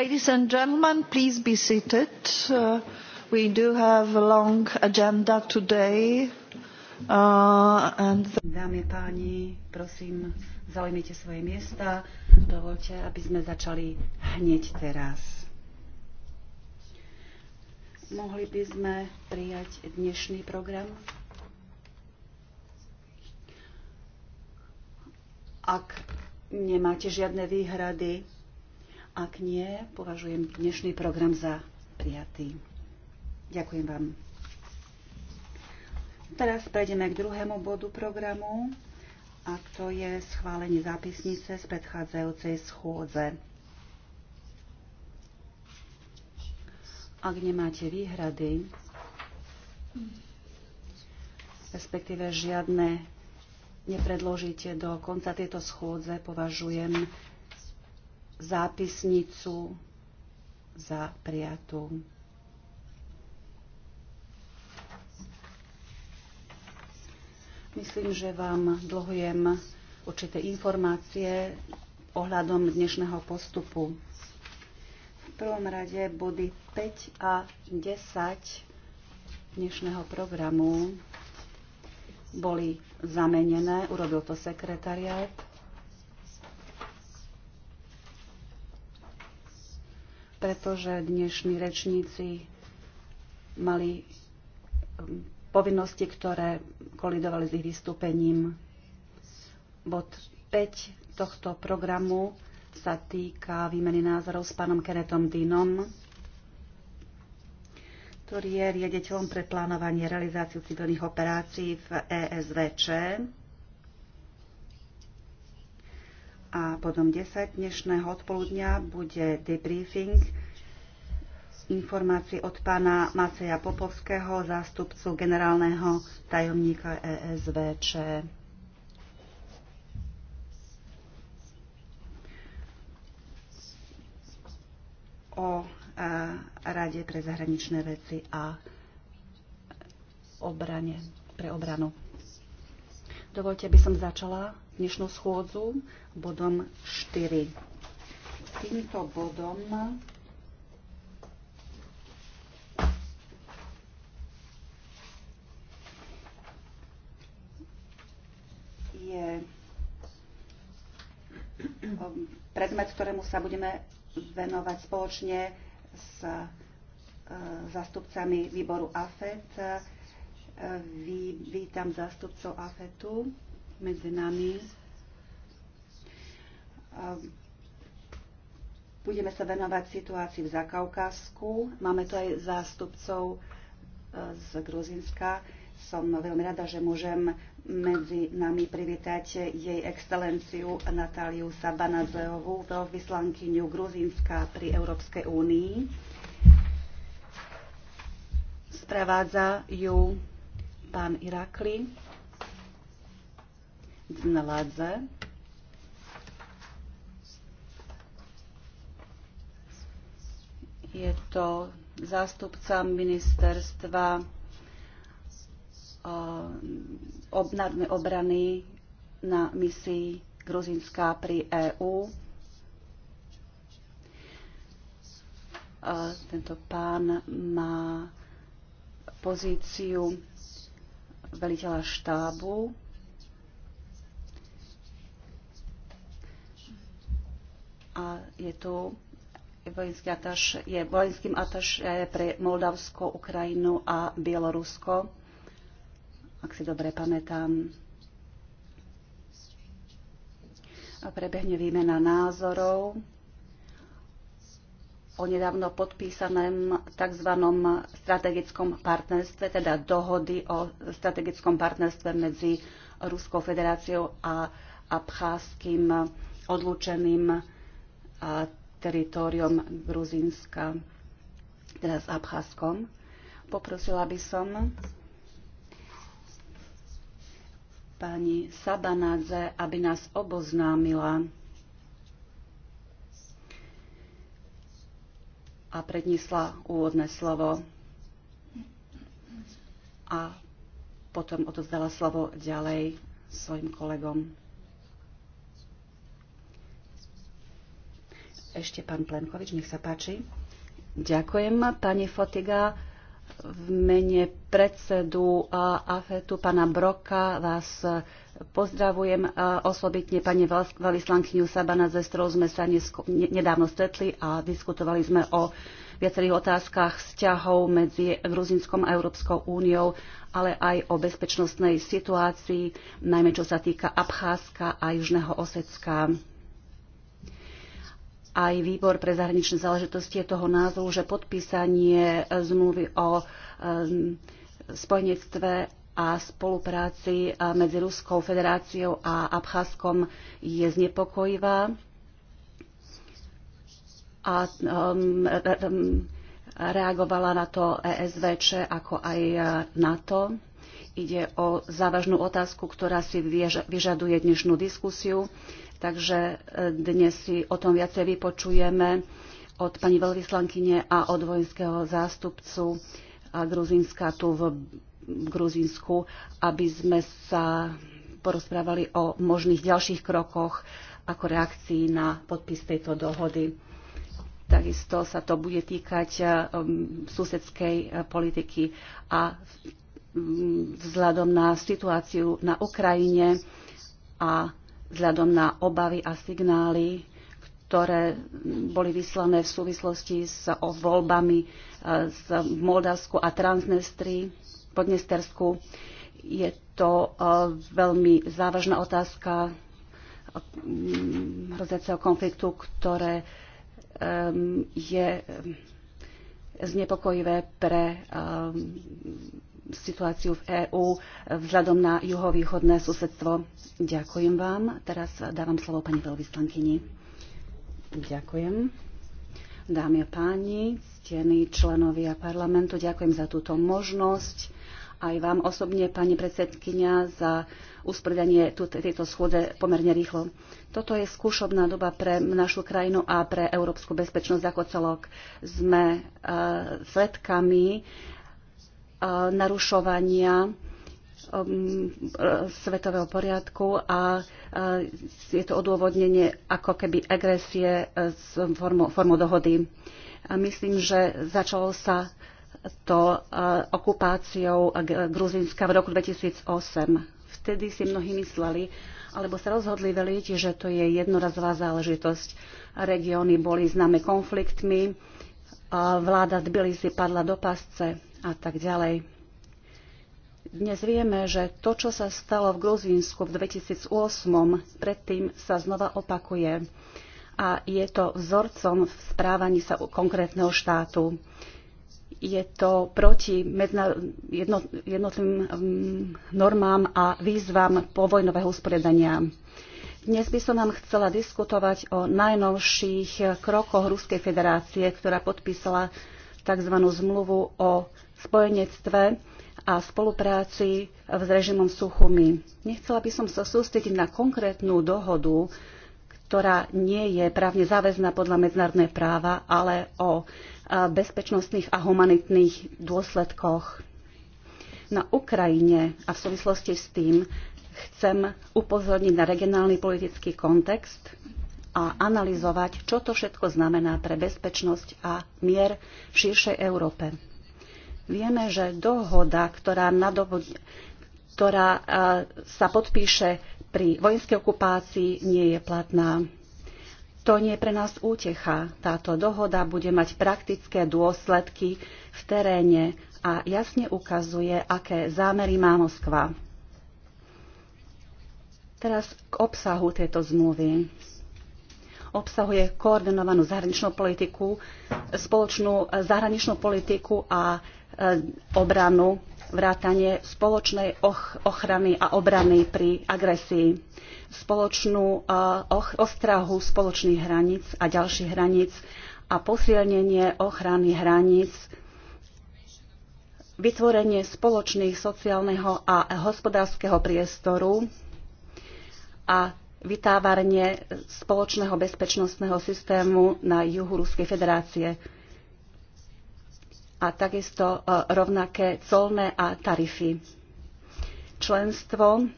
Ladies and gentlemen, please be seated. Uh, we do have a long agenda today. Uh, and the... Dámy páni, prosím, zaujmite svoje miesta. Dovolte, aby sme začali hneď teraz. Mohli by sme prijať dnešný program? Ak nemáte žiadne výhrady, ak nie, považujem dnešný program za prijatý. Ďakujem vám. Teraz prejdeme k druhému bodu programu a to je schválenie zápisnice z predchádzajúcej schôdze. Ak nemáte výhrady, respektíve žiadne nepredložíte do konca tejto schôdze, považujem zápisnicu za prijatú. Myslím, že vám dlhujem určité informácie ohľadom dnešného postupu. V prvom rade body 5 a 10 dnešného programu boli zamenené, urobil to sekretariát. pretože dnešní rečníci mali um, povinnosti, ktoré kolidovali s ich vystúpením. Bod 5 tohto programu sa týka výmeny názorov s pánom Kenetom Dinom, ktorý je riaditeľom pre plánovanie realizáciu civilných operácií v ESVČ. a potom 10 dnešného odpoludňa bude debriefing informácií od pána Maceja Popovského, zástupcu generálneho tajomníka ESVČ. o e, Rade pre zahraničné veci a obrane, pre obranu. Dovolte, aby som začala dnešnú schôdzu bodom 4. Týmto bodom je eh, predmet, ktorému sa budeme venovať spoločne s eh, zastupcami výboru AFET. Eh, vítam zastupcov AFETu medzi nami. Budeme sa venovať situácii v Zakaukásku. Máme tu aj zástupcov e, z Gruzinska. Som veľmi rada, že môžem medzi nami privítať jej excelenciu Natáliu Sabanadzeovú, vyslankyňu Gruzinska pri Európskej únii. Sprevádza ju pán Irakli znalazę. Je to zástupca ministerstva eh, národnej obrany na misii Gruzinská pri EÚ. Tento pán má pozíciu veliteľa štábu a je tu vojenský ataš, je vojenským ataše pre Moldavsko, Ukrajinu a Bielorusko, ak si dobre pamätám. A prebehne výmena názorov o nedávno podpísaném tzv. strategickom partnerstve, teda dohody o strategickom partnerstve medzi Ruskou federáciou a abcházským odlučeným a teritorium Gruzínska, teda s Abcházkom. Poprosila by som pani Sabanadze, aby nás oboznámila a predniesla úvodné slovo a potom odozdala slovo ďalej svojim kolegom. Ešte pán Plenkovič, nech sa páči. Ďakujem, pani Fotiga. V mene predsedu AFETu, pána Broka, vás e, pozdravujem. Osobitne pani Valislankyňu Sabana ze Strou sme sa nedávno stretli a diskutovali sme o viacerých otázkach vzťahov medzi Gruzinskom a Európskou úniou, ale aj o bezpečnostnej situácii, najmä čo sa týka Abcházska a Južného Osecka. Aj výbor pre zahraničné záležitosti je toho názoru, že podpísanie e, zmluvy o e, spojenectve a spolupráci e, medzi Ruskou federáciou a Abcházskom je znepokojivá. A um, um, reagovala na to ESVČ ako aj NATO. Ide o závažnú otázku, ktorá si vyžaduje dnešnú diskusiu. Takže e, dnes si o tom viacej vypočujeme od pani veľvyslankyne a od vojenského zástupcu Gruzínska tu v Gruzínsku, aby sme sa porozprávali o možných ďalších krokoch ako reakcii na podpis tejto dohody. Takisto sa to bude týkať e, susedskej e, politiky a vzhľadom na situáciu na Ukrajine a vzhľadom na obavy a signály, ktoré boli vyslané v súvislosti s voľbami v e, Moldavsku a Transnestri, Podnestersku. Je to e, veľmi závažná otázka hrozeceho mm, konfliktu, ktoré je e, znepokojivé pre situáciu v EÚ vzhľadom na juhovýchodné susedstvo. Ďakujem vám. Teraz dávam slovo pani veľvyslankyni. Ďakujem. Dámy a páni, ctení členovia parlamentu, ďakujem za túto možnosť. Aj vám osobne, pani predsedkynia, za uspredanie tejto schôdze pomerne rýchlo. Toto je skúšobná doba pre našu krajinu a pre európsku bezpečnosť ako celok. Sme uh, uh, narušovania um, e, svetového poriadku a je to odôvodnenie ako keby agresie e, s formou, formou dohody. A myslím, že začalo sa to e, okupáciou Gruzínska v roku 2008. Vtedy si mnohí mysleli, alebo sa rozhodli veliť, že to je jednorazová záležitosť. Regióny boli známe konfliktmi, vláda Tbilisi padla do pasce a tak ďalej. Dnes vieme, že to, čo sa stalo v Gruzínsku v 2008, predtým sa znova opakuje. A je to vzorcom v správaní sa konkrétneho štátu. Je to proti jednotlivým mm, normám a výzvam povojnového usporiadania. Dnes by som vám chcela diskutovať o najnovších krokoch Ruskej federácie, ktorá podpísala tzv. zmluvu o spojenectve a spolupráci s režimom Suchumi. Nechcela by som sa sústrediť na konkrétnu dohodu, ktorá nie je právne záväzná podľa medzinárodného práva, ale o bezpečnostných a humanitných dôsledkoch na Ukrajine a v súvislosti s tým chcem upozorniť na regionálny politický kontext a analyzovať, čo to všetko znamená pre bezpečnosť a mier v širšej Európe. Vieme, že dohoda, ktorá, nadobud- ktorá sa podpíše pri vojenskej okupácii, nie je platná. To nie je pre nás útecha. Táto dohoda bude mať praktické dôsledky v teréne a jasne ukazuje, aké zámery má Moskva. Teraz k obsahu tejto zmluvy. Obsahuje koordinovanú zahraničnú politiku, spoločnú zahraničnú politiku a E, obranu, vrátanie spoločnej ochrany a obrany pri agresii, spoločnú e, ostrahu spoločných hraníc a ďalších hraníc a posilnenie ochrany hraníc vytvorenie spoločných sociálneho a hospodárskeho priestoru a vytávanie spoločného bezpečnostného systému na juhu Ruskej federácie a takisto e, rovnaké colné a tarify. Členstvo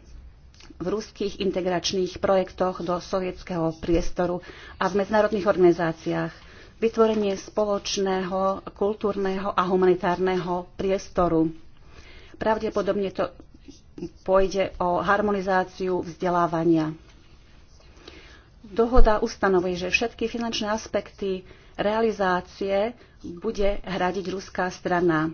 v ruských integračných projektoch do sovietského priestoru a v medzinárodných organizáciách, vytvorenie spoločného kultúrneho a humanitárneho priestoru. Pravdepodobne to pôjde o harmonizáciu vzdelávania. Dohoda ustanovuje, že všetky finančné aspekty realizácie bude hradiť ruská strana.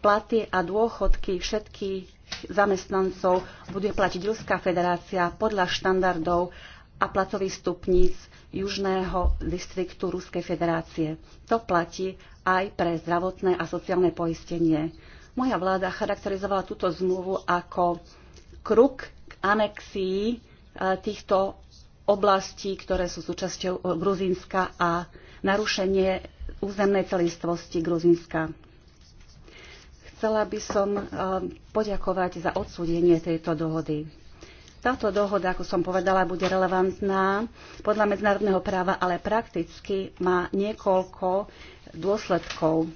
Platy a dôchodky všetkých zamestnancov bude platiť Ruská federácia podľa štandardov a platových stupníc Južného distriktu Ruskej federácie. To platí aj pre zdravotné a sociálne poistenie. Moja vláda charakterizovala túto zmluvu ako kruk k anexii e, týchto oblastí, ktoré sú súčasťou Gruzínska a narušenie územnej celistvosti Gruzínska. Chcela by som eh, poďakovať za odsúdenie tejto dohody. Táto dohoda, ako som povedala, bude relevantná podľa medzinárodného práva, ale prakticky má niekoľko dôsledkov.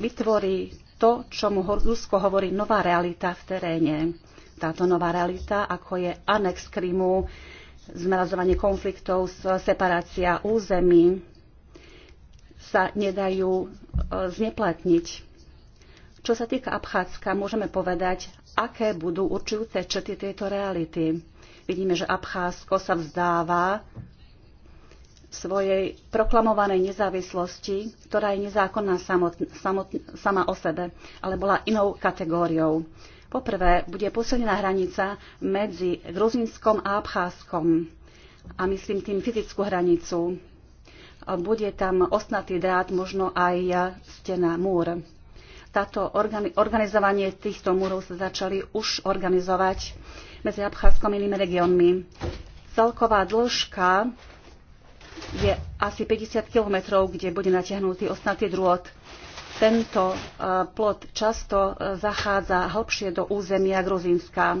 Vytvorí to, čo mu Rusko hovorí nová realita v teréne. Táto nová realita, ako je anex Krymu zmrazovanie konfliktov, separácia území sa nedajú e, zneplatniť. Čo sa týka Abchádzka, môžeme povedať, aké budú určujúce črty tejto reality. Vidíme, že Abcházsko sa vzdáva svojej proklamovanej nezávislosti, ktorá je nezákonná samotn- samotn- sama o sebe, ale bola inou kategóriou. Poprvé, bude posilnená hranica medzi Gruzinskom a Abcházskom a myslím tým fyzickú hranicu. Bude tam osnatý drát, možno aj stena, múr. Táto organizovanie týchto múrov sa začali už organizovať medzi Abcházskom a inými regiónmi. Celková dĺžka je asi 50 kilometrov, kde bude natiahnutý ostnatý drôt tento e, plot často e, zachádza hlbšie do územia Gruzínska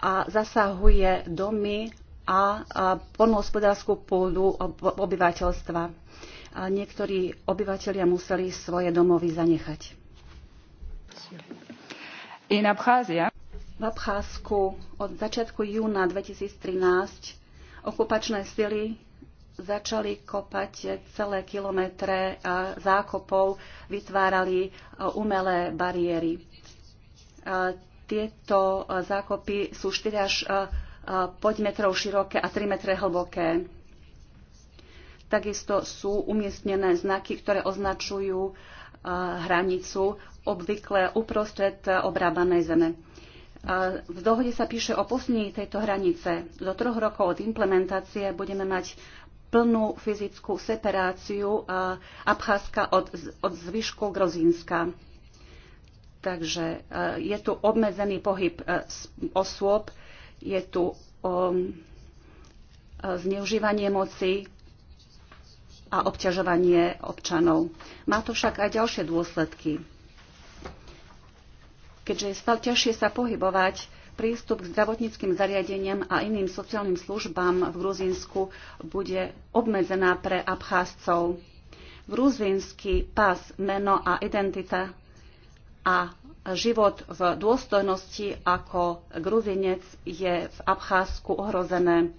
a zasahuje domy a polnohospodárskú pôdu obyvateľstva. niektorí obyvateľia museli svoje domovy zanechať. In Abcházia. V Abcházsku od začiatku júna 2013 okupačné sily začali kopať celé kilometre zákopov, vytvárali e, umelé bariéry. E, tieto zákopy sú 4 až 5 e, metrov široké a 3 metre hlboké. Takisto sú umiestnené znaky, ktoré označujú hranicu, obvykle uprostred obrábanej zeme. V dohode sa píše o posunení tejto hranice. Do troch rokov od implementácie budeme mať plnú fyzickú separáciu Abcházska od, od zvyšku Grozínska. Takže e, je tu obmedzený pohyb e, osôb, je tu um, e, zneužívanie moci a obťažovanie občanov. Má to však aj ďalšie dôsledky. Keďže je stále ťažšie sa pohybovať, prístup k zdravotníckým zariadeniam a iným sociálnym službám v Gruzínsku bude obmedzená pre Abcházcov. Gruzínsky pás, meno a identita a život v dôstojnosti ako gruzinec je v Abcházsku ohrozené.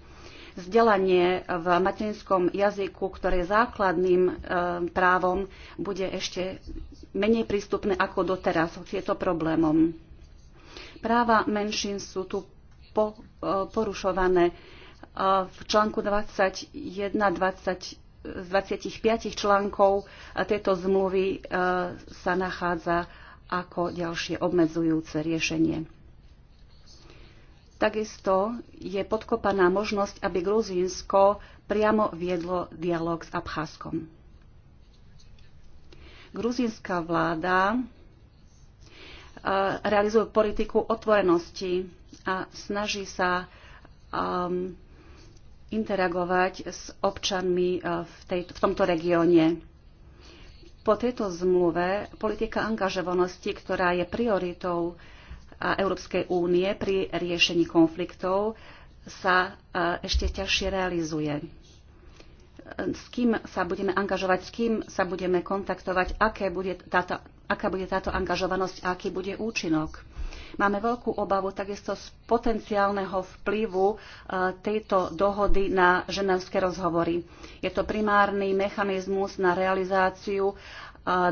Vzdelanie v materinskom jazyku, ktoré je základným e, právom, bude ešte menej prístupné ako doteraz. Je to problémom. Práva menšín sú tu po, e, porušované. E, v článku 21 20, z 25 článkov e, tejto zmluvy sa nachádza ako ďalšie obmedzujúce riešenie. Takisto je podkopaná možnosť, aby Gruzínsko priamo viedlo dialog s Abcházkom. Gruzínska vláda realizujú politiku otvorenosti a snaží sa um, interagovať s občanmi uh, v, tej, v tomto regióne. Po tejto zmluve politika angažovanosti, ktorá je prioritou Európskej únie pri riešení konfliktov, sa uh, ešte ťažšie realizuje s kým sa budeme angažovať, s kým sa budeme kontaktovať, aké bude táto, aká bude táto angažovanosť a aký bude účinok. Máme veľkú obavu takisto z potenciálneho vplyvu e, tejto dohody na ženevské rozhovory. Je to primárny mechanizmus na realizáciu e,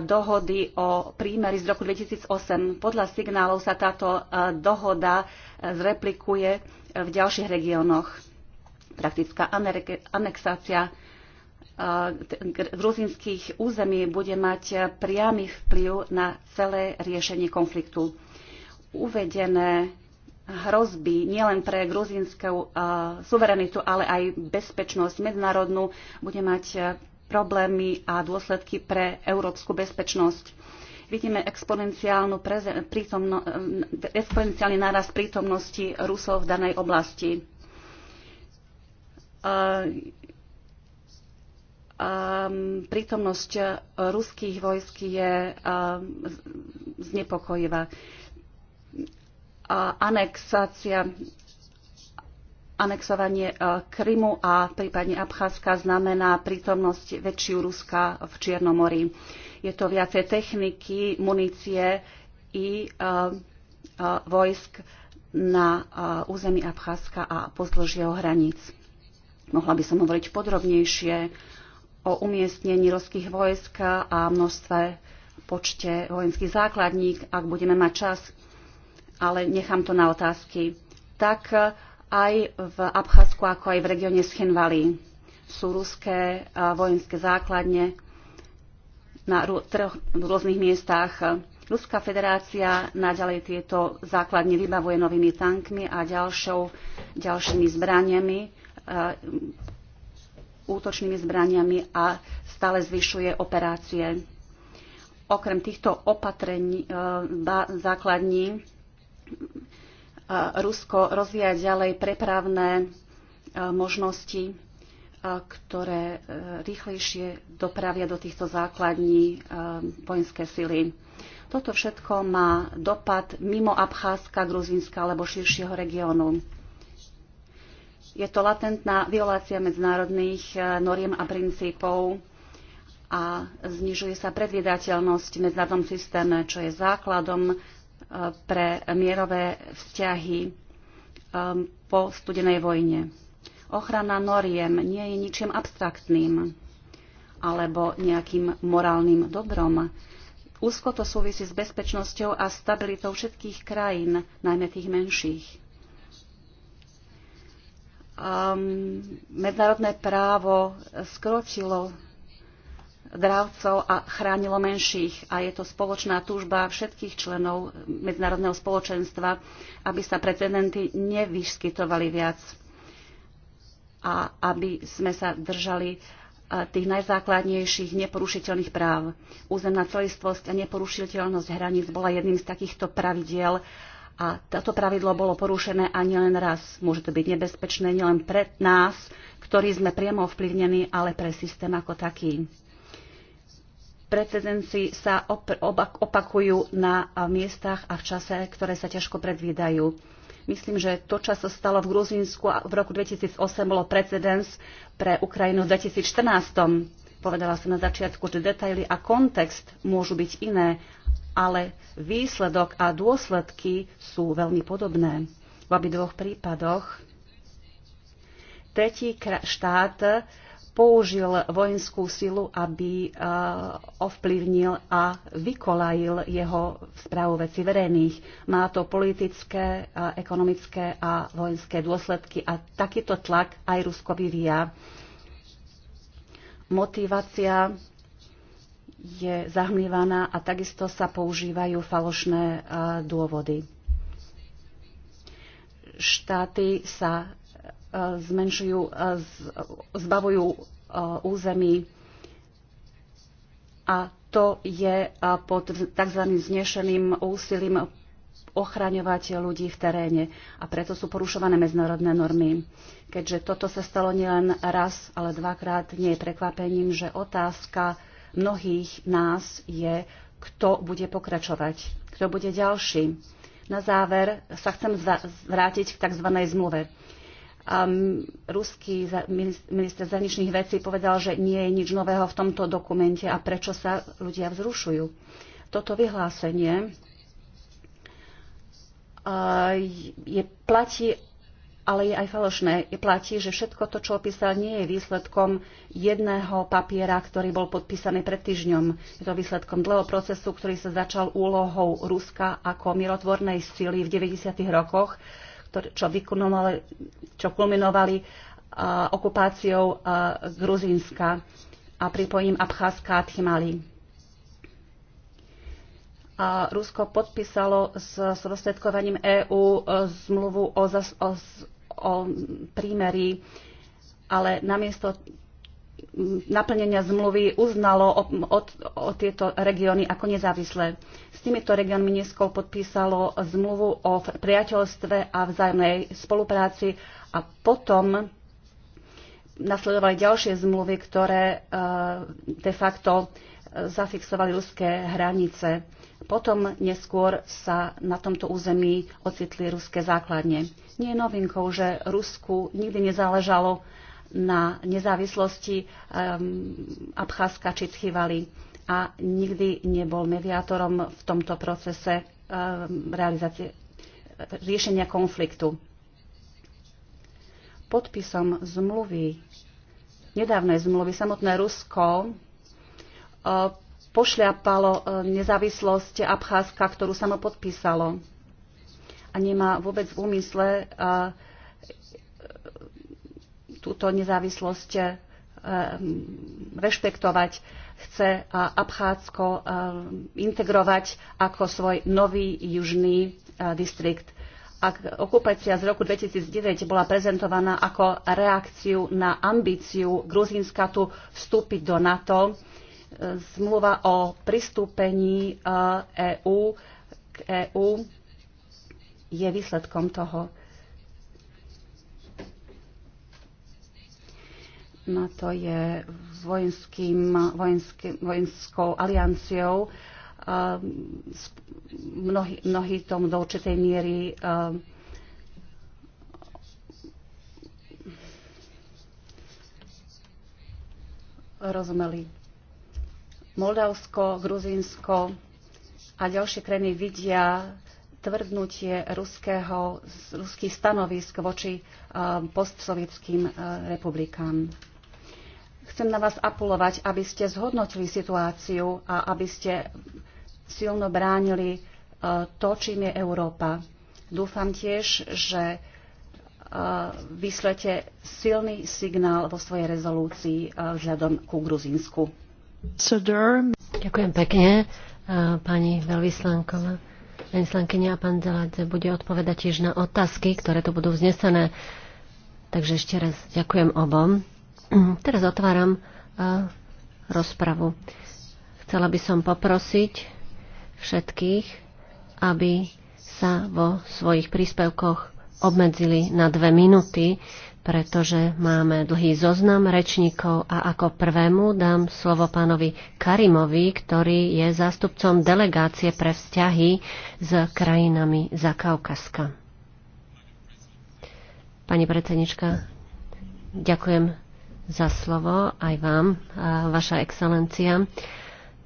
dohody o prímeri z roku 2008. Podľa signálov sa táto e, dohoda zreplikuje v ďalších regiónoch. Praktická anexácia E, gruzinských území bude mať priamy vplyv na celé riešenie konfliktu. Uvedené hrozby nielen pre gruzínskú e, suverenitu, ale aj bezpečnosť medzinárodnú bude mať e, problémy a dôsledky pre európsku bezpečnosť. Vidíme exponenciálnu prítomno, exponenciálny nárast prítomnosti Rusov v danej oblasti Ehm, prítomnosť eh, ruských vojsk je eh, znepokojivá. Anexácia anexovanie eh, Krymu a prípadne Abcházska znamená prítomnosť väčšiu Ruska v Čiernom mori. Je to viacej techniky, munície i vojsk na území Abcházska a pozdĺž jeho hraníc. Mohla by som hovoriť podrobnejšie o umiestnení ruských vojsk a množstve počte vojenských základník, ak budeme mať čas, ale nechám to na otázky. Tak eh, aj v Abcházsku, ako aj v regióne Schenvali sú ruské eh, vojenské základne na troch rôznych miestach. Ruská federácia naďalej tieto základne vybavuje novými tankmi a ďalšou, ďalšími zbraniami eh, útočnými zbraniami a stále zvyšuje operácie. Okrem týchto opatrení e, základní e, Rusko rozvíja ďalej prepravné e, možnosti, ktoré rýchlejšie dopravia do týchto základní vojenské sily. Toto všetko má dopad mimo Abcházska, Gruzínska alebo širšieho regiónu. Je to latentná violácia medzinárodných eh, noriem a princípov a znižuje sa predvydateľnosť v medzinárodnom systéme, čo je základom eh, pre mierové vzťahy eh, po studenej vojne. Ochrana noriem nie je ničím abstraktným alebo nejakým morálnym dobrom. Úzko to súvisí s bezpečnosťou a stabilitou všetkých krajín, najmä tých menších um, medzinárodné právo skročilo dravcov a chránilo menších. A je to spoločná túžba všetkých členov medzinárodného spoločenstva, aby sa precedenty nevyskytovali viac a aby sme sa držali e, tých najzákladnejších neporušiteľných práv. Územná celistvosť a neporušiteľnosť hraníc bola jedným z takýchto pravidiel, a toto pravidlo bolo porušené a nielen raz. Môže to byť nebezpečné nielen pre nás, ktorí sme priamo ovplyvnení, ale pre systém ako taký. Precedenci sa opakujú na miestach a v čase, ktoré sa ťažko predvídajú. Myslím, že to, čo sa stalo v Gruzínsku v roku 2008, bolo precedens pre Ukrajinu v 2014. Povedala som na začiatku, že detaily a kontext môžu byť iné, ale výsledok a dôsledky sú veľmi podobné. V obidvoch prípadoch tretí štát použil vojenskú silu, aby e, ovplyvnil a vykolajil jeho správu veci verejných. Má to politické, ekonomické a vojenské dôsledky a takýto tlak aj Rusko vyvíja. Motivácia je zahmlievaná a takisto sa používajú falošné e, dôvody. Štáty sa e, zmenšujú, e, zbavujú území a to je pod tzv. znešeným úsilím ochraňovať ľudí v teréne a preto sú porušované medzinárodné normy. Keďže toto sa stalo nielen raz, ale dvakrát, nie je prekvapením, že otázka mnohých nás je, kto bude pokračovať, kto bude ďalší. Na záver sa chcem vrátiť k tzv. zmluve. Um, ruský minister zahraničných vecí povedal, že nie je nič nového v tomto dokumente a prečo sa ľudia vzrušujú. Toto vyhlásenie je, platí ale je aj falošné. Platí, že všetko to, čo opísal, nie je výsledkom jedného papiera, ktorý bol podpísaný pred týždňom. Je to výsledkom dlhého procesu, ktorý sa začal úlohou Ruska ako mirotvornej síly v 90. rokoch, čo, čo kulminovali okupáciou Gruzínska a pripojím Abcházska a Tchimali. A Rusko podpísalo s rozsledkovaním EÚ e, zmluvu o, zas, o o prímeri, ale namiesto naplnenia zmluvy uznalo o, o, o tieto regióny ako nezávislé. S týmito regiónmi dnesko podpísalo zmluvu o priateľstve a vzájomnej spolupráci a potom nasledovali ďalšie zmluvy, ktoré eh, de facto zafixovali ruské hranice. Potom neskôr sa na tomto území ocitli ruské základne. Nie je novinkou, že Rusku nikdy nezáležalo na nezávislosti um, Abcházska či Tchivali a nikdy nebol mediátorom v tomto procese um, realizácie, riešenia konfliktu. Podpisom zmluvy, nedávnej zmluvy, samotné Rusko E, pošľapalo e, nezávislosť Abcházska, ktorú samo podpísalo. A nemá vôbec v úmysle e, túto nezávislosť rešpektovať. Chce Abcházsko integrovať ako svoj nový južný distrikt. Ak okupácia z roku 2009 bola prezentovaná ako reakciu na ambíciu Gruzínska tu vstúpiť do NATO, zmluva o pristúpení EÚ e k EÚ je výsledkom toho. No to je vojenským, vojenský, vojenskou alianciou. E, mnohí, mnohí tomu do určitej miery e, rozumeli Moldavsko, Gruzínsko a ďalšie krajiny vidia tvrdnutie ruského, ruských stanovisk voči eh, postsovietským eh, republikám. Chcem na vás apulovať, aby ste zhodnotili situáciu a aby ste silno bránili eh, to, čím je Európa. Dúfam tiež, že vyslete silný signál vo svojej rezolúcii vzhľadom ku Gruzínsku. Ďakujem pekne, pani Pani Veľvyslankyňa a pán Zeladze bude odpovedať tiež na otázky, ktoré tu budú vznesené. Takže ešte raz ďakujem obom. Teraz otváram rozpravu. Chcela by som poprosiť všetkých, aby sa vo svojich príspevkoch obmedzili na dve minúty, pretože máme dlhý zoznam rečníkov a ako prvému dám slovo pánovi Karimovi, ktorý je zástupcom delegácie pre vzťahy s krajinami Kaukaska. Pani predsednička, ďakujem za slovo aj vám, a vaša excelencia.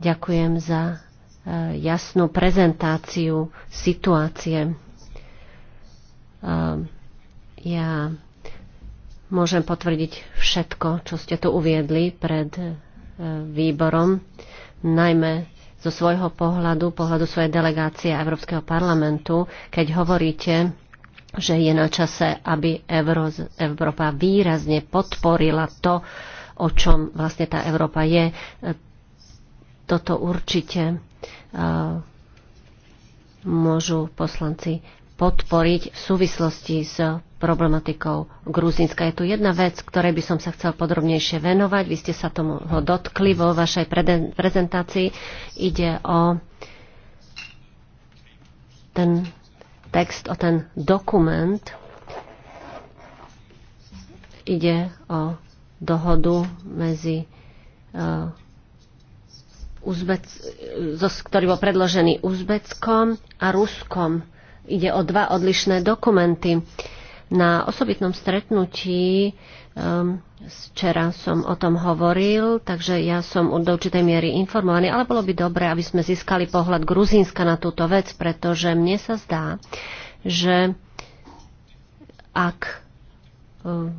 Ďakujem za e, jasnú prezentáciu situácie. E, ja Môžem potvrdiť všetko, čo ste tu uviedli pred e, výborom, najmä zo svojho pohľadu, pohľadu svojej delegácie Európskeho parlamentu, keď hovoríte, že je na čase, aby Európa výrazne podporila to, o čom vlastne tá Európa je. E, toto určite e, môžu poslanci podporiť v súvislosti s problematikou Gruzínska. Je tu jedna vec, ktorej by som sa chcel podrobnejšie venovať. Vy ste sa tomu dotkli vo vašej prezentácii. Ide o ten text, o ten dokument. Ide o dohodu medzi uh, Uzbec, ktorý bol predložený Uzbeckom a Ruskom. Ide o dva odlišné dokumenty. Uh, na osobitnom stretnutí um, včera som o tom hovoril, takže ja som do určitej miery informovaný, ale bolo by dobré, aby sme získali pohľad Gruzínska na túto vec, pretože mne sa zdá, že ak um,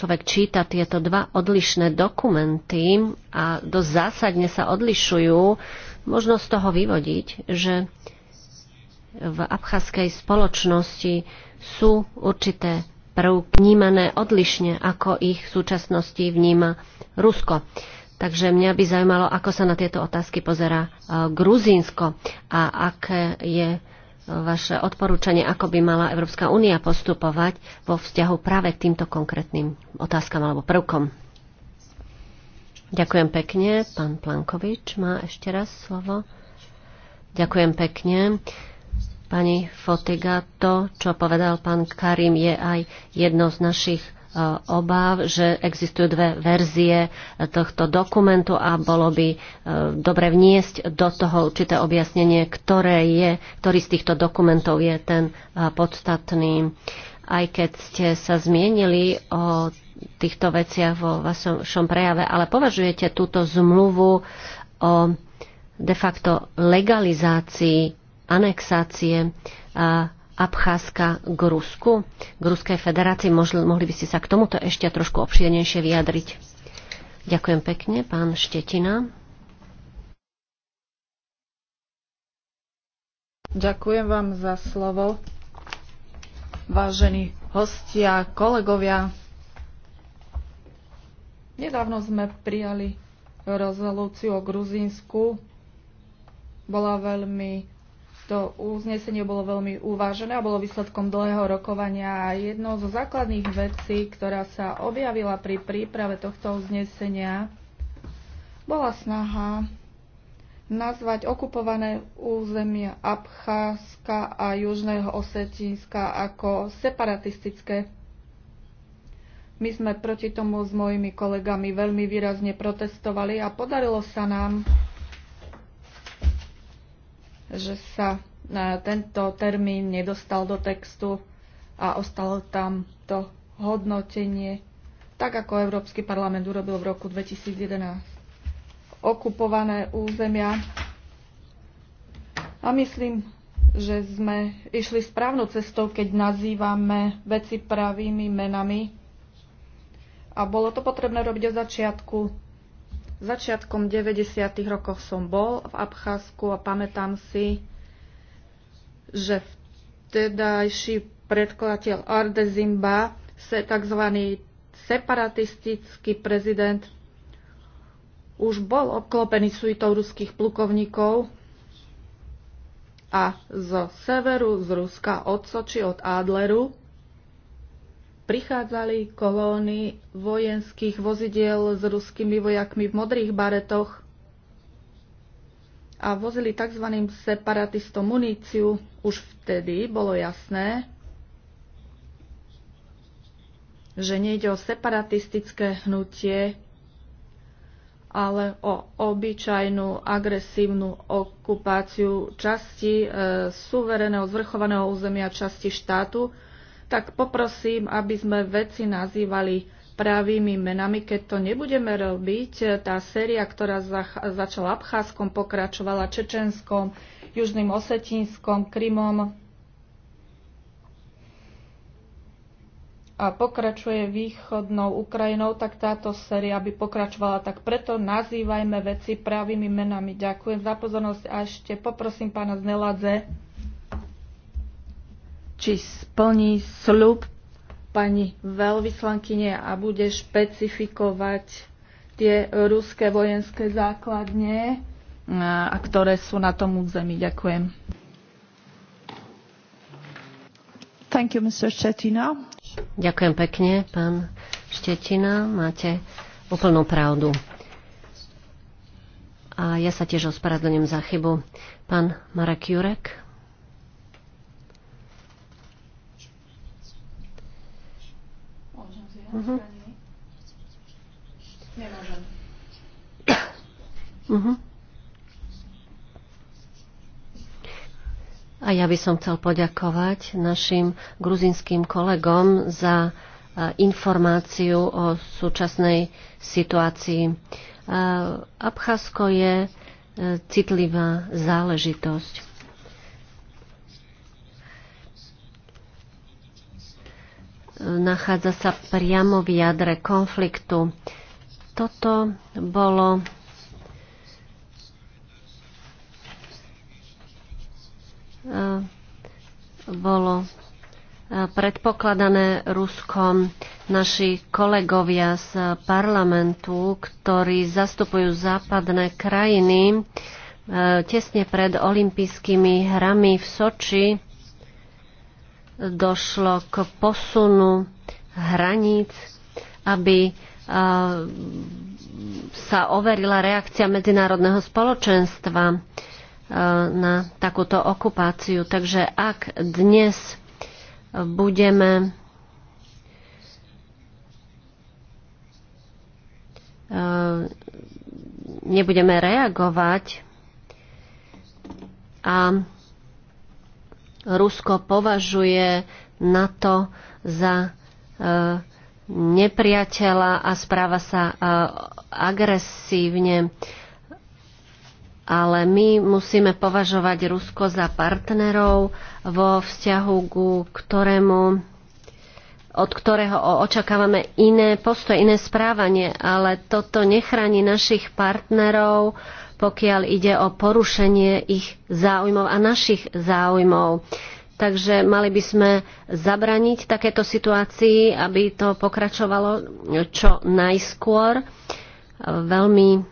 človek číta tieto dva odlišné dokumenty a dosť zásadne sa odlišujú, možno z toho vyvodiť, že v abcházskej spoločnosti sú určité prv vnímané odlišne, ako ich v súčasnosti vníma Rusko. Takže mňa by zaujímalo, ako sa na tieto otázky pozera e, Gruzínsko a aké je e, vaše odporúčanie, ako by mala Európska únia postupovať vo vzťahu práve k týmto konkrétnym otázkam alebo prvkom. Ďakujem pekne. Pán Plankovič má ešte raz slovo. Ďakujem pekne. Pani Fotiga, to, čo povedal pán Karim, je aj jedno z našich e, obáv, že existujú dve verzie e, tohto dokumentu a bolo by e, dobre vniesť do toho určité objasnenie, ktoré je, ktorý z týchto dokumentov je ten podstatný. Aj keď ste sa zmienili o týchto veciach vo vašom prejave, ale považujete túto zmluvu o de facto legalizácii anexácie Abcházska k Rusku, k Ruskej federácii. Mohli, mohli by ste sa k tomuto ešte trošku obšírnejšie vyjadriť. Ďakujem pekne, pán Štetina. Ďakujem vám za slovo. Vážení hostia, kolegovia, nedávno sme prijali rezolúciu o Gruzínsku. Bola veľmi to uznesenie bolo veľmi uvážené a bolo výsledkom dlhého rokovania a jednou zo základných vecí, ktorá sa objavila pri príprave tohto uznesenia, bola snaha nazvať okupované územia Abcházska a Južného Osetínska ako separatistické. My sme proti tomu s mojimi kolegami veľmi výrazne protestovali a podarilo sa nám že sa e, tento termín nedostal do textu a ostalo tam to hodnotenie, tak ako Európsky parlament urobil v roku 2011. Okupované územia. A myslím, že sme išli správnou cestou, keď nazývame veci pravými menami. A bolo to potrebné robiť od začiatku Začiatkom 90. rokov som bol v Abcházku a pamätám si, že vtedajší predkladateľ Arde Zimba, tzv. separatistický prezident, už bol obklopený suitou ruských plukovníkov a zo severu z Ruska od Soči, od Adleru, prichádzali kolóny vojenských vozidiel s ruskými vojakmi v modrých baretoch a vozili tzv. separatistom muníciu. Už vtedy bolo jasné, že nejde o separatistické hnutie, ale o obyčajnú agresívnu okupáciu časti e, suvereného zvrchovaného územia časti štátu, tak poprosím, aby sme veci nazývali pravými menami. Keď to nebudeme robiť, tá séria, ktorá začala Abcházskom, pokračovala Čečenskom, Južným Osetínskom, Krymom a pokračuje východnou Ukrajinou, tak táto séria by pokračovala. Tak preto nazývajme veci pravými menami. Ďakujem za pozornosť a ešte poprosím pána Zneladze či splní slub pani veľvyslankyne a bude špecifikovať tie ruské vojenské základne, a ktoré sú na tom území. Ďakujem. Thank you, Mr. Štetina. Ďakujem pekne, pán Štetina. Máte úplnú pravdu. A ja sa tiež ospravedlňujem za chybu. Pán Marek Jurek. Uh-huh. Uh-huh. A ja by som chcel poďakovať našim gruzinským kolegom za e, informáciu o súčasnej situácii. E, Abcházsko je e, citlivá záležitosť. nachádza sa priamo v jadre konfliktu. Toto bolo e, bolo e, predpokladané Ruskom naši kolegovia z parlamentu, ktorí zastupujú západné krajiny e, tesne pred olympijskými hrami v Soči došlo k posunu hraníc, aby e, sa overila reakcia medzinárodného spoločenstva e, na takúto okupáciu. Takže ak dnes budeme e, nebudeme reagovať a Rusko považuje NATO za e, nepriateľa a správa sa e, agresívne. Ale my musíme považovať Rusko za partnerov vo vzťahu, ku ktorému, od ktorého očakávame iné postoje, iné správanie. Ale toto nechráni našich partnerov pokiaľ ide o porušenie ich záujmov a našich záujmov. Takže mali by sme zabraniť takéto situácii, aby to pokračovalo čo najskôr. Veľmi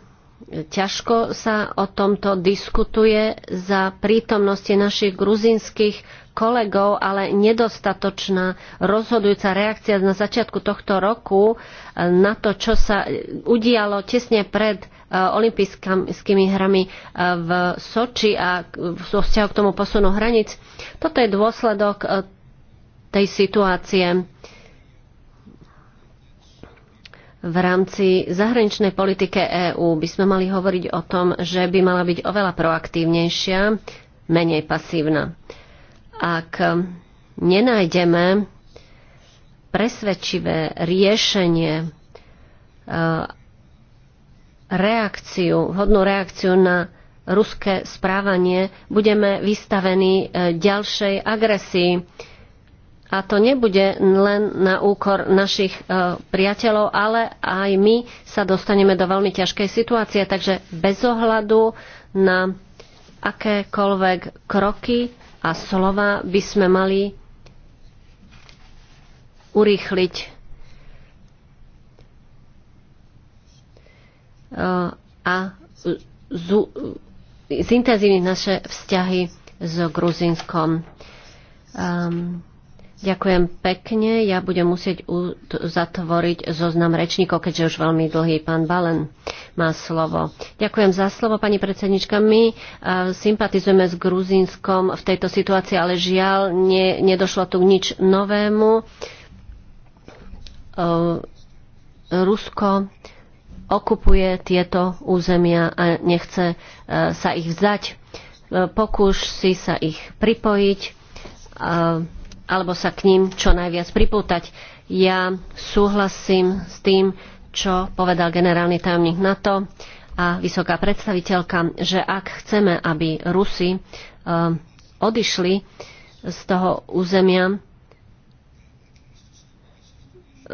ťažko sa o tomto diskutuje za prítomnosti našich gruzinských kolegov, ale nedostatočná rozhodujúca reakcia na začiatku tohto roku na to, čo sa udialo tesne pred Eh, olympijskými hrami eh, v Soči a so vzťahu k tomu posunu hranic. Toto je dôsledok eh, tej situácie v rámci zahraničnej politike EÚ by sme mali hovoriť o tom, že by mala byť oveľa proaktívnejšia, menej pasívna. Ak nenájdeme presvedčivé riešenie reakciu, vhodnú reakciu na ruské správanie, budeme vystavení e, ďalšej agresii. A to nebude len na úkor našich e, priateľov, ale aj my sa dostaneme do veľmi ťažkej situácie. Takže bez ohľadu na akékoľvek kroky a slova by sme mali urýchliť a zintenzívniť naše vzťahy s Gruzinskom. Um, ehm, Ďakujem pekne. Ja budem musieť zatvoriť zoznam rečníkov, keďže už veľmi dlhý pán Balen má slovo. Ďakujem za slovo, pani predsednička. My e, sympatizujeme s Gruzínskom v tejto situácii, ale žiaľ, nie, nedošlo tu nič novému. E, Rusko okupuje tieto územia a nechce e, sa ich vzdať. E, pokúš si sa ich pripojiť e, alebo sa k ním čo najviac pripútať. Ja súhlasím s tým, čo povedal generálny tajomník NATO a vysoká predstaviteľka, že ak chceme, aby Rusi odišli z toho územia,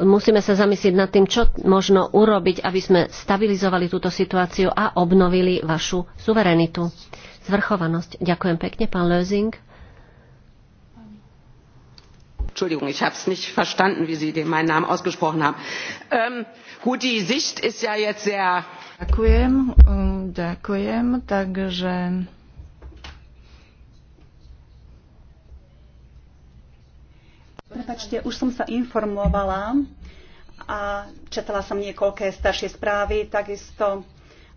musíme sa zamyslieť nad tým, čo možno urobiť, aby sme stabilizovali túto situáciu a obnovili vašu suverenitu. Zvrchovanosť. Ďakujem pekne, pán Lösing. Entschuldigung, ich habe es nicht verstanden, wie Sie den, meinen Namen ausgesprochen haben. Ähm, gut, die Sicht ist ja jetzt sehr. Danke, danke. Hm, takže Prepačte, už som sa informovala a četala som niekoľké staršie správy, takisto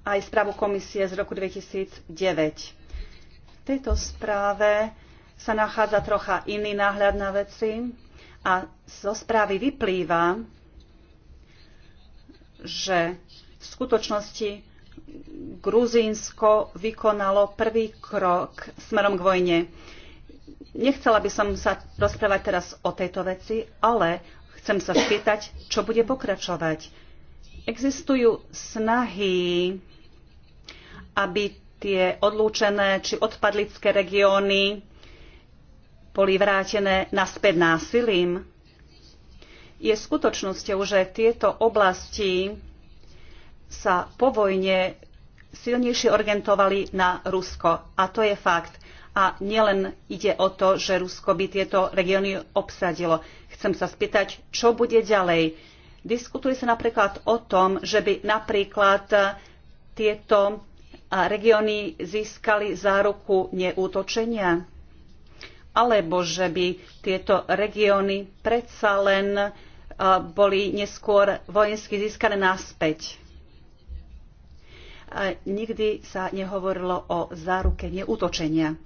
aj správu komisie z roku 2009. V tejto správe sa nachádza trocha iný náhľad na veci a zo správy vyplýva, že v skutočnosti Gruzínsko vykonalo prvý krok smerom k vojne nechcela by som sa rozprávať teraz o tejto veci, ale chcem sa spýtať, čo bude pokračovať. Existujú snahy, aby tie odlúčené či odpadlické regióny boli vrátené naspäť násilím. Je skutočnosťou, že tieto oblasti sa po vojne silnejšie orientovali na Rusko. A to je fakt. A nielen ide o to, že Rusko by tieto regióny obsadilo. Chcem sa spýtať, čo bude ďalej. Diskutuje sa napríklad o tom, že by napríklad e, tieto e, regióny získali záruku neútočenia, alebo že by tieto regióny predsa len e, boli neskôr vojensky získané naspäť. A nikdy sa nehovorilo o záruke neútočenia.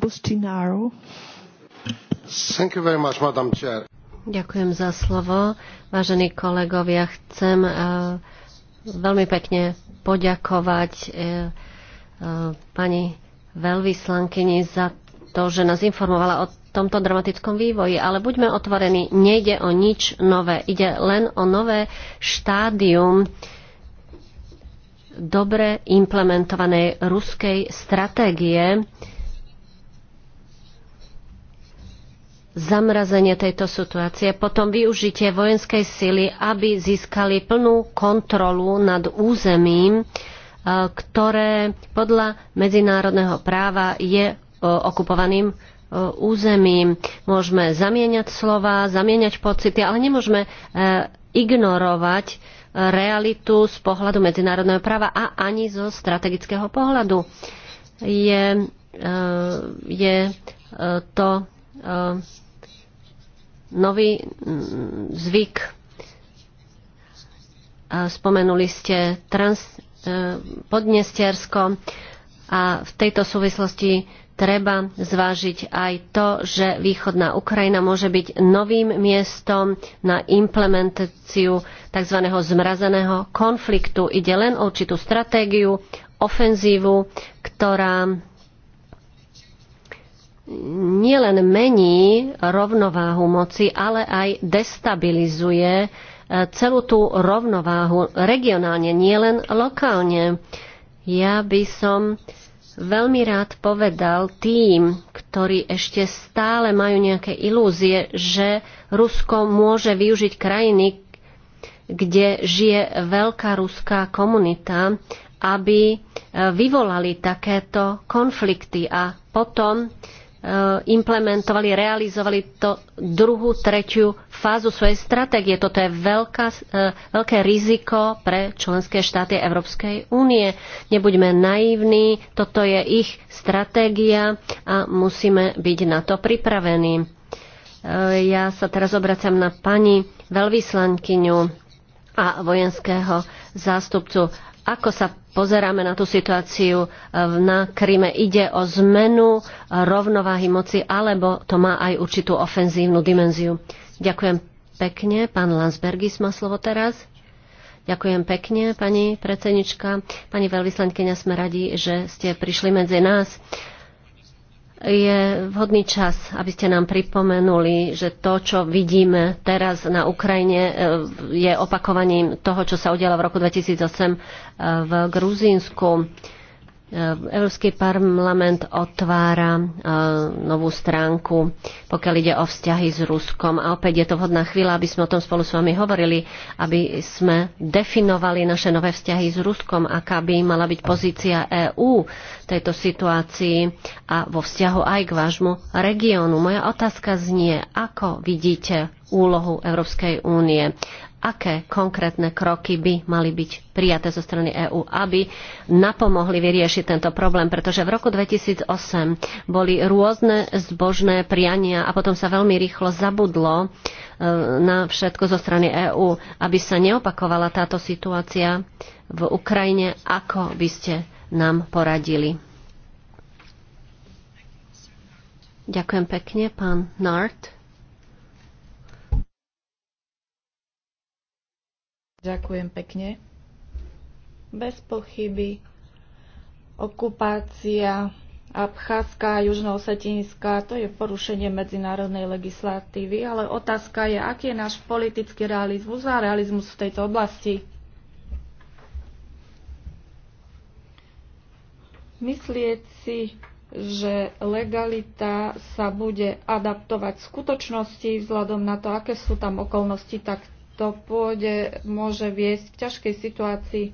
Thank you very much, Madam Chair. Ďakujem za slovo. Vážení kolegovia, chcem e, veľmi pekne poďakovať e, e, pani veľvyslankyni za to, že nás informovala o tomto dramatickom vývoji, ale buďme otvorení, nejde o nič nové, ide len o nové štádium dobre implementovanej ruskej stratégie zamrazenie tejto situácie, potom využitie vojenskej sily, aby získali plnú kontrolu nad územím, e, ktoré podľa medzinárodného práva je e, okupovaným e, územím. Môžeme zamieňať slova, zamieňať pocity, ale nemôžeme ignorovať realitu z pohľadu medzinárodného práva a ani zo strategického pohľadu. Je, eh, je eh, to eh, nový mm, zvyk. Spomenuli ste trans, podnestiersko a v tejto súvislosti treba zvážiť aj to, že východná Ukrajina môže byť novým miestom na implementáciu tzv. zmrazeného konfliktu. Ide len o určitú stratégiu, ofenzívu, ktorá nielen mení rovnováhu moci, ale aj destabilizuje e, celú tú rovnováhu regionálne, nielen lokálne. Ja by som veľmi rád povedal tým, ktorí ešte stále majú nejaké ilúzie, že Rusko môže využiť krajiny, kde žije veľká ruská komunita, aby e, vyvolali takéto konflikty a potom Eh, implementovali, realizovali to druhú, tretiu fázu svojej stratégie. Toto je veľká, eh, veľké riziko pre členské štáty Európskej únie. Nebuďme naivní, toto je ich stratégia a musíme byť na to pripravení. Eh, ja sa teraz obracam na pani veľvyslankyňu a vojenského zástupcu ako sa pozeráme na tú situáciu e, na Kryme? Ide o zmenu e, rovnováhy moci, alebo to má aj určitú ofenzívnu dimenziu? Ďakujem pekne. Pán Lansbergis má slovo teraz. Ďakujem pekne, pani predsednička. Pani veľvyslankyňa, sme radi, že ste prišli medzi nás je vhodný čas, aby ste nám pripomenuli, že to, čo vidíme teraz na Ukrajine, e, je opakovaním toho, čo sa udialo v roku 2008 e, v Gruzínsku. Európsky parlament otvára e, novú stránku, pokiaľ ide o vzťahy s Ruskom. A opäť je to vhodná chvíľa, aby sme o tom spolu s vami hovorili, aby sme definovali naše nové vzťahy s Ruskom, aká by mala byť pozícia EÚ v tejto situácii a vo vzťahu aj k vášmu regiónu. Moja otázka znie, ako vidíte úlohu Európskej únie aké konkrétne kroky by mali byť prijaté zo strany EÚ, aby napomohli vyriešiť tento problém, pretože v roku 2008 boli rôzne zbožné priania a potom sa veľmi rýchlo zabudlo e, na všetko zo strany EÚ, aby sa neopakovala táto situácia v Ukrajine, ako by ste nám poradili. Ďakujem pekne, pán Nart. Ďakujem pekne. Bez pochyby okupácia Abcházska a Južnoosetinská, to je porušenie medzinárodnej legislatívy, ale otázka je, aký je náš politický realizmus a realizmus v tejto oblasti. Myslieť si, že legalita sa bude adaptovať v skutočnosti vzhľadom na to, aké sú tam okolnosti, tak to pôde môže viesť k ťažkej situácii.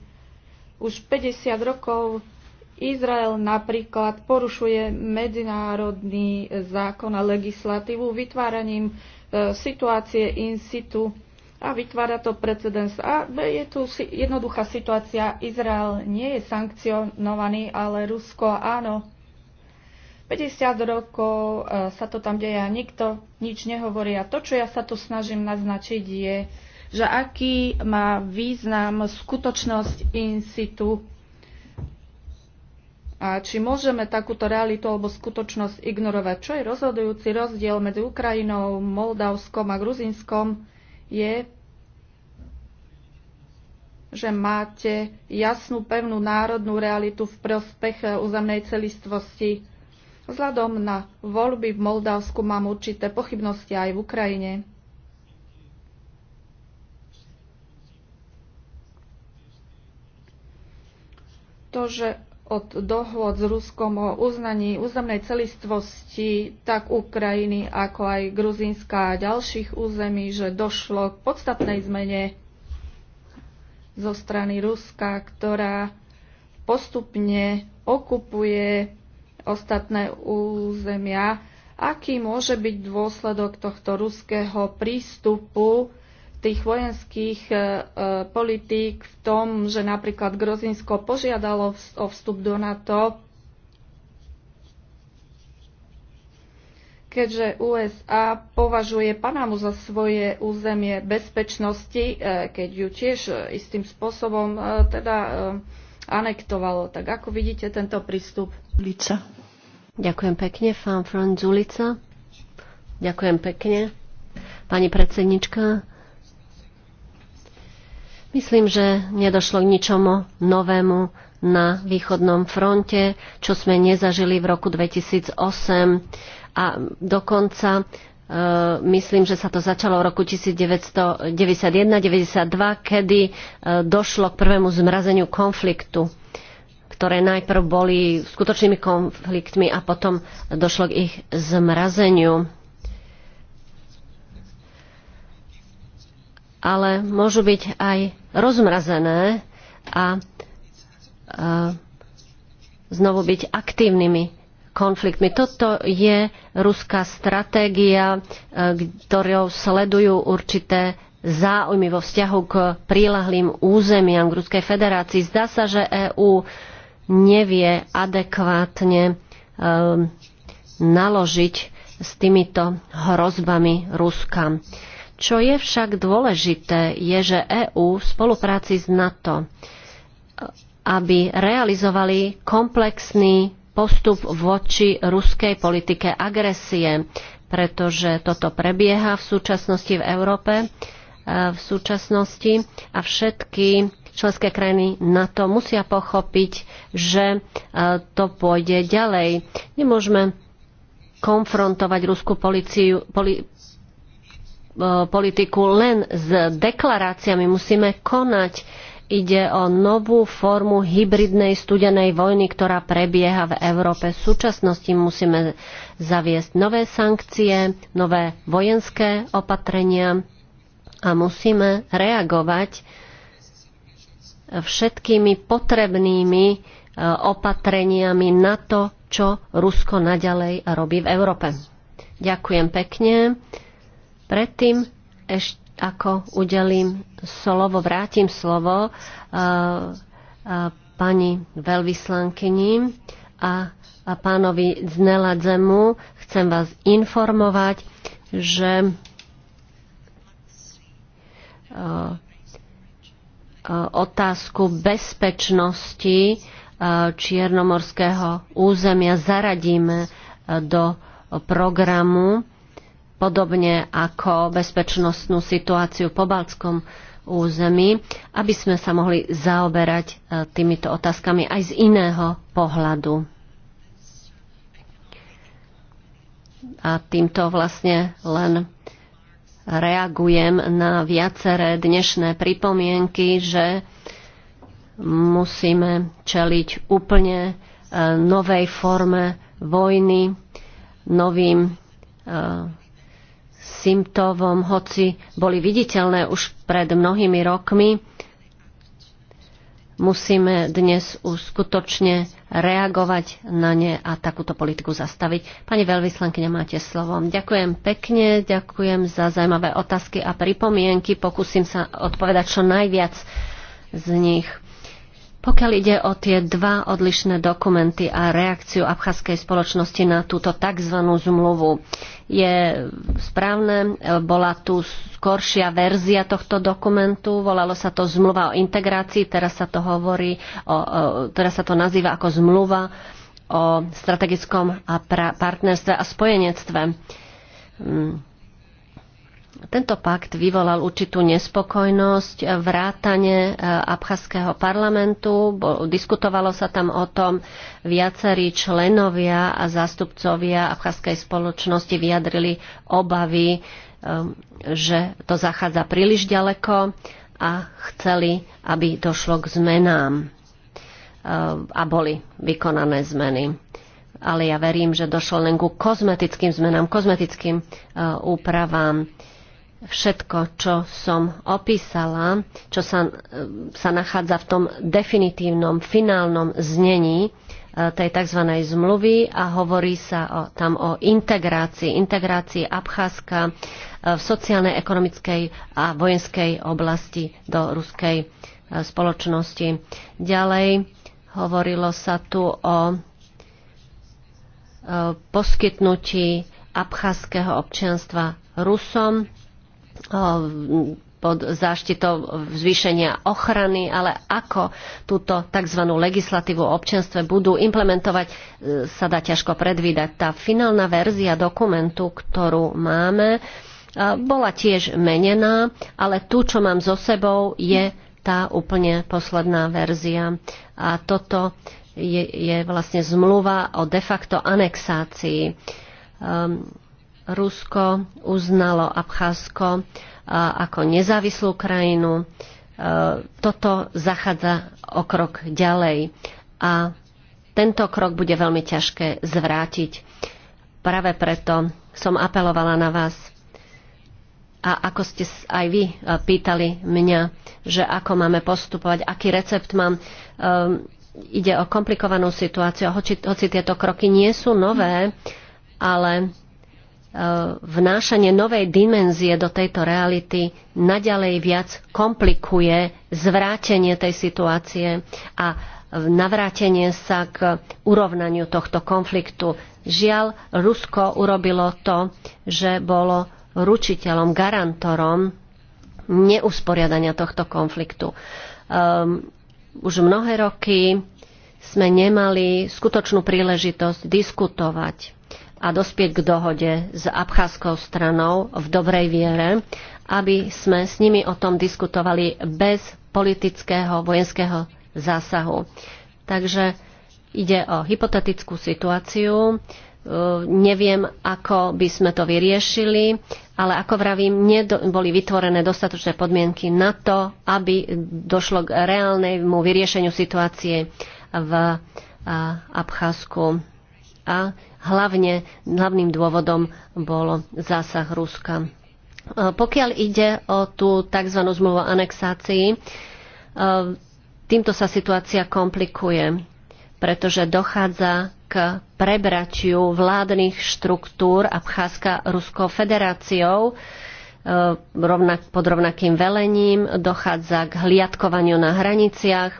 Už 50 rokov Izrael napríklad porušuje medzinárodný zákon a legislatívu vytváraním e, situácie in situ a vytvára to precedens. A je tu jednoduchá situácia. Izrael nie je sankcionovaný, ale Rusko áno. 50 rokov e, sa to tam deje a nikto nič nehovorí. A to, čo ja sa tu snažím naznačiť, je, že aký má význam skutočnosť in situ a či môžeme takúto realitu alebo skutočnosť ignorovať. Čo je rozhodujúci rozdiel medzi Ukrajinou, Moldavskom a Gruzinskom je, že máte jasnú, pevnú národnú realitu v prospech územnej celistvosti. Vzhľadom na voľby v Moldavsku mám určité pochybnosti aj v Ukrajine. to, že od dohôd s Ruskom o uznaní územnej celistvosti tak Ukrajiny, ako aj Gruzínska a ďalších území, že došlo k podstatnej zmene zo strany Ruska, ktorá postupne okupuje ostatné územia. Aký môže byť dôsledok tohto ruského prístupu tých vojenských e, e, politík v tom, že napríklad Grozinsko požiadalo o vstup do NATO, keďže USA považuje Panamu za svoje územie bezpečnosti, e, keď ju tiež istým spôsobom teda anektovalo. Tak ako vidíte tento prístup? Lica. Ďakujem pekne, Franz Ulica. Ďakujem pekne. Pani predsednička, Myslím, že nedošlo k ničomu novému na východnom fronte, čo sme nezažili v roku 2008 a dokonca e, myslím, že sa to začalo v roku 1991-92, kedy e, došlo k prvému zmrazeniu konfliktu ktoré najprv boli skutočnými konfliktmi a potom došlo k ich zmrazeniu. ale môžu byť aj rozmrazené a znovu byť aktívnymi konfliktmi. Toto je ruská stratégia, e, ktorou sledujú určité záujmy vo vzťahu k prílahlým územiam k Ruskej federácii. Zdá sa, že EÚ nevie adekvátne e, naložiť s týmito hrozbami Ruska. Čo je však dôležité, je, že EÚ v spolupráci s NATO, aby realizovali komplexný postup voči ruskej politike agresie, pretože toto prebieha v súčasnosti v Európe, e, v súčasnosti a všetky členské krajiny NATO musia pochopiť, že e, to pôjde ďalej. Nemôžeme konfrontovať ruskú policiu, poli, E, politiku len s deklaráciami, musíme konať. Ide o novú formu hybridnej studenej vojny, ktorá prebieha v Európe. V súčasnosti musíme zaviesť nové sankcie, nové vojenské opatrenia a musíme reagovať všetkými potrebnými e, opatreniami na to, čo Rusko naďalej robí v Európe. Ďakujem pekne. Predtým, ešte ako udelím slovo, vrátim slovo uh, uh, pani veľvyslankyni a, a pánovi Zneladzemu. Chcem vás informovať, že uh, uh otázku bezpečnosti uh, čiernomorského územia zaradíme uh, do programu podobne ako bezpečnostnú situáciu po Balckom území, aby sme sa mohli zaoberať e, týmito otázkami aj z iného pohľadu. A týmto vlastne len reagujem na viaceré dnešné pripomienky, že musíme čeliť úplne e, novej forme vojny, novým e, symptómom, hoci boli viditeľné už pred mnohými rokmi, musíme dnes už skutočne reagovať na ne a takúto politiku zastaviť. Pani veľvyslankyňa, máte slovo. Ďakujem pekne, ďakujem za zaujímavé otázky a pripomienky. Pokúsim sa odpovedať čo najviac z nich. Pokiaľ ide o tie dva odlišné dokumenty a reakciu abcházskej spoločnosti na túto tzv. zmluvu, je správne, bola tu skoršia verzia tohto dokumentu, volalo sa to zmluva o integrácii, teraz sa to hovorí, o, o, teraz sa to nazýva ako zmluva o strategickom a pra, partnerstve a spojenectve. Hmm tento pakt vyvolal určitú nespokojnosť, vrátane e, abcházského parlamentu, diskutovalo sa tam o tom, viacerí členovia a zástupcovia abcházskej spoločnosti vyjadrili obavy, e, že to zachádza príliš ďaleko a chceli, aby došlo k zmenám e, a boli vykonané zmeny ale ja verím, že došlo len ku kozmetickým zmenám, kozmetickým úpravám všetko, čo som opísala, čo sa, e, sa nachádza v tom definitívnom, finálnom znení e, tej tzv. zmluvy a hovorí sa o, tam o integrácii, integrácii Abcházska e, v sociálnej, ekonomickej a vojenskej oblasti do ruskej spoločnosti. Ďalej hovorilo sa tu o poskytnutí abcházského občianstva Rusom Ehm, pod záštitou zvýšenia ochrany, ale ako túto tzv. legislatívu o občanstve budú implementovať, e, sa dá ťažko predvídať. Tá finálna verzia dokumentu, ktorú máme, e, bola tiež menená, ale tu, čo mám so sebou, je tá úplne posledná verzia. A toto je, je vlastne zmluva o de facto anexácii. Um, Rusko uznalo Abcházsko ako nezávislú krajinu. E, toto zachádza o krok ďalej a tento krok bude veľmi ťažké zvrátiť. Práve preto som apelovala na vás a ako ste aj vy e, pýtali mňa, že ako máme postupovať, aký recept mám e, ide o komplikovanú situáciu, hoci, hoci tieto kroky nie sú nové, ale E, vnášanie novej dimenzie do tejto reality naďalej viac komplikuje zvrátenie tej situácie a navrátenie sa k urovnaniu tohto konfliktu. Žiaľ, Rusko urobilo to, že bolo ručiteľom, garantorom neusporiadania tohto konfliktu. Um, už mnohé roky sme nemali skutočnú príležitosť diskutovať a dospieť k dohode s abcházskou stranou v dobrej viere, aby sme s nimi o tom diskutovali bez politického vojenského zásahu. Takže ide o hypotetickú situáciu, e, neviem, ako by sme to vyriešili, ale ako vravím, boli vytvorené dostatočné podmienky na to, aby došlo k reálnemu vyriešeniu situácie v Abcházsku. A hlavne, hlavným dôvodom bolo zásah Ruska. E, pokiaľ ide o tú tzv. zmluvu anexácii, e, týmto sa situácia komplikuje, pretože dochádza k prebračiu vládnych štruktúr Abcházska Ruskou federáciou e, pod rovnakým velením, dochádza k hliadkovaniu na hraniciach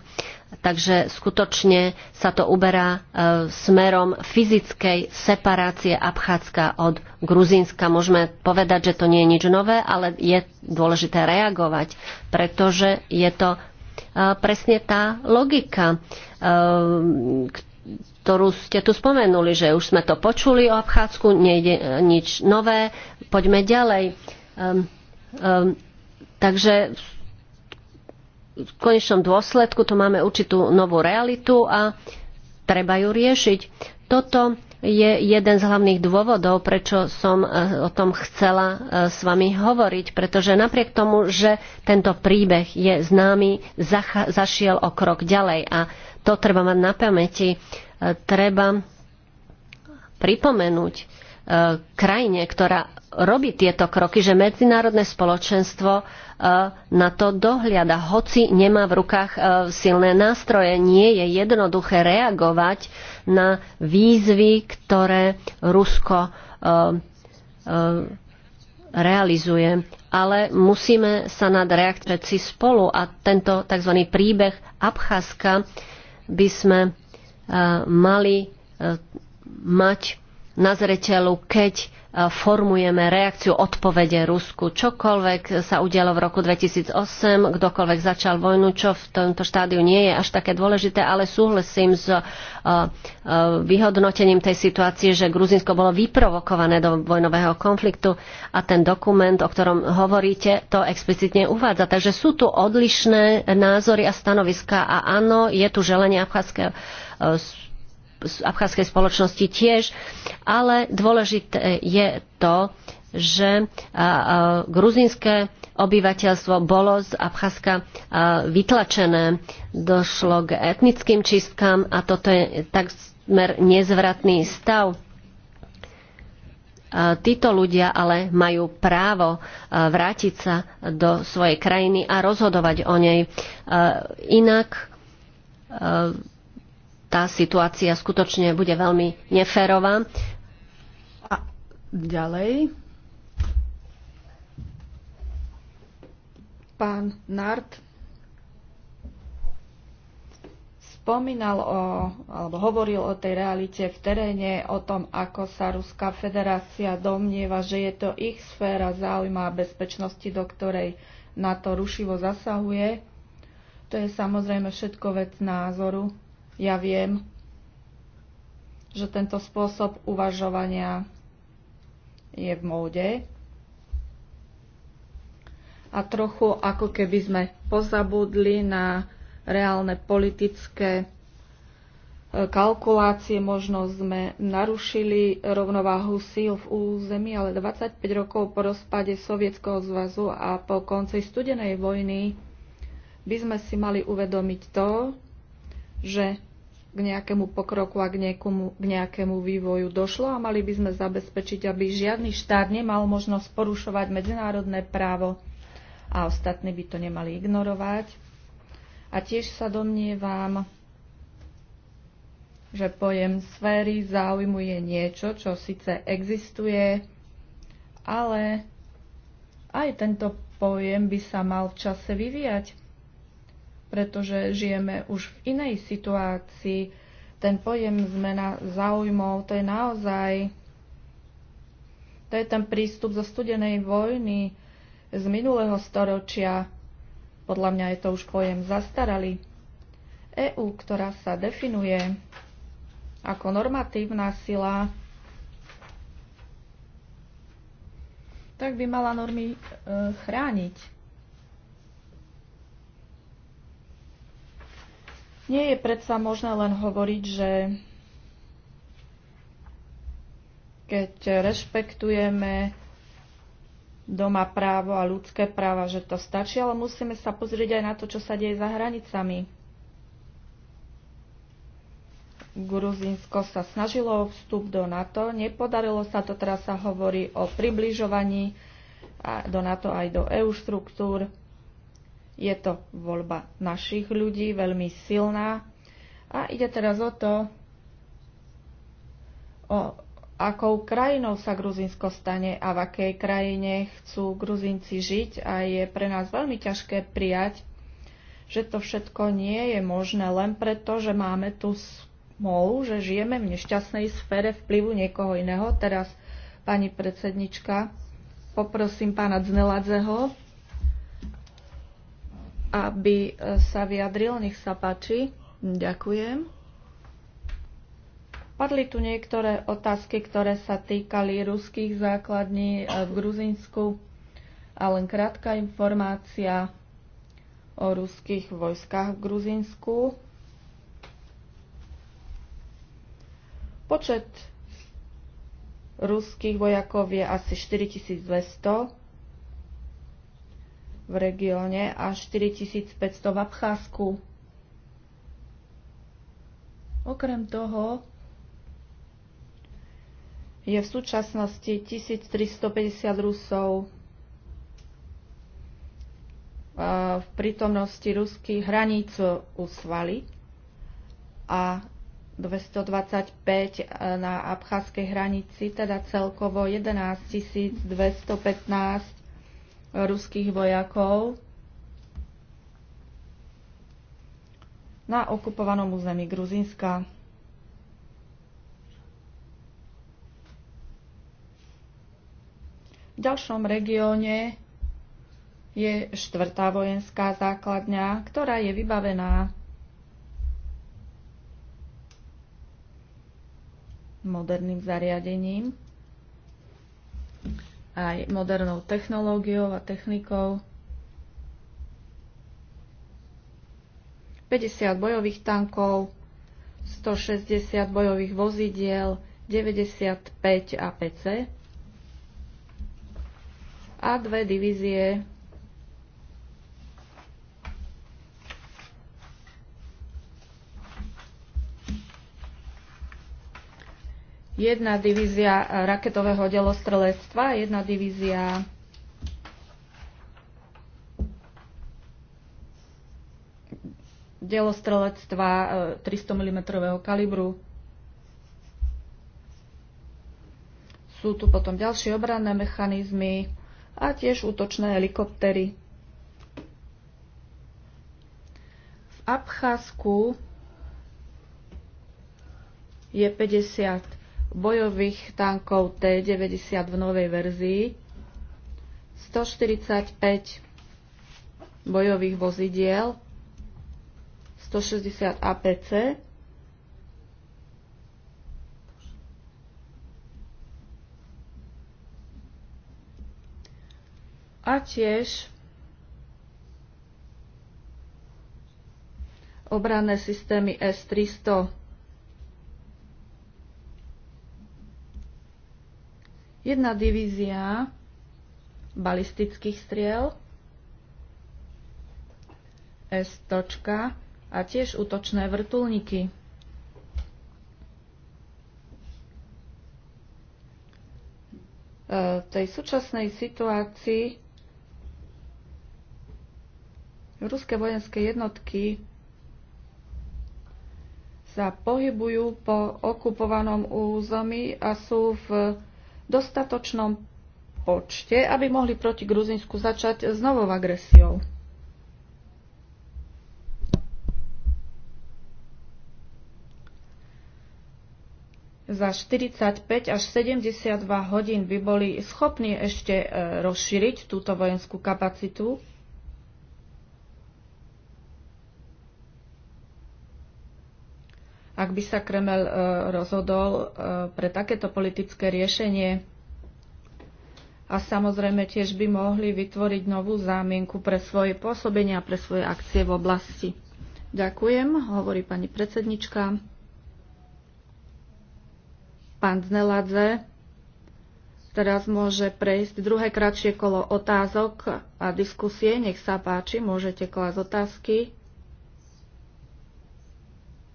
Takže skutočne sa to uberá e, smerom fyzickej separácie Abchádzka od Gruzínska. Môžeme povedať, že to nie je nič nové, ale je dôležité reagovať, pretože je to e, presne tá logika, e, ktorú ste tu spomenuli, že už sme to počuli o Abchádzku, nie je nič nové, poďme ďalej. Ehm, ehm, takže v konečnom dôsledku tu máme určitú novú realitu a treba ju riešiť. Toto je jeden z hlavných dôvodov, prečo som eh, o tom chcela eh, s vami hovoriť, pretože napriek tomu, že tento príbeh je známy, zašiel o krok ďalej a to treba mať na pamäti. Eh, treba pripomenúť krajine, ktorá robí tieto kroky, že medzinárodné spoločenstvo e, na to dohliada, hoci nemá v rukách e, silné nástroje. Nie je jednoduché reagovať na výzvy, ktoré Rusko e, realizuje. Ale musíme sa nad reakcií spolu a tento tzv. príbeh Abcházska by sme mali mať na zreteľu, keď E, formujeme reakciu odpovede Rusku. Čokoľvek sa udialo v roku 2008, kdokoľvek začal vojnu, čo v tomto štádiu nie je až také dôležité, ale súhlasím s e, e, vyhodnotením tej situácie, že Gruzinsko bolo vyprovokované do vojnového konfliktu a ten dokument, o ktorom hovoríte, to explicitne uvádza. Takže sú tu odlišné názory a stanoviska a áno, je tu želenie abcházskeho abcházskej spoločnosti tiež, ale dôležité je to, že gruzínske obyvateľstvo bolo z Abcházska vytlačené, došlo k etnickým čistkám a toto je takmer nezvratný stav. Títo ľudia ale majú právo vrátiť sa do svojej krajiny a rozhodovať o nej. Inak tá situácia skutočne bude veľmi neférová. A ďalej. Pán Nart spomínal o, alebo hovoril o tej realite v teréne, o tom, ako sa Ruská federácia domnieva, že je to ich sféra záujma a bezpečnosti, do ktorej NATO rušivo zasahuje. To je samozrejme všetko vec názoru ja viem, že tento spôsob uvažovania je v móde a trochu ako keby sme pozabudli na reálne politické e, kalkulácie, možno sme narušili rovnováhu síl v území, ale 25 rokov po rozpade Sovietskeho zväzu a po konci studenej vojny by sme si mali uvedomiť to, že k nejakému pokroku a k, niekomu, k nejakému vývoju došlo a mali by sme zabezpečiť, aby žiadny štát nemal možnosť porušovať medzinárodné právo a ostatní by to nemali ignorovať. A tiež sa domnievam, že pojem sféry záujmu je niečo, čo síce existuje, ale aj tento pojem by sa mal v čase vyvíjať pretože žijeme už v inej situácii. Ten pojem zmena záujmov, to je naozaj, to je ten prístup zo studenej vojny z minulého storočia. Podľa mňa je to už pojem zastaralý. EÚ, ktorá sa definuje ako normatívna sila, tak by mala normy e, chrániť Nie je predsa možné len hovoriť, že keď rešpektujeme doma právo a ľudské práva, že to stačí, ale musíme sa pozrieť aj na to, čo sa deje za hranicami. Gruzínsko sa snažilo o vstup do NATO, nepodarilo sa to, teraz sa hovorí o približovaní do NATO aj do EU štruktúr. Je to voľba našich ľudí, veľmi silná. A ide teraz o to, o akou krajinou sa Gruzinsko stane a v akej krajine chcú Gruzinci žiť a je pre nás veľmi ťažké prijať, že to všetko nie je možné len preto, že máme tú smolu, že žijeme v nešťastnej sfére vplyvu niekoho iného. Teraz, pani predsednička, poprosím pána Dzneladzeho, aby e, sa vyjadril. Nech sa páči. Ďakujem. Padli tu niektoré otázky, ktoré sa týkali ruských základní e, v Gruzínsku. A len krátka informácia o ruských vojskách v Gruzínsku. Počet ruských vojakov je asi 4200 v regióne a 4500 v Abcházku. Okrem toho je v súčasnosti 1350 Rusov v prítomnosti ruských hraníc u Svaly a 225 e, na abcházskej hranici, teda celkovo 11 215 ruských vojakov na okupovanom území Gruzínska. V ďalšom regióne je štvrtá vojenská základňa, ktorá je vybavená moderným zariadením aj modernou technológiou a technikou. 50 bojových tankov, 160 bojových vozidiel, 95 APC a dve divízie jedna divízia raketového delostrelectva, jedna divízia delostrelectva 300 e, mm kalibru. Sú tu potom ďalšie obranné mechanizmy a tiež útočné helikoptery. V Abcházku je 50 bojových tankov T-90 v novej verzii, 145 bojových vozidiel, 160 APC, a tiež obranné systémy S-300 Jedna divízia balistických striel, S. a tiež útočné vrtulníky. V e, tej súčasnej situácii ruské vojenské jednotky sa pohybujú po okupovanom území a sú v dostatočnom počte, aby mohli proti Gruzinsku začať s novou agresiou. za 45 až 72 hodín by boli schopní ešte e, rozšíriť túto vojenskú kapacitu ak by sa Kreml e, rozhodol e, pre takéto politické riešenie. A samozrejme tiež by mohli vytvoriť novú zámienku pre svoje pôsobenia, pre svoje akcie v oblasti. Ďakujem, hovorí pani predsednička. Pán Zneladze, teraz môže prejsť druhé kratšie kolo otázok a diskusie. Nech sa páči, môžete klásť otázky.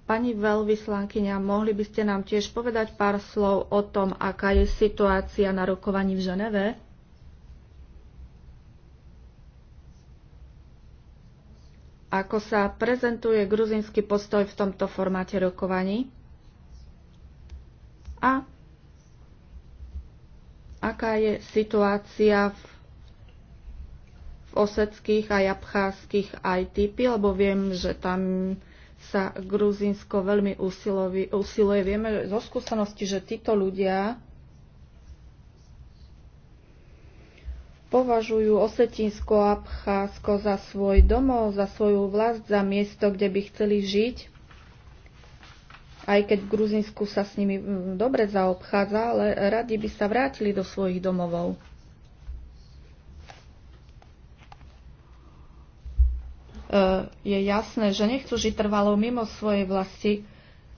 Pani veľvyslankyňa, mohli by ste nám tiež povedať pár slov o tom, aká je situácia na rokovaní v Ženeve? Ako sa prezentuje gruzinský postoj v tomto formáte rokovaní? A aká je situácia v, v oseckých a abcházských ITP, lebo viem, že tam sa Gruzínsko veľmi usiluje. Vieme zo skúsenosti, že títo ľudia považujú Osetinsko a Abcházsko za svoj domov, za svoju vlast, za miesto, kde by chceli žiť. Aj keď v Gruzinsku sa s nimi mm, dobre zaobchádza, ale radi by sa vrátili do svojich domovov. E, je jasné, že nechcú žiť trvalo mimo svojej vlasti.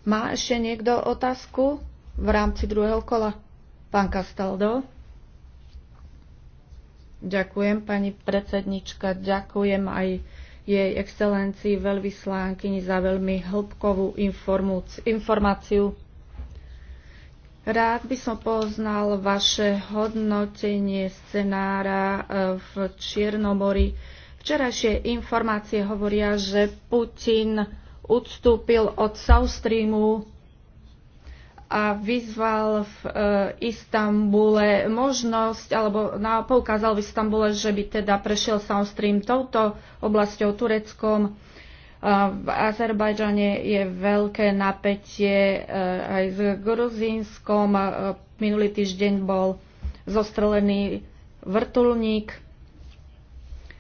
Má ešte niekto otázku v rámci druhého kola? Pán Castaldo. Ďakujem, pani predsednička. Ďakujem aj jej excelencii veľvyslánkyni za veľmi hĺbkovú informáciu. Rád by som poznal vaše hodnotenie scenára e, v Čiernomori Včerajšie informácie hovoria, že Putin odstúpil od South Streamu a vyzval v e, Istambule možnosť, alebo na, poukázal v Istambule, že by teda prešiel South Stream touto oblasťou Tureckom. E, v Azerbajdžane je veľké napätie e, aj s Gruzínskom. E, minulý týždeň bol zostrelený vrtulník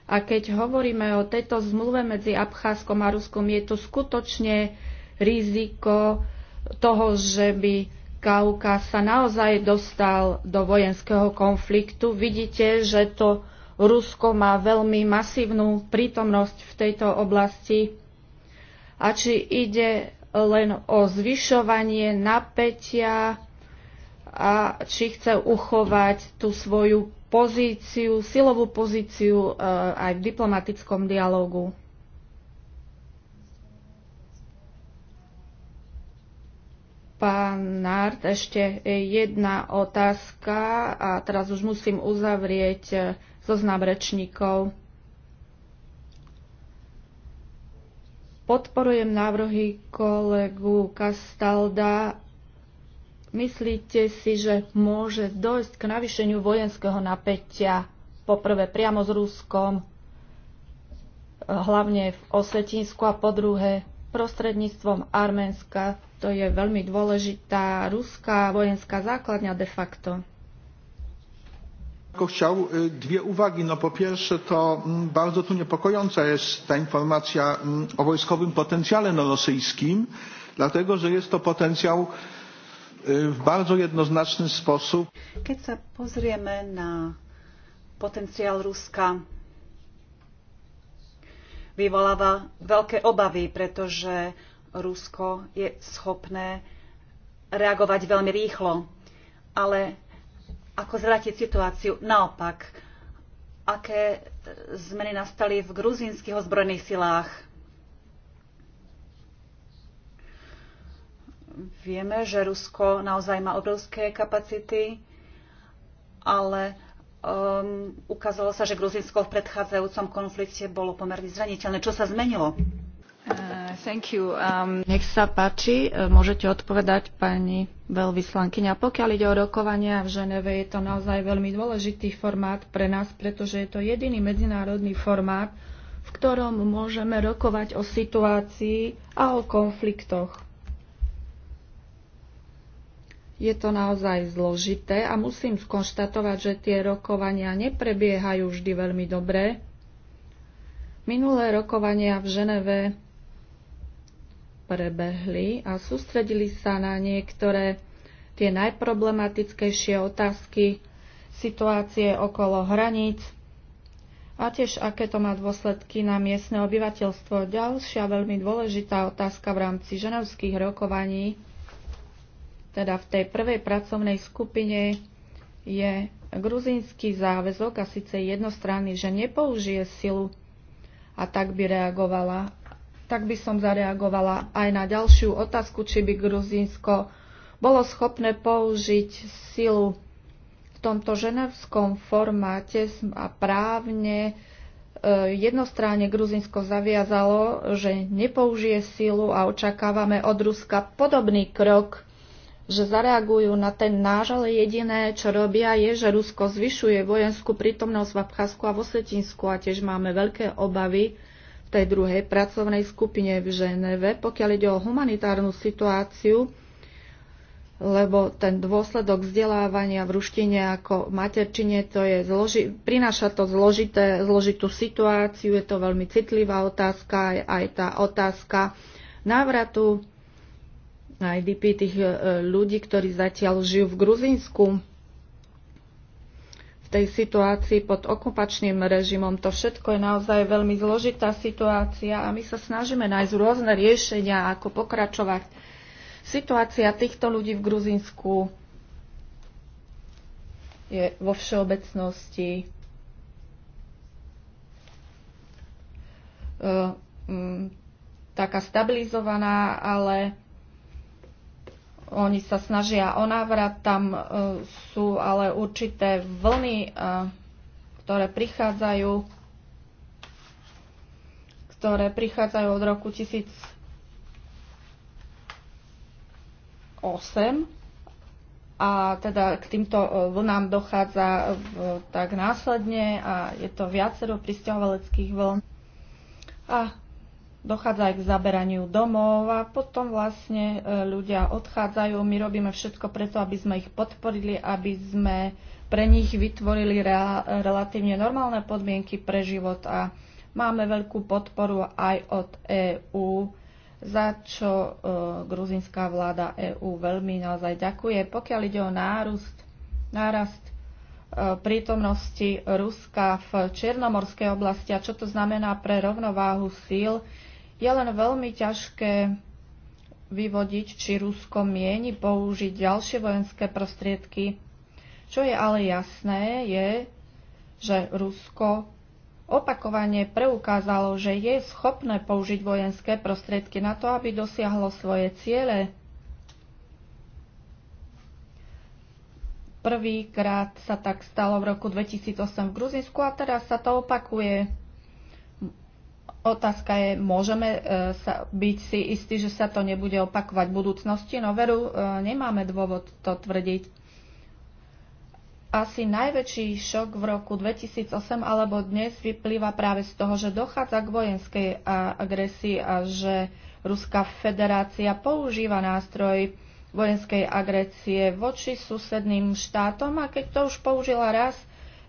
a keď hovoríme o tejto zmluve medzi Abcházskom a Ruskom, je to skutočne riziko toho, že by Kaukaz sa naozaj dostal do vojenského konfliktu. Vidíte, že to Rusko má veľmi masívnu prítomnosť v tejto oblasti. A či ide len o zvyšovanie napätia a či chce uchovať tú svoju pozíciu, silovú pozíciu e, aj v diplomatickom dialogu. Pán Nart, ešte jedna otázka a teraz už musím uzavrieť e, zoznam rečníkov. Podporujem návrhy kolegu Kastalda Myslíte si, že môže dojsť k navýšeniu vojenského napätia poprvé priamo s Ruskom, eh, hlavne v Osetinsku a po druhé prostredníctvom Arménska. To je veľmi dôležitá ruská vojenská základňa de facto. chciał dwie uwagi. No po pierwsze to mm, bardzo tu niepokojąca jest ta informacja mm, o wojskowym potencjale no, rosyjskim, dlatego że jest to potencjał v bardzo jednoznačný spôsob. Keď sa pozrieme na potenciál Ruska, vyvoláva veľké obavy, pretože Rusko je schopné reagovať veľmi rýchlo. Ale ako zvrátiť situáciu? Naopak, aké zmeny nastali v gruzínskych ozbrojených silách? Vieme, že Rusko naozaj má obrovské kapacity, ale um, ukázalo sa, že Gruzinsko v predchádzajúcom konflikte bolo pomerne zraniteľné. Čo sa zmenilo? Uh, um... Nech sa páči, e, môžete odpovedať pani veľvyslankyňa. Pokiaľ ide o rokovania v Ženeve, je to naozaj veľmi dôležitý formát pre nás, pretože je to jediný medzinárodný formát, v ktorom môžeme rokovať o situácii a o konfliktoch. Je to naozaj zložité a musím skonštatovať, že tie rokovania neprebiehajú vždy veľmi dobre. Minulé rokovania v Ženeve prebehli a sústredili sa na niektoré tie najproblematickejšie otázky situácie okolo hraníc a tiež aké to má dôsledky na miestne obyvateľstvo. Ďalšia veľmi dôležitá otázka v rámci ženevských rokovaní teda v tej prvej pracovnej skupine je gruzínsky záväzok a síce jednostranný, že nepoužije silu a tak by reagovala. Tak by som zareagovala aj na ďalšiu otázku, či by Gruzínsko bolo schopné použiť silu v tomto ženevskom formáte a právne e, jednostranne Gruzinsko zaviazalo, že nepoužije silu a očakávame od Ruska podobný krok že zareagujú na ten náš, ale jediné, čo robia, je, že Rusko zvyšuje vojenskú prítomnosť v Abcházsku a v Osetinsku a tiež máme veľké obavy v tej druhej pracovnej skupine v Ženeve, pokiaľ ide o humanitárnu situáciu, lebo ten dôsledok vzdelávania v ruštine ako materčine to je zloži- prináša to zložité, zložitú situáciu, je to veľmi citlivá otázka, aj, aj tá otázka návratu IDP, tých e, ľudí, ktorí zatiaľ žijú v Gruzínsku, v tej situácii pod okupačným režimom. To všetko je naozaj veľmi zložitá situácia a my sa snažíme nájsť rôzne riešenia, ako pokračovať. Situácia týchto ľudí v Gruzínsku je vo všeobecnosti e, taká stabilizovaná, ale oni sa snažia o návrat, tam e, sú ale určité vlny, e, ktoré prichádzajú, ktoré prichádzajú od roku 2008 a teda k týmto e, vlnám dochádza tak následne a je to viacero pristahovaleckých vln. A dochádza aj k zaberaniu domov a potom vlastne e, ľudia odchádzajú. My robíme všetko preto, aby sme ich podporili, aby sme pre nich vytvorili rea- relatívne normálne podmienky pre život a máme veľkú podporu aj od EÚ, za čo e, gruzinská vláda EÚ veľmi naozaj ďakuje. Pokiaľ ide o nárust, nárast e, prítomnosti Ruska v Čiernomorskej oblasti a čo to znamená pre rovnováhu síl. Je len veľmi ťažké vyvodiť, či Rusko mieni použiť ďalšie vojenské prostriedky. Čo je ale jasné, je, že Rusko opakovane preukázalo, že je schopné použiť vojenské prostriedky na to, aby dosiahlo svoje ciele. Prvýkrát sa tak stalo v roku 2008 v Gruzinsku a teraz sa to opakuje. Otázka je, môžeme e, sa, byť si istí, že sa to nebude opakovať v budúcnosti? No veru, e, nemáme dôvod to tvrdiť. Asi najväčší šok v roku 2008 alebo dnes vyplýva práve z toho, že dochádza k vojenskej agresii a že Ruská federácia používa nástroj vojenskej agresie voči susedným štátom a keď to už použila raz,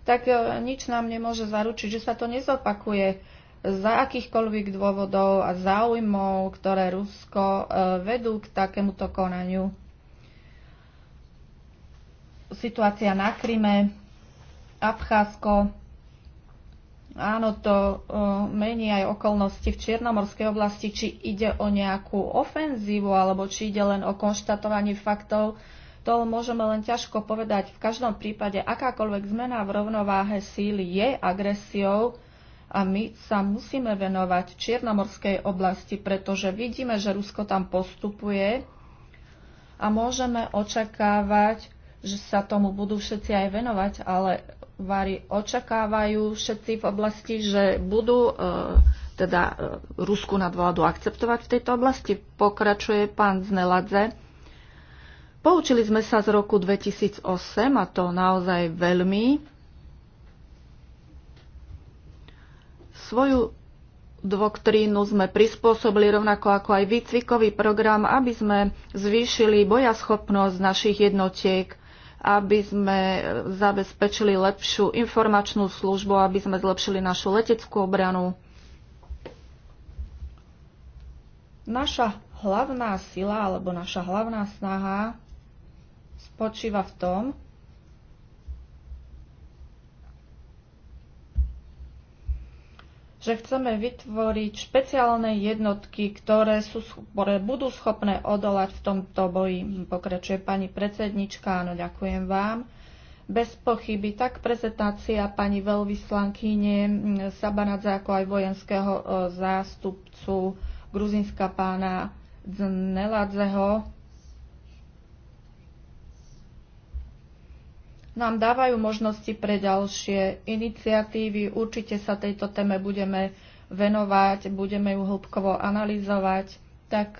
tak e, nič nám nemôže zaručiť, že sa to nezopakuje za akýchkoľvek dôvodov a záujmov, ktoré Rusko e, vedú k takémuto konaniu. Situácia na Kryme, Abcházsko, áno, to e, mení aj okolnosti v Čiernomorskej oblasti, či ide o nejakú ofenzívu, alebo či ide len o konštatovanie faktov, to môžeme len ťažko povedať. V každom prípade akákoľvek zmena v rovnováhe síly je agresiou, a my sa musíme venovať Čiernomorskej oblasti, pretože vidíme, že Rusko tam postupuje a môžeme očakávať, že sa tomu budú všetci aj venovať, ale Vári očakávajú všetci v oblasti, že budú e, teda e, Rusku nadvládu akceptovať v tejto oblasti, pokračuje pán Zneladze. Poučili sme sa z roku 2008 a to naozaj veľmi Svoju doktrínu sme prispôsobili rovnako ako aj výcvikový program, aby sme zvýšili bojaschopnosť našich jednotiek, aby sme zabezpečili lepšiu informačnú službu, aby sme zlepšili našu leteckú obranu. Naša hlavná sila alebo naša hlavná snaha spočíva v tom, že chceme vytvoriť špeciálne jednotky, ktoré, sú, ktoré budú schopné odolať v tomto boji. Pokračuje pani predsednička, áno, ďakujem vám. Bez pochyby tak prezentácia pani veľvyslankyne Sabanadze, ako aj vojenského e, zástupcu Gruzinska pána Dneladzeho, nám dávajú možnosti pre ďalšie iniciatívy. Určite sa tejto téme budeme venovať, budeme ju hĺbkovo analyzovať, tak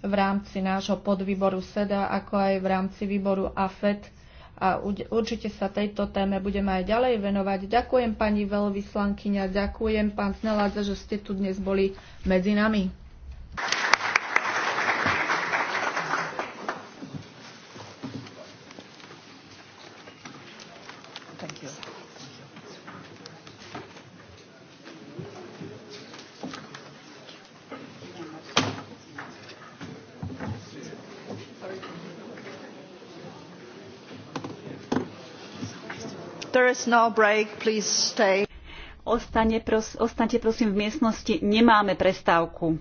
v rámci nášho podvýboru SEDA, ako aj v rámci výboru AFET. A určite sa tejto téme budeme aj ďalej venovať. Ďakujem pani veľvyslankyňa, ďakujem pán Sneladze, že ste tu dnes boli medzi nami. Ostane, ostaňte prosím v miestnosti, nemáme prestávku.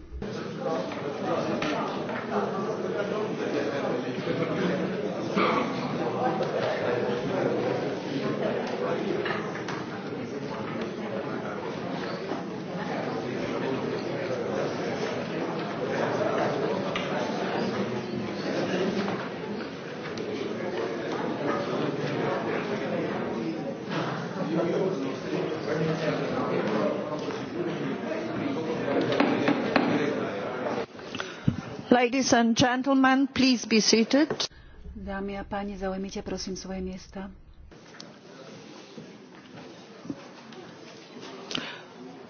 Dámy a páni, zaujmite prosím svoje miesta.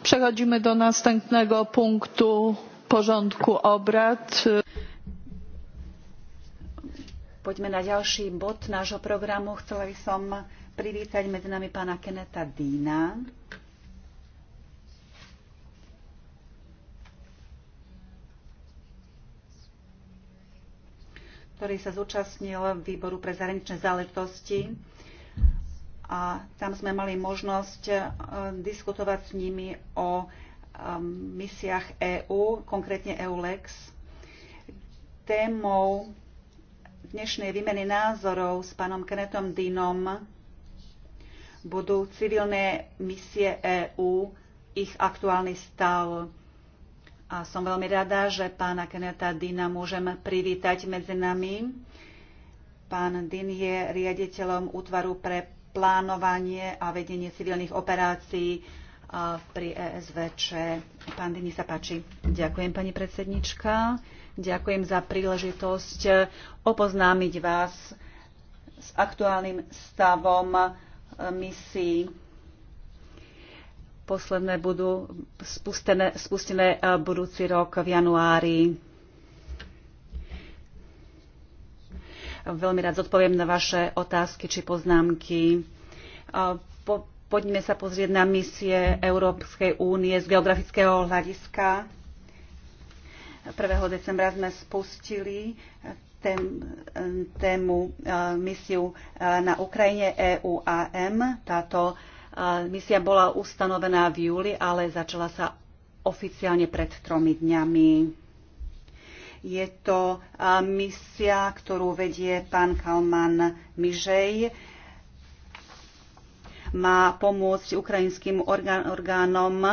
prechádzame do następnego punktu porządku obrad. Poďme na ďalší bod nášho programu. Chcela by som privítať medzi nami pána Keneta Dína, ktorý sa zúčastnil výboru pre zahraničné záležitosti a tam sme mali možnosť e, diskutovať s nimi o e, misiách EÚ, EU, konkrétne EULEX. Témou dnešnej výmeny názorov s pánom Kenetom Dinom budú civilné misie EÚ, ich aktuálny stav a som veľmi rada, že pána Keneta Dina môžem privítať medzi nami. Pán Din je riaditeľom útvaru pre plánovanie a vedenie civilných operácií pri ESVČ. Pán Dini sa páči. Ďakujem, pani predsednička. Ďakujem za príležitosť opoznámiť vás s aktuálnym stavom misií Posledné budú spustené, spustené e, budúci rok v januári. Veľmi rád zodpoviem na vaše otázky či poznámky. E, po, poďme sa pozrieť na misie Európskej únie z geografického hľadiska. 1. decembra sme spustili tém, tému e, misiu na Ukrajine EUAM. Táto Misia bola ustanovená v júli, ale začala sa oficiálne pred tromi dňami. Je to misia, ktorú vedie pán Kalman Mižej. Má pomôcť ukrajinským orgánom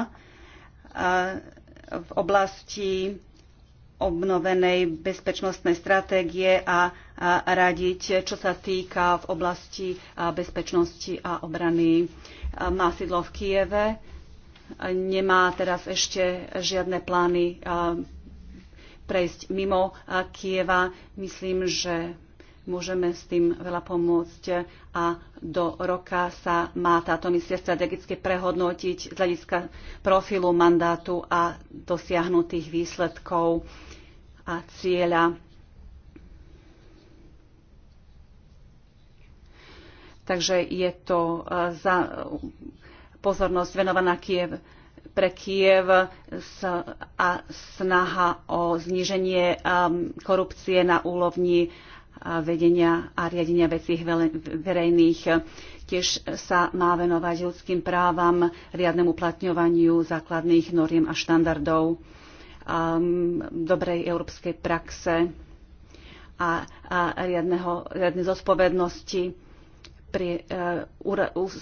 v oblasti obnovenej bezpečnostnej stratégie a, radiť, čo sa týka v oblasti bezpečnosti a obrany. Má sídlo v Kieve, nemá teraz ešte žiadne plány prejsť mimo Kieva. Myslím, že môžeme s tým veľa pomôcť a do roka sa má táto misia strategicky prehodnotiť z hľadiska profilu mandátu a dosiahnutých výsledkov a cieľa. Takže je to e, za pozornosť venovaná Kiev pre Kiev a snaha o zníženie e, korupcie na úrovni e, vedenia a riadenia vecí verejných. Tiež sa má venovať ľudským právam, riadnemu uplatňovaniu základných noriem a štandardov Um, dobrej európskej praxe a, a riadneho, riadne zodpovednosti pri uh,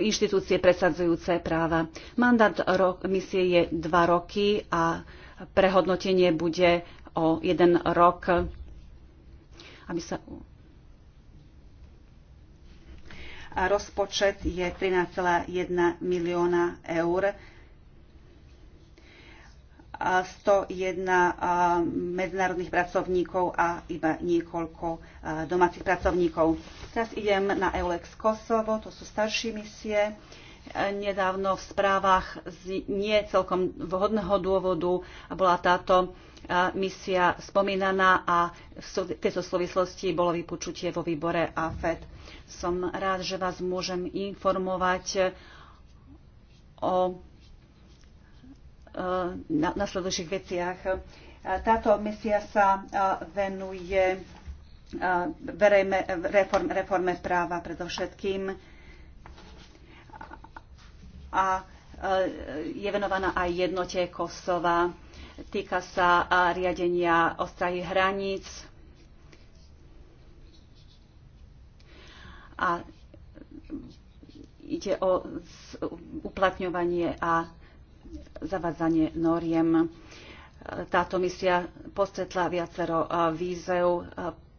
inštitúcie presadzujúce práva. Mandát misie je dva roky a prehodnotenie bude o jeden rok, aby sa a rozpočet je 13,1 milióna eur 101 medzinárodných pracovníkov a iba niekoľko domácich pracovníkov. Teraz idem na Eulex Kosovo, to sú staršie misie. Nedávno v správach z nie celkom vhodného dôvodu bola táto misia spomínaná a v tejto súvislosti bolo vypočutie vo výbore AFED. Som rád, že vás môžem informovať o Eh, na nasledujúcich veciach. Eh, táto misia sa eh, venuje verejme, reform, reforme práva predovšetkým a je venovaná aj jednote Kosova. Týka sa riadenia ostrahy hraníc a ide o uplatňovanie a zavádzanie noriem. Táto misia postretla viacero vízev,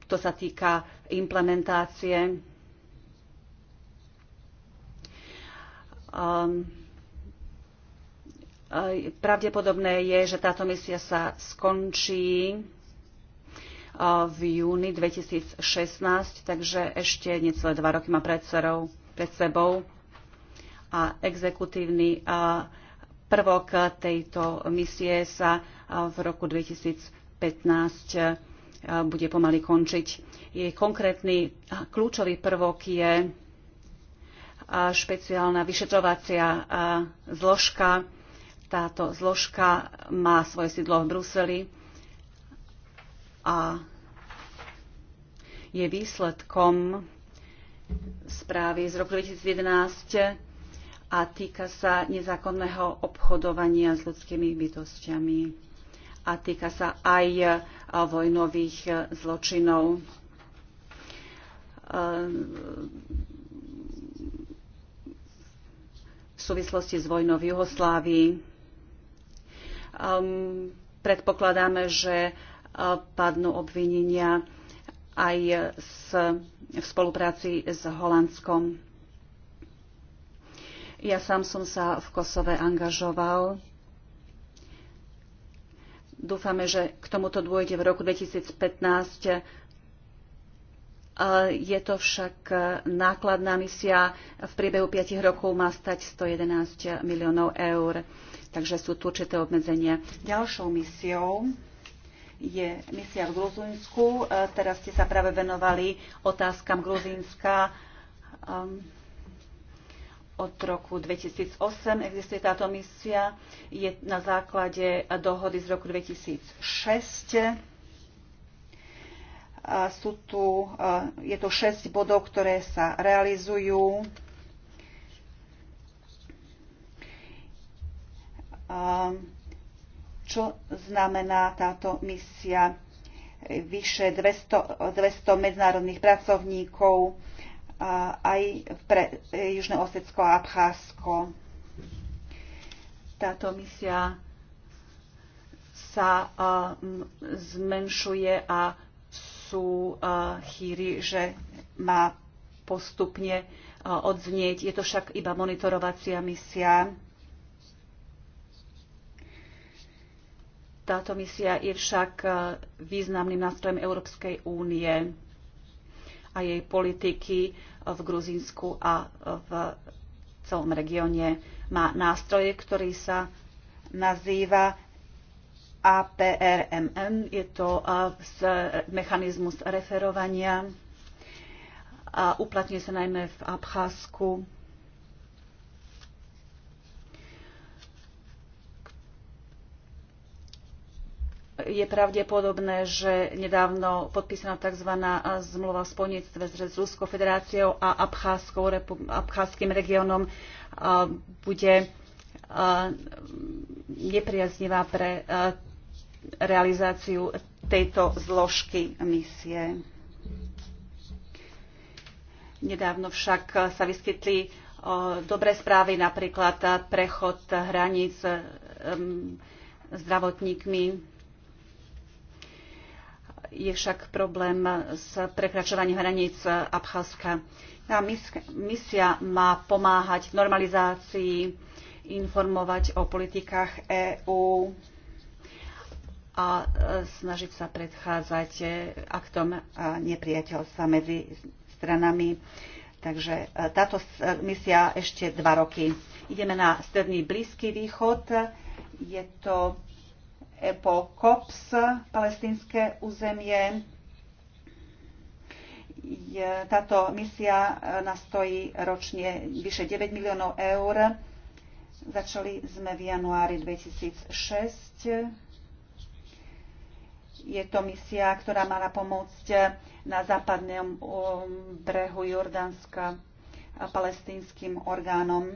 to sa týka implementácie. Pravdepodobné je, že táto misia sa skončí v júni 2016, takže ešte necelé dva roky má pred sebou a exekutívny a prvok tejto misie sa v roku 2015 bude pomaly končiť. Jej konkrétny kľúčový prvok je špeciálna vyšetrovacia zložka. Táto zložka má svoje sídlo v Bruseli a je výsledkom správy z roku 2011 a týka sa nezákonného obchodovania s ľudskými bytostiami a týka sa aj e, vojnových e, zločinov. E, v súvislosti s vojnou v Juhoslávii ehm, predpokladáme, že padnú obvinenia aj v spolupráci s Holandskom ja sám som sa v Kosove angažoval. Dúfame, že k tomuto dôjde v roku 2015. Je to však nákladná misia. V priebehu 5 rokov má stať 111 miliónov eur. Takže sú tu určité obmedzenia. Ďalšou misiou je misia v Gruzínsku. Teraz ste sa práve venovali otázkam Gruzínska. Ehm, od roku 2008 existuje táto misia. Je na základe dohody z roku 2006. A sú tu, je to 6 bodov, ktoré sa realizujú. Čo znamená táto misia? Vyše 200, 200 medzinárodných pracovníkov, aj pre e, Južné Osecko a Abcházsko. Táto misia sa e, zmenšuje a sú e, chýry, že má postupne odznieť. Je to však iba monitorovacia misia. Táto misia je však významným nástrojom Európskej únie a jej politiky v Gruzínsku a v celom regióne. Má nástroje, ktorý sa nazýva APRMN. Je to mechanizmus referovania a uplatňuje sa najmä v Abcházsku je pravdepodobné, že nedávno podpísaná tzv. zmluva o spojníctve s Ruskou federáciou a Abcházským regiónom bude nepriaznivá pre realizáciu tejto zložky misie. Nedávno však sa vyskytli dobré správy, napríklad prechod hraníc zdravotníkmi je však problém s prekračovaním hraníc Abcházska. Tá misia má pomáhať v normalizácii, informovať o politikách EÚ a e, snažiť sa predchádzať e, aktom nepriateľstva medzi stranami. Takže e, táto misia ešte dva roky. Ideme na stredný Blízky východ. Je to po COPS, palestinské územie. Táto misia e, nastojí ročne vyše 9 miliónov eur. Začali sme v januári 2006 je to misia, ktorá mala pomôcť na západnom um, brehu Jordánska a orgánom.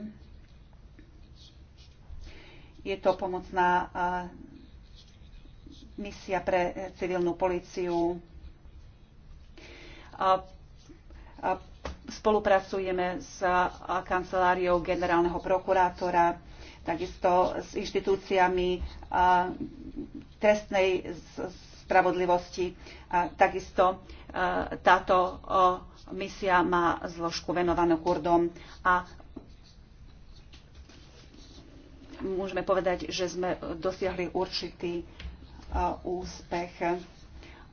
Je to pomocná misia pre eh, civilnú políciu. A, a spolupracujeme s eh, kanceláriou generálneho prokurátora, takisto s inštitúciami eh, trestnej spravodlivosti. A takisto táto misia má zložku venovanú Kurdom a môžeme povedať, že sme dosiahli určitý úspech.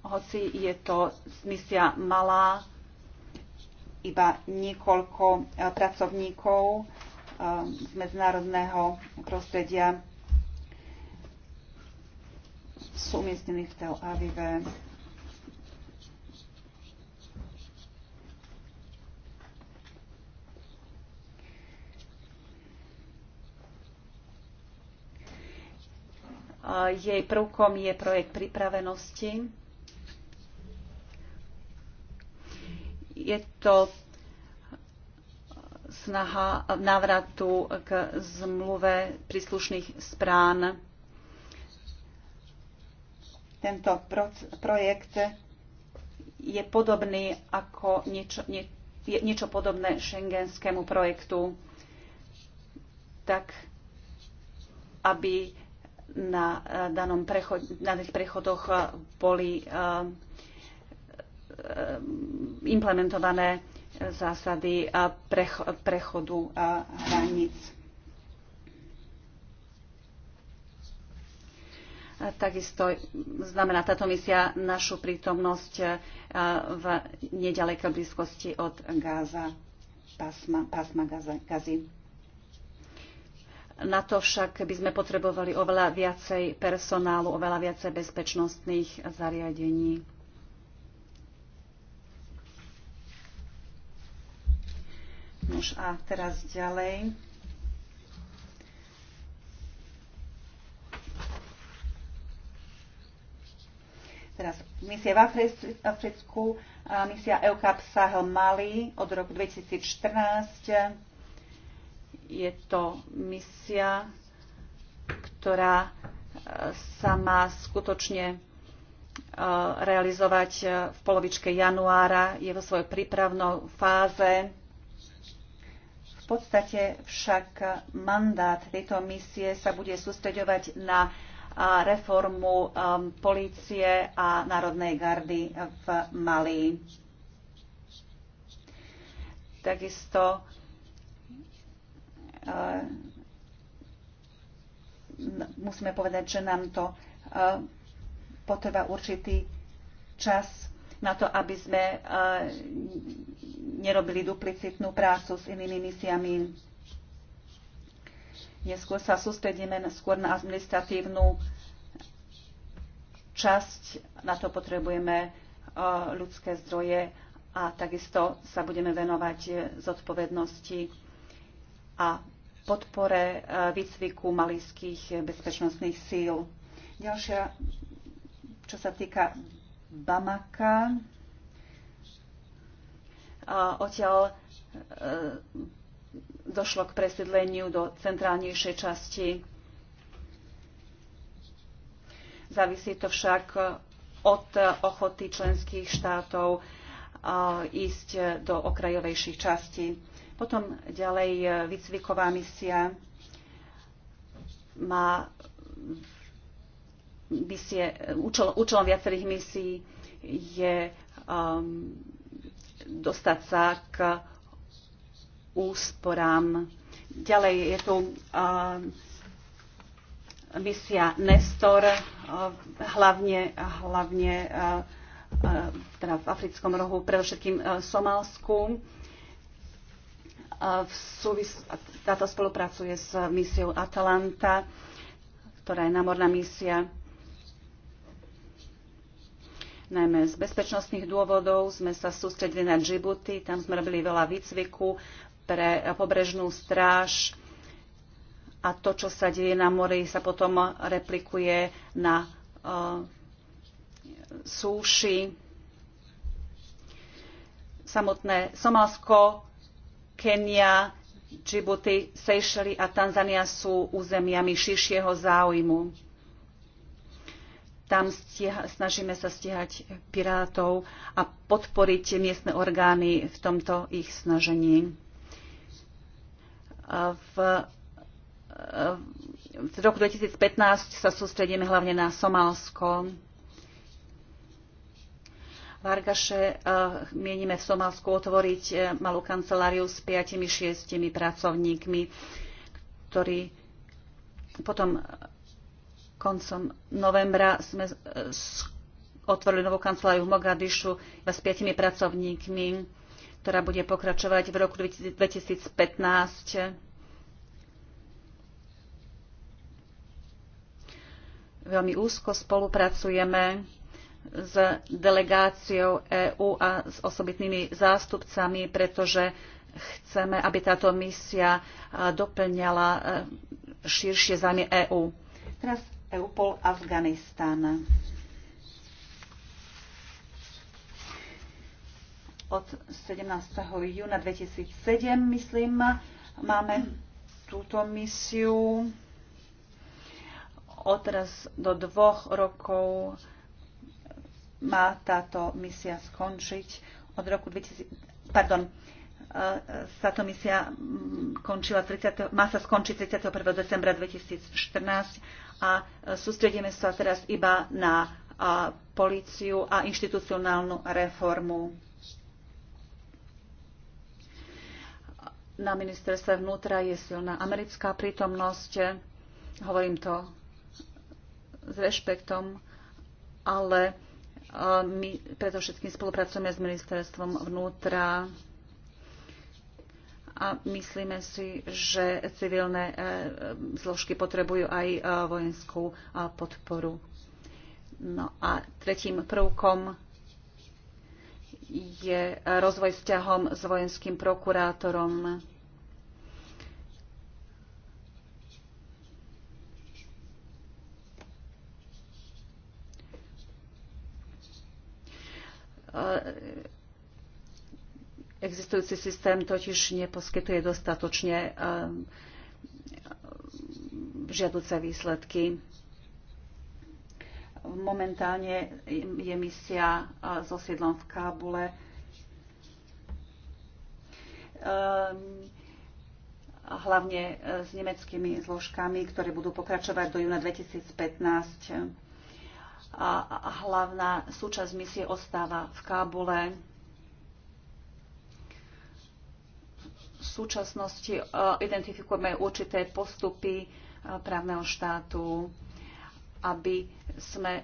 Hoci je to misia malá, iba niekoľko e, pracovníkov e, z medzinárodného prostredia sú umiestnení v Tel Avive Eh, jej prvkom je projekt pripravenosti. Je to snaha návratu k zmluve príslušných sprán. Tento projekt je podobný ako niečo, nie, je niečo podobné šengenskému projektu, tak aby na, eh, danom prechod, na tých prechodoch eh, boli eh, implementované zásady prechodu hraníc. Takisto znamená táto misia našu prítomnosť v nedalekej blízkosti od Gáza, pásma, pásma Gazy. Na to však by sme potrebovali oveľa viacej personálu, oveľa viacej bezpečnostných zariadení. Nož a teraz ďalej. Teraz misia v Africku, misia EUCAP Sahel Mali od roku 2014 je to misia, ktorá e, sa má skutočne e, realizovať e, v polovičke januára. Je vo svojej prípravnej fáze. V podstate však mandát tejto misie sa bude sústreďovať na reformu polície a Národnej gardy v Malí. Takisto Eh, musíme povedať, že nám to eh, potreba určitý čas na to, aby sme eh, nerobili duplicitnú prácu s inými misiami. Neskôr sa sústredíme skôr na administratívnu časť, na to potrebujeme ľudské zdroje a takisto sa budeme venovať zodpovednosti a podpore e, výcviku malijských bezpečnostných síl. Ďalšia, čo sa týka Bamaka, e, odtiaľ e, došlo k presídleniu do centrálnejšej časti. Závisí to však od ochoty členských štátov ísť do okrajovejších častí. Potom ďalej e, výcviková misia má misie, e, účel, účelom viacerých misií je um, dostať sa k úsporám. Ďalej je tu um, misia Nestor, um, hlavne, hlavne uh, teda v africkom rohu, predovšetkým uh, Somálsku v súvis- táto spolupracuje s misiou Atalanta, ktorá je námorná misia. Najmä z bezpečnostných dôvodov sme sa sústredili na Djibouti, tam sme robili veľa výcviku pre pobrežnú stráž a to, čo sa deje na mori, sa potom replikuje na uh, súši. Samotné Somalsko Kenia, džibuti sejšely a Tanzania sú územiami širšieho záujmu. Tam stieha, snažíme sa stíhať pirátov a podporiť miestne orgány v tomto ich snažení. V, v roku 2015 sa sústredíme hlavne na Somálsko. Vargaše eh, mienime v Somálsku otvoriť eh, malú kanceláriu s 5-6 pracovníkmi, ktorí potom koncom novembra sme eh, otvorili novú kanceláriu v Mogadišu s 5 pracovníkmi, ktorá bude pokračovať v roku 2015 veľmi úzko spolupracujeme s delegáciou EÚ a s osobitnými zástupcami, pretože chceme, aby táto misia doplňala e, širšie zájmy EÚ. Teraz EUPOL Afganistan. Od 17. júna 2007, myslím, máme túto misiu. Od teraz do dvoch rokov má táto misia skončiť od roku 2000, pardon, e, táto misia mm, končila 30, má sa skončiť 31. decembra 2014 a e, sústredíme sa teraz iba na políciu a inštitucionálnu reformu. Na ministerstve vnútra je silná americká prítomnosť, hovorím to s rešpektom, ale my predovšetkým spolupracujeme s ministerstvom vnútra a myslíme si, že civilné e, zložky potrebujú aj e, vojenskú e, podporu. No a tretím prvkom je rozvoj vzťahom s vojenským prokurátorom. E, existujúci systém totiž neposkytuje dostatočne e, žiaduce výsledky. Momentálne je misia e, so sídlom v Kábule. Hlavne s nemeckými zložkami, ktoré budú pokračovať do júna 2015 a hlavná súčasť misie ostáva v Kábule. V súčasnosti e, identifikujeme určité postupy e, právneho štátu, aby sme e,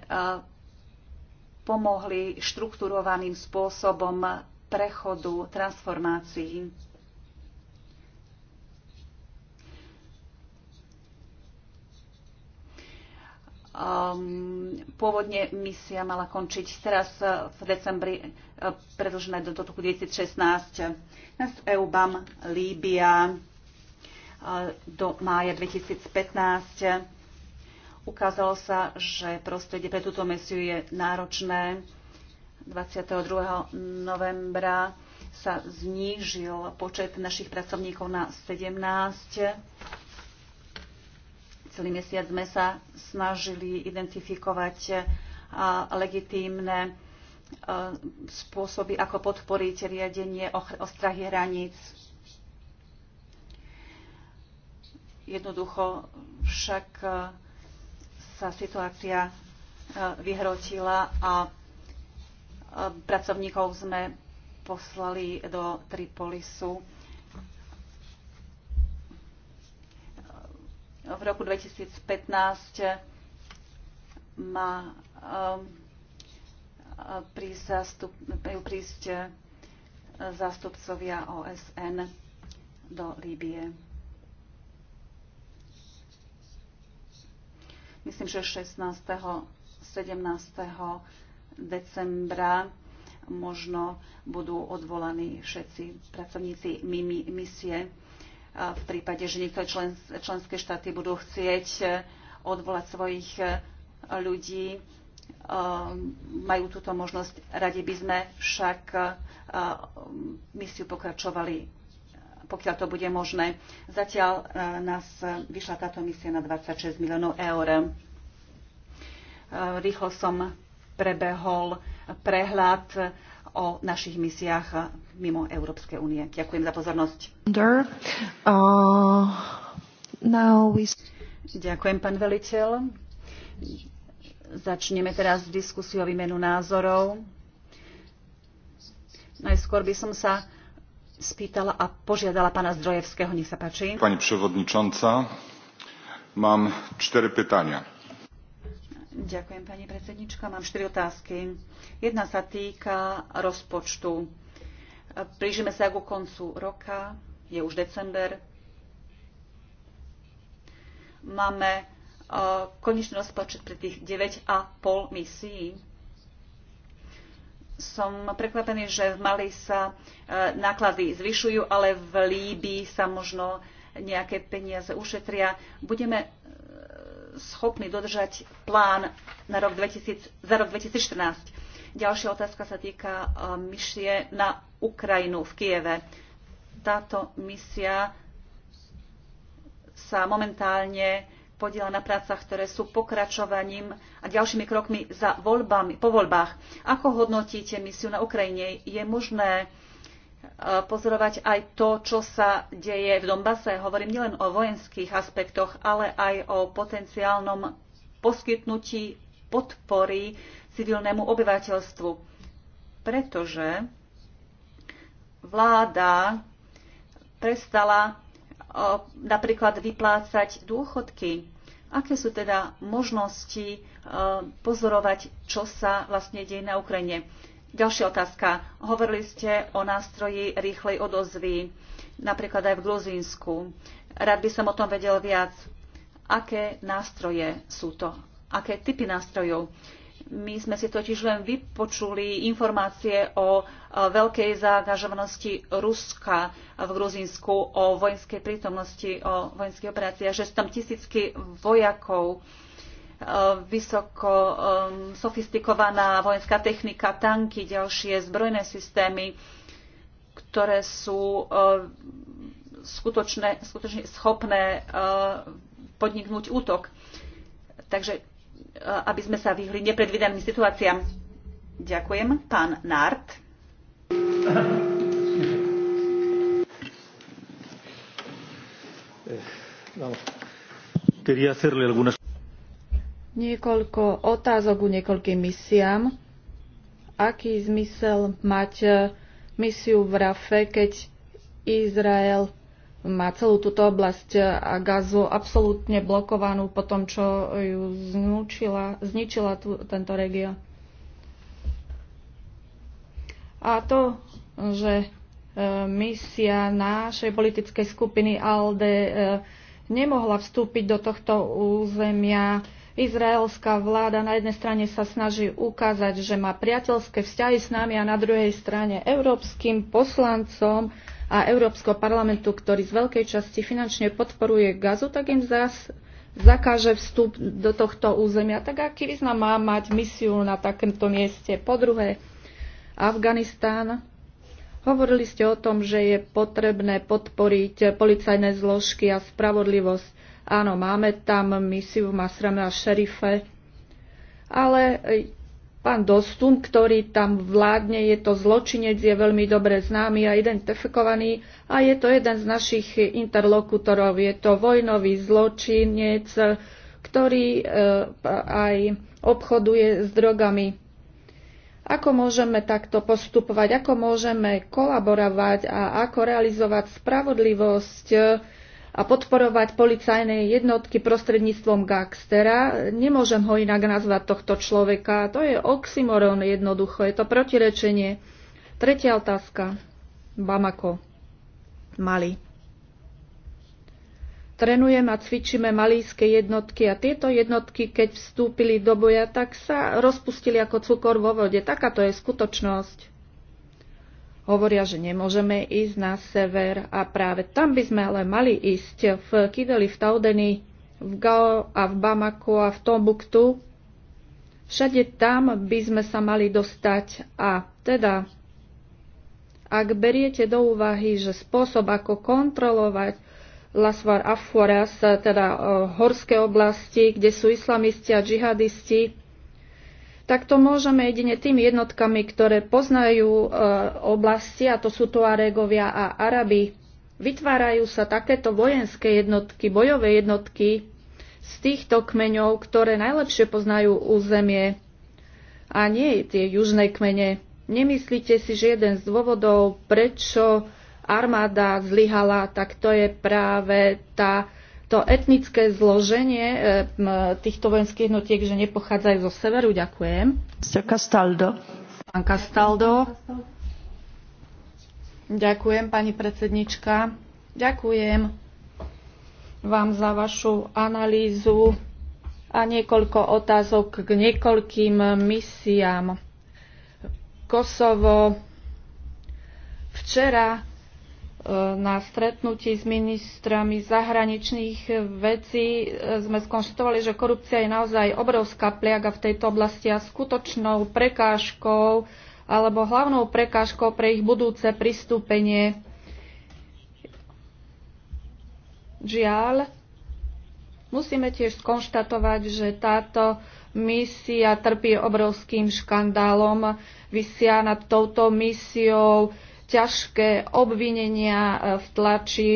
pomohli štrukturovaným spôsobom prechodu transformácií Um, pôvodne misia mala končiť teraz eh, v decembri, eh, predlžené do roku 2016. Nás EUBAM Líbia eh, do mája 2015. Ukázalo sa, že prostredie pre túto misiu je náročné. 22. novembra sa znížil počet našich pracovníkov na 17 celý mesiac sme sa snažili identifikovať e, legitímne e, spôsoby, ako podporiť riadenie ostrahy hraníc. Jednoducho však e, sa situácia vyhrotila a pracovníkov sme poslali do Tripolisu v roku 2015 má um, prísť, prísť eh, zástupcovia OSN do Líbie. Myslím, že 16. 17. decembra možno budú odvolaní všetci pracovníci misie v prípade, že niektoré členské štáty budú chcieť e, odvolať svojich e, ľudí. E, majú túto možnosť. Radi by sme však misiu pokračovali pokiaľ to bude možné. Zatiaľ nás vyšla táto misia na 26 miliónov eur. Rýchlo som prebehol prehľad o našich misiách mimo Európskej únie. Ďakujem za pozornosť. Uh, Ďakujem, pán veliteľ. Začneme teraz diskusiu o výmenu názorov. Najskôr by som sa spýtala a požiadala pána Zdrojevského. Nech sa páči. Pani przewodnicząca, mám cztery pytania Ďakujem, pani predsednička. Mám štyri otázky. Jedna sa týka rozpočtu. Blížime sa ku koncu roka, je už december. Máme e, konečný rozpočet pre tých 9,5 misií. Som prekvapený, že v Mali sa e, náklady zvyšujú, ale v Líbii sa možno nejaké peniaze ušetria. Budeme schopní dodržať plán na rok 2000, za rok 2014. Ďalšia otázka sa týka e, misie na Ukrajinu v Kieve. Táto misia sa momentálne podiela na prácach, ktoré sú pokračovaním a ďalšími krokmi za voľbami, po voľbách. Ako hodnotíte misiu na Ukrajine? Je možné pozorovať aj to, čo sa deje v Dombase. Hovorím nielen o vojenských aspektoch, ale aj o potenciálnom poskytnutí podpory civilnému obyvateľstvu. Pretože vláda prestala napríklad vyplácať dôchodky. Aké sú teda možnosti pozorovať, čo sa vlastne deje na Ukrajine? Ďalšia otázka. Hovorili ste o nástroji rýchlej odozvy, napríklad aj v Gruzínsku. Rád by som o tom vedel viac. Aké nástroje sú to? Aké typy nástrojov? My sme si totiž len vypočuli informácie o e, veľkej zaangažovanosti Ruska v Gruzínsku, o vojenskej prítomnosti, o vojenskej operácii, že sú tam tisícky vojakov. Eh, vysoko eh, sofistikovaná vojenská technika, tanky, ďalšie zbrojné systémy, ktoré sú eh, skutočne, skutočne schopné podniknúť útok. Takže aby sme sa vyhli nepredvídaným situáciám. Ďakujem. Pán Nart. Quería hacerle algunas Niekoľko otázok u niekoľkým misiám. Aký zmysel mať eh, misiu v Rafe, keď Izrael má celú túto oblasť eh, a gazu absolútne blokovanú po tom, čo ju znúčila, zničila tú, tento región. A to, že eh, misia našej politickej skupiny ALDE nemohla vstúpiť do tohto územia Izraelská vláda na jednej strane sa snaží ukázať, že má priateľské vzťahy s nami a na druhej strane európskym poslancom a Európskeho parlamentu, ktorý z veľkej časti finančne podporuje gazu, tak im zás zakáže vstup do tohto územia. Tak aký význam má mať misiu na takomto mieste? Po druhé, Afganistán. Hovorili ste o tom, že je potrebné podporiť policajné zložky a spravodlivosť. Áno, máme tam misiu Masrame a šerife, ale e, pán Dostum, ktorý tam vládne, je to zločinec, je veľmi dobre známy a identifikovaný a je to jeden z našich interlokutorov. Je to vojnový zločinec, ktorý e, aj obchoduje s drogami. Ako môžeme takto postupovať, ako môžeme kolaborovať a ako realizovať spravodlivosť, a podporovať policajné jednotky prostredníctvom gangstera. Nemôžem ho inak nazvať tohto človeka. To je oxymoron jednoducho, je to protirečenie. Tretia otázka. Bamako. Mali. Trenujeme a cvičíme malíske jednotky a tieto jednotky, keď vstúpili do boja, tak sa rozpustili ako cukor vo vode. Taká to je skutočnosť hovoria, že nemôžeme ísť na sever a práve tam by sme ale mali ísť v Kideli, v Taudeni, v Gao a v Bamako a v Tombuktu. Všade tam by sme sa mali dostať a teda, ak beriete do úvahy, že spôsob, ako kontrolovať Lasvar Afuras, teda eh, horské oblasti, kde sú islamisti a džihadisti, tak to môžeme jedine tými jednotkami, ktoré poznajú e, oblasti, a to sú Tuaregovia a Araby. Vytvárajú sa takéto vojenské jednotky, bojové jednotky z týchto kmeňov, ktoré najlepšie poznajú územie a nie tie južné kmene. Nemyslíte si, že jeden z dôvodov, prečo armáda zlyhala, tak to je práve tá to etnické zloženie e, týchto vojenských jednotiek, že nepochádzajú zo severu. Ďakujem. Castaldo. Pán Castaldo. Ďakujem, pani predsednička. Ďakujem vám za vašu analýzu a niekoľko otázok k niekoľkým misiám. Kosovo. Včera na stretnutí s ministrami zahraničných vecí e, sme skonštatovali, že korupcia je naozaj obrovská pliaga v tejto oblasti a skutočnou prekážkou alebo hlavnou prekážkou pre ich budúce pristúpenie. Žiaľ, musíme tiež skonštatovať, že táto misia trpí obrovským škandálom, vysia nad touto misiou ťažké obvinenia e, v tlači,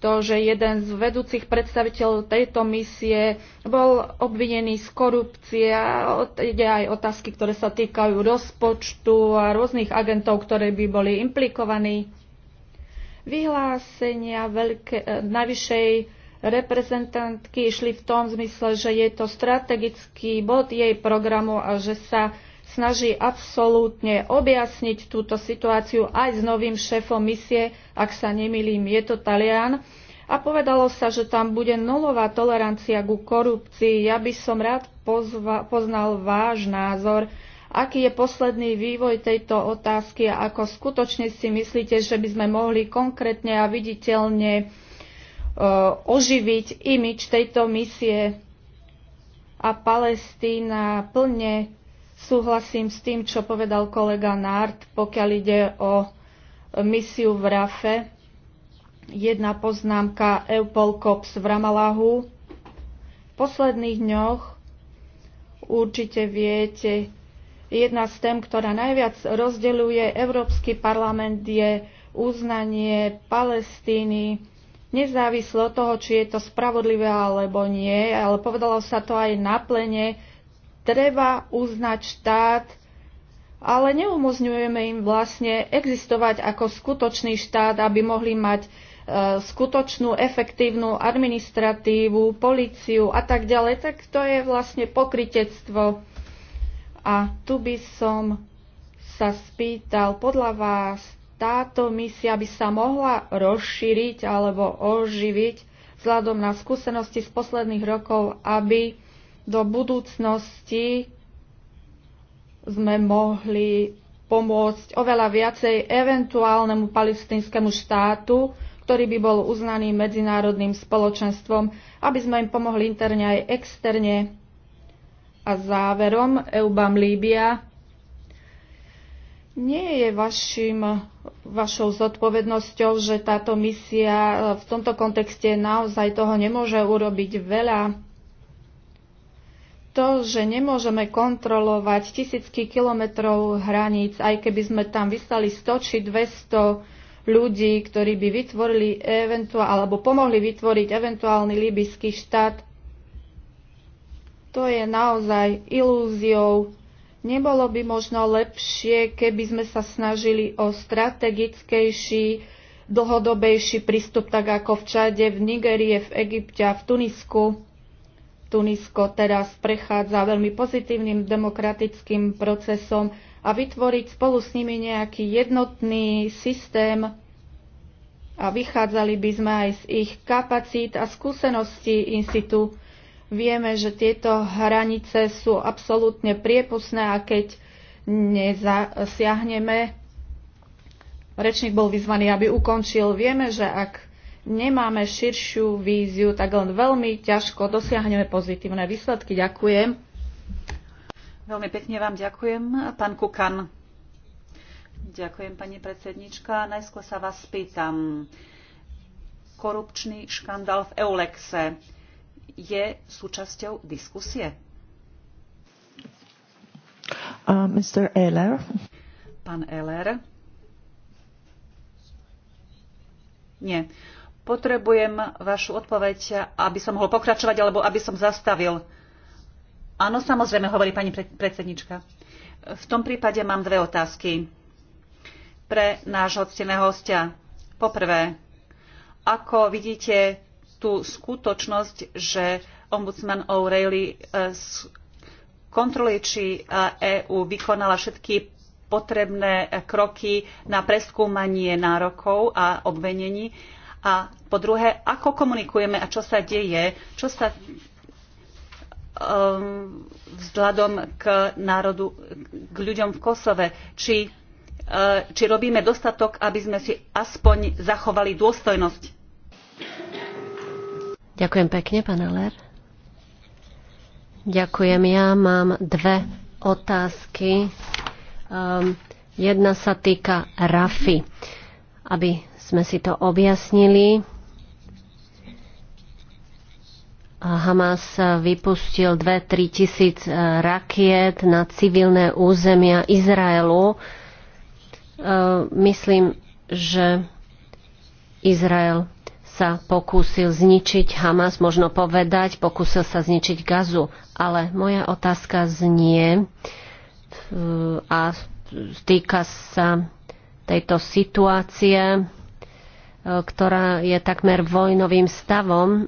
to, že jeden z vedúcich predstaviteľov tejto misie bol obvinený z korupcie a ide aj otázky, ktoré sa týkajú rozpočtu a rôznych agentov, ktorí by boli implikovaní. Vyhlásenia veľké, e, najvyššej reprezentantky išli v tom zmysle, že je to strategický bod jej programu a že sa snaží absolútne objasniť túto situáciu aj s novým šéfom misie, ak sa nemilím, je to Talian. A povedalo sa, že tam bude nulová tolerancia ku korupcii. Ja by som rád pozva, poznal váš názor, aký je posledný vývoj tejto otázky a ako skutočne si myslíte, že by sme mohli konkrétne a viditeľne e, oživiť imič tejto misie a Palestína plne Súhlasím s tým, čo povedal kolega Nárt, pokiaľ ide o misiu v Rafe. Jedna poznámka Eupol Cops v Ramalahu. V posledných dňoch určite viete, jedna z tém, ktorá najviac rozdeľuje Európsky parlament, je uznanie Palestíny nezávislo od toho, či je to spravodlivé alebo nie, ale povedalo sa to aj na plene, treba uznať štát, ale neumožňujeme im vlastne existovať ako skutočný štát, aby mohli mať e, skutočnú, efektívnu administratívu, policiu a tak ďalej, tak to je vlastne pokritectvo. A tu by som sa spýtal, podľa vás táto misia by sa mohla rozšíriť alebo oživiť vzhľadom na skúsenosti z posledných rokov, aby do budúcnosti sme mohli pomôcť oveľa viacej eventuálnemu palestinskému štátu, ktorý by bol uznaný medzinárodným spoločenstvom, aby sme im pomohli interne aj externe. A záverom EUBAM Líbia nie je vašim, vašou zodpovednosťou, že táto misia v tomto kontexte naozaj toho nemôže urobiť veľa to, že nemôžeme kontrolovať tisícky kilometrov hraníc, aj keby sme tam vyslali 100 či 200 ľudí, ktorí by vytvorili eventuál, alebo pomohli vytvoriť eventuálny líbyský štát, to je naozaj ilúziou. Nebolo by možno lepšie, keby sme sa snažili o strategickejší, dlhodobejší prístup, tak ako v Čade, v Nigerie, v Egypte a v Tunisku Tunisko teraz prechádza veľmi pozitívnym demokratickým procesom a vytvoriť spolu s nimi nejaký jednotný systém a vychádzali by sme aj z ich kapacít a skúseností institú. Vieme, že tieto hranice sú absolútne priepustné a keď nezasiahneme, rečník bol vyzvaný, aby ukončil. Vieme, že ak nemáme širšiu víziu, tak len veľmi ťažko dosiahneme pozitívne výsledky. Ďakujem. Veľmi pekne vám ďakujem, pán Kukan. Ďakujem, pani predsednička. Najskôr sa vás spýtam. Korupčný škandál v Eulexe je súčasťou diskusie? Uh, Mr. Eller. Pán Eller. Nie. Potrebujem vašu odpoveď, aby som mohol pokračovať, alebo aby som zastavil. Áno, samozrejme, hovorí pani predsednička. V tom prípade mám dve otázky pre nášho cteného hostia. Poprvé, ako vidíte tú skutočnosť, že ombudsman O'Reilly eh, kontroluje, či EÚ eh, e vykonala všetky potrebné kroky na preskúmanie nárokov a obvenení a po druhé, ako komunikujeme a čo sa deje, čo sa um, vzhľadom k národu, k ľuďom v Kosove, či, uh, či robíme dostatok, aby sme si aspoň zachovali dôstojnosť. Ďakujem pekne, pán Aller. Ďakujem. Ja mám dve otázky. Um, jedna sa týka Rafy, aby sme si to objasnili. Hamas vypustil 2-3 tisíc e, rakiet na civilné územia Izraelu. E, myslím, že Izrael sa pokúsil zničiť Hamas, možno povedať, pokúsil sa zničiť Gazu. Ale moja otázka znie e, a týka sa tejto situácie E, ktorá je takmer vojnovým stavom.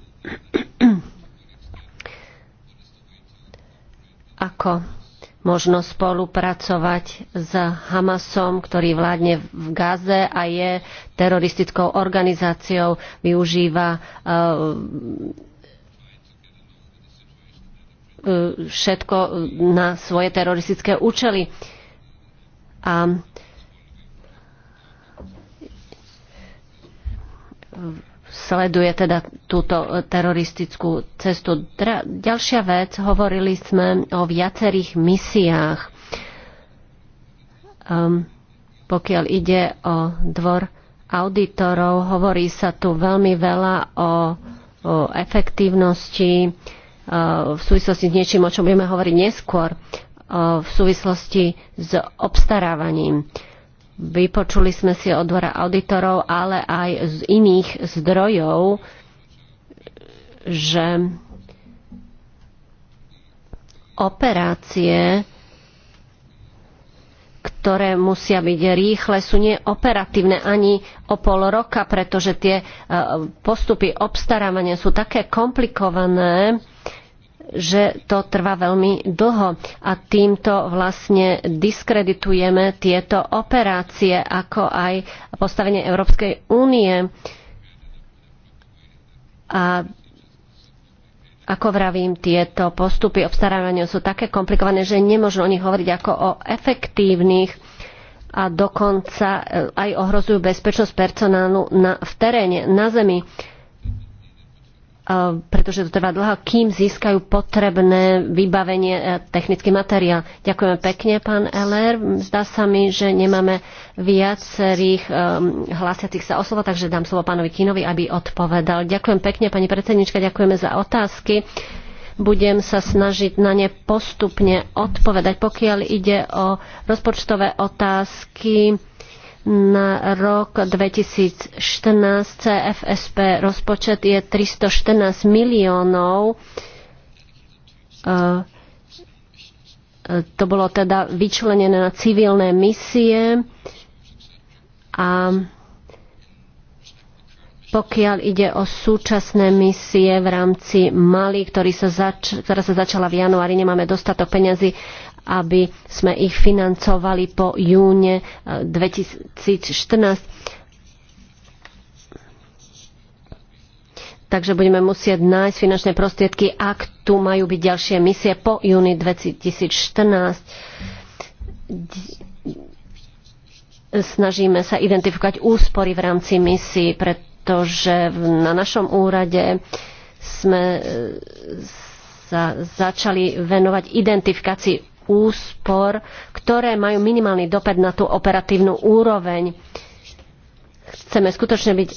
Ako možno spolupracovať s Hamasom, ktorý vládne v Gaze a je teroristickou organizáciou, využíva e, e, všetko na svoje teroristické účely. A sleduje teda túto teroristickú cestu. Ďalšia vec, hovorili sme o viacerých misiách. Um, pokiaľ ide o dvor auditorov, hovorí sa tu veľmi veľa o, o efektívnosti uh, v súvislosti s niečím, o čom budeme hovoriť neskôr, uh, v súvislosti s obstarávaním. Uh, Vypočuli sme si od dvora auditorov, ale aj z iných zdrojov, že operácie, ktoré musia byť rýchle, sú neoperatívne ani o pol roka, pretože tie e, postupy obstarávania sú také komplikované, že to trvá veľmi dlho a týmto vlastne diskreditujeme tieto operácie, ako aj postavenie Európskej únie. A ako vravím, tieto postupy obstarávania sú také komplikované, že nemôžno o nich hovoriť ako o efektívnych a dokonca e, aj ohrozujú bezpečnosť personálu na, v teréne, na zemi Ehm, pretože to trvá dlho, kým získajú potrebné vybavenie eh, technický materiál. Ďakujeme pekne, pán Eller. Zdá sa mi, že nemáme viacerých um, hlasiacich sa oslova, takže dám slovo pánovi Kinovi, aby odpovedal. Ďakujem pekne, pani predsednička, ďakujeme za otázky. Budem sa snažiť na ne postupne odpovedať. Pokiaľ ide o rozpočtové otázky, na rok 2014 CFSP rozpočet je 314 miliónov. E, e, to bolo teda vyčlenené na civilné misie a pokiaľ ide o súčasné misie v rámci Mali, ktorý sa zač- ktorá sa začala v januári, nemáme dostatok peňazí aby sme ich financovali po júne 2014. Eh, takže budeme musieť nájsť finančné prostriedky, ak tu majú byť ďalšie misie po júni 2014. Snažíme sa identifikovať úspory v rámci misií, pretože na našom úrade sme sa eh, začali venovať identifikácii úspor, ktoré majú minimálny dopad na tú operatívnu úroveň. Chceme skutočne byť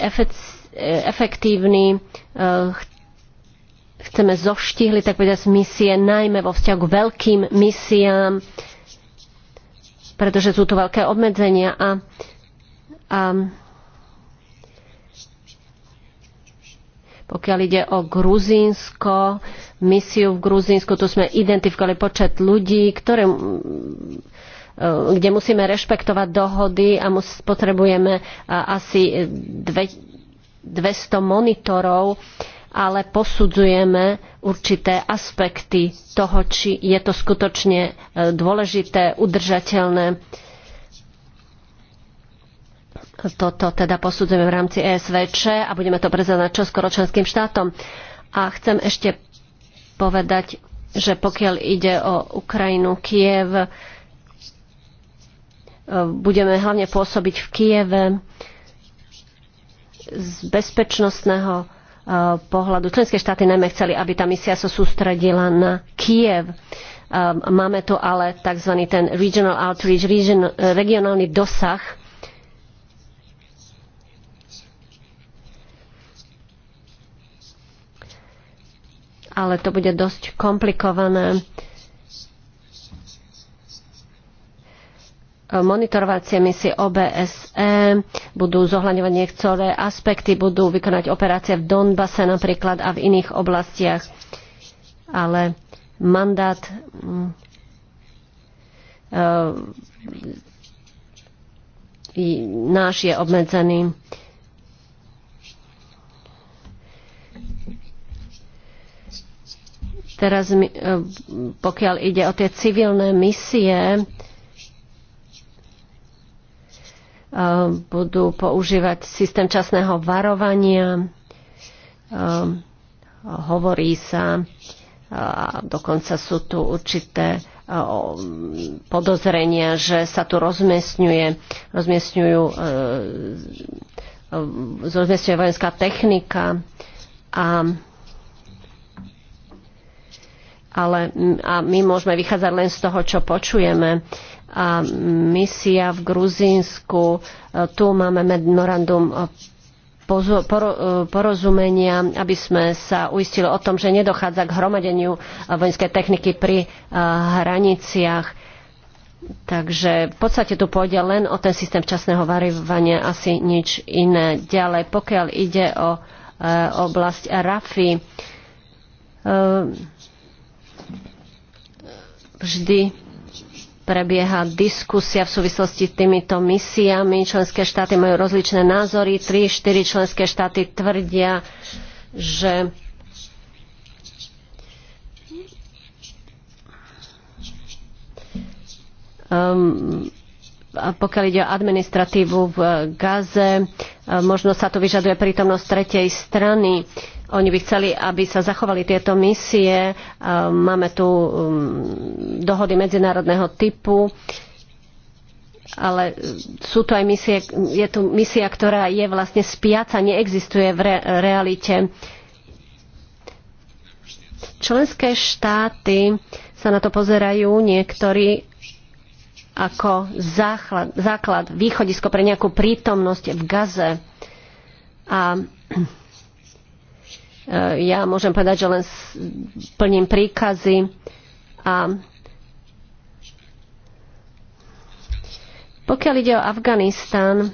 efektívni, e, chceme zoštihli, tak povedať, misie, najmä vo vzťahu k veľkým misiám, pretože sú tu veľké obmedzenia a, a Pokiaľ ide o Gruzínsko, misiu v Gruzínsku, tu sme identifikovali počet ľudí, ktoré, e, kde musíme rešpektovať dohody a mus, potrebujeme e, asi dve, 200 monitorov, ale posudzujeme určité aspekty toho, či je to skutočne e, dôležité, udržateľné toto teda posudzujeme v rámci ESVČ a budeme to prezentovať čoskoro členským štátom. A chcem ešte povedať, že pokiaľ ide o Ukrajinu, Kiev, e, budeme hlavne pôsobiť v Kieve z bezpečnostného e, pohľadu. Členské štáty najmä chceli, aby tá misia sa sústredila na Kiev. E, máme tu ale tzv. ten regional outreach, regionálny dosah ale to bude dosť komplikované. monitorovacie misie OBSE budú zohľadňovať niektoré aspekty, budú vykonať operácie v Donbase napríklad a v iných oblastiach. Ale mandát mm, e, náš je obmedzený. Teraz, e, pokiaľ ide o tie civilné misie, e, budú používať systém časného varovania. E, hovorí sa, a dokonca sú tu určité podozrenia, že sa tu rozmiestňuje, rozmiestňujú, rozmiestňuje vojenská technika a ale a my môžeme vychádzať len z toho, čo počujeme. A misia v Gruzínsku, e, tu máme memorandum e, e, porozumenia, aby sme sa uistili o tom, že nedochádza k hromadeniu vojenskej techniky pri hraniciach. Takže v podstate tu pôjde len o ten systém včasného varovania, asi nič iné. Ďalej, pokiaľ ide o e, oblasť Rafi. e, vždy prebieha diskusia v súvislosti s týmito misiami. Členské štáty majú rozličné názory. Tri, štyri členské štáty tvrdia, že um, pokiaľ ide o administratívu v Gaze, um, možno sa to vyžaduje prítomnosť tretej strany. Uh, oni by chceli, aby sa zachovali tieto misie. E, máme tu um, dohody medzinárodného typu, ale e, sú to aj misie, je tu misia, ktorá je vlastne spiaca, neexistuje v realite. Členské štáty sa na to pozerajú niektorí ako základ, základ východisko pre nejakú prítomnosť v Gaze. A Eh, ja môžem povedať, že len plním príkazy a pokiaľ ide o Afganistán, eh,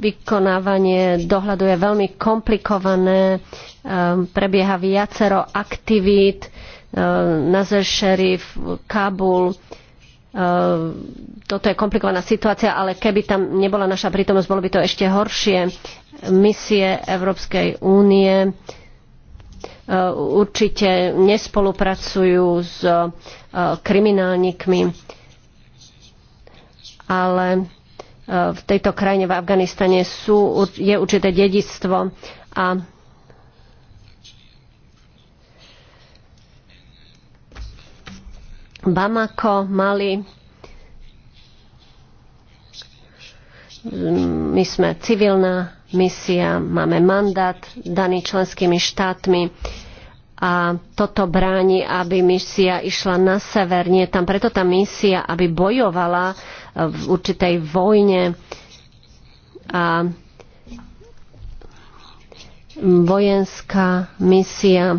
vykonávanie dohľadu je veľmi komplikované, eh, prebieha viacero aktivít, zešeri v Kabul. Toto je komplikovaná situácia, ale keby tam nebola naša prítomnosť, bolo by to ešte horšie misie Európskej únie e, určite nespolupracujú s e, kriminálnikmi, ale e, v tejto krajine, v Afganistane, sú, je určité dedictvo a Bamako, Mali. My sme civilná misia, máme mandát daný členskými štátmi a toto bráni, aby misia išla na sever. Nie tam preto tá misia, aby bojovala e, v určitej vojne a vojenská misia e,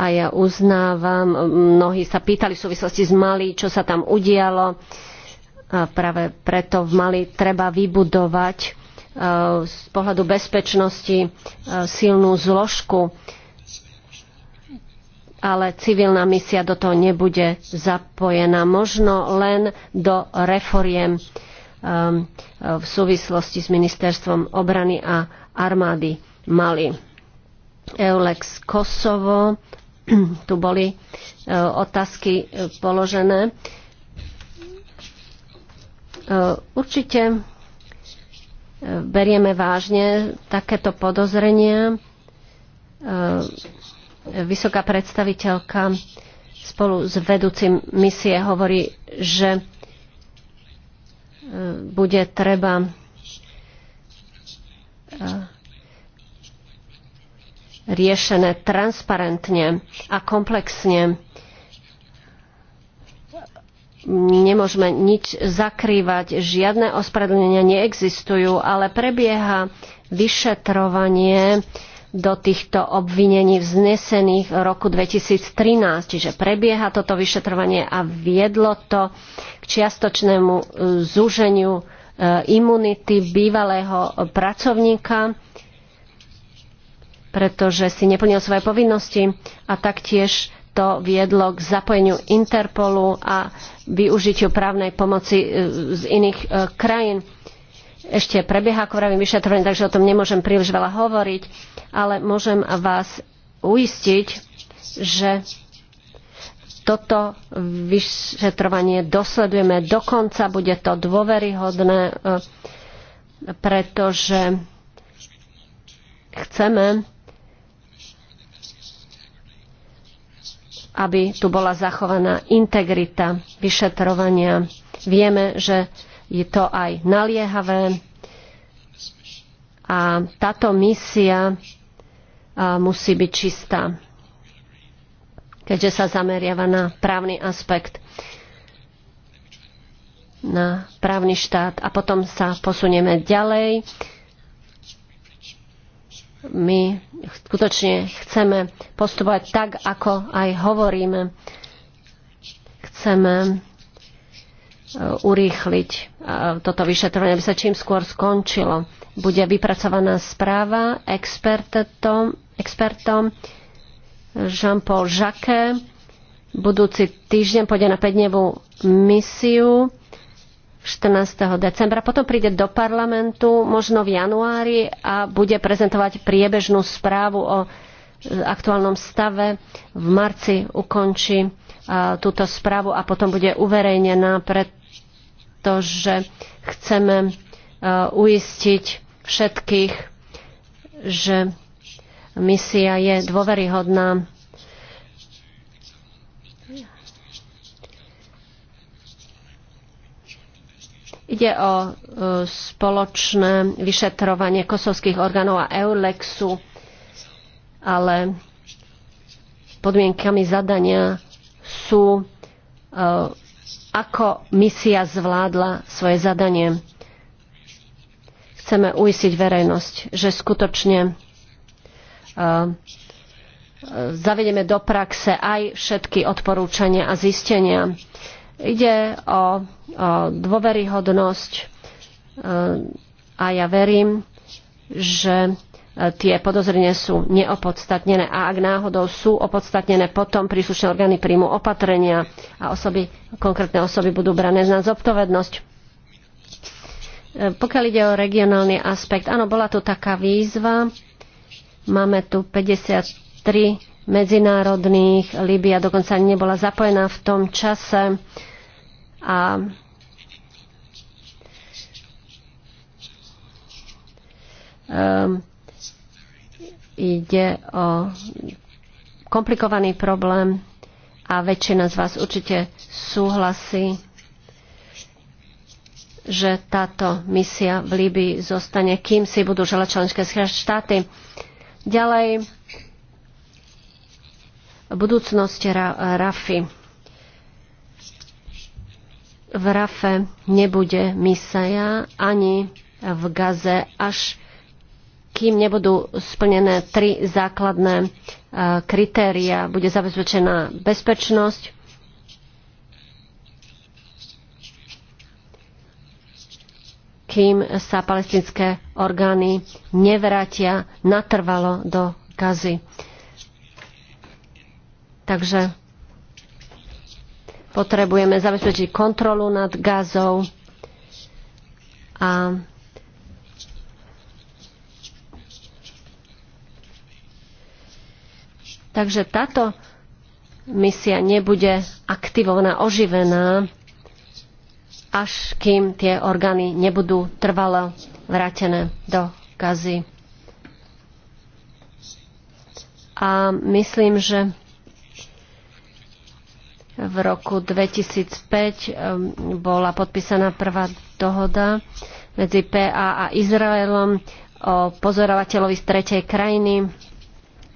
a ja uznávam, mnohí sa pýtali v súvislosti s Mali, čo sa tam udialo práve preto v Mali treba vybudovať e, z pohľadu bezpečnosti e, silnú zložku, ale civilná misia do toho nebude zapojená. Možno len do reforiem ehm, e, v súvislosti s ministerstvom obrany a armády Mali. Eulex Kosovo, tu boli otázky položené Eh, určite eh, berieme vážne takéto podozrenia. Eh, vysoká predstaviteľka spolu s vedúcim misie hovorí, že bude treba riešené transparentne a komplexne nemôžeme nič zakrývať, žiadne ospravedlnenia neexistujú, ale prebieha vyšetrovanie do týchto obvinení vznesených v roku 2013. Čiže prebieha toto vyšetrovanie a viedlo to k čiastočnému e, zúženiu e, imunity bývalého pracovníka, pretože si neplnil svoje povinnosti a taktiež to viedlo k zapojeniu Interpolu a využitiu právnej pomoci e, z iných e, krajín. Ešte prebieha, ako vravím, vyšetrovanie, takže o tom nemôžem príliš veľa hovoriť, ale môžem vás uistiť, že toto vyšetrovanie dosledujeme do konca, bude to dôveryhodné, e, pretože chceme aby tu bola zachovaná integrita vyšetrovania. Vieme, že je to aj naliehavé a táto misia musí byť čistá, keďže sa zameriava na právny aspekt, na právny štát a potom sa posunieme ďalej my skutočne chceme postupovať tak, ako aj hovoríme. Chceme e, urýchliť e, toto vyšetrovanie, aby sa čím skôr skončilo. Bude vypracovaná správa expertom, expertom Jean-Paul Jacquet. Budúci týždeň pôjde na 5 misiu 14. decembra, potom príde do parlamentu možno v januári a bude prezentovať priebežnú správu o aktuálnom stave. V marci ukončí túto správu a potom bude uverejnená, pretože chceme uistiť všetkých, že misia je dôveryhodná Ide o e, spoločné vyšetrovanie kosovských orgánov a Eulexu, ale podmienkami zadania sú, e, ako misia zvládla svoje zadanie. Chceme uistiť verejnosť, že skutočne e, zavedieme do praxe aj všetky odporúčania a zistenia Ide o, o dôveryhodnosť e, a ja verím, že e, tie podozrenia sú neopodstatnené a ak náhodou sú opodstatnené, potom príslušné orgány príjmu opatrenia a osoby, konkrétne osoby budú brané na zodpovednosť. E, pokiaľ ide o regionálny aspekt, áno, bola tu taká výzva. Máme tu 53 medzinárodných. Líbia dokonca nebola zapojená v tom čase. A um, ide o komplikovaný problém a väčšina z vás určite súhlasí, že táto misia v Líbii zostane, kým si budú želať členské štáty. Ďalej, budúcnosť RAFI v Rafe nebude misaja ani v Gaze, až kým nebudú splnené tri základné e, kritéria. Bude zabezpečená bezpečnosť, kým sa palestinské orgány nevrátia natrvalo do Gazy. Takže Potrebujeme zabezpečiť kontrolu nad gazou a Takže táto misia nebude aktivovaná, oživená, až kým tie orgány nebudú trvalo vrátené do gazy. A myslím, že v roku 2005 ehm, bola podpísaná prvá dohoda medzi PA a Izraelom o pozorovateľovi z tretej krajiny.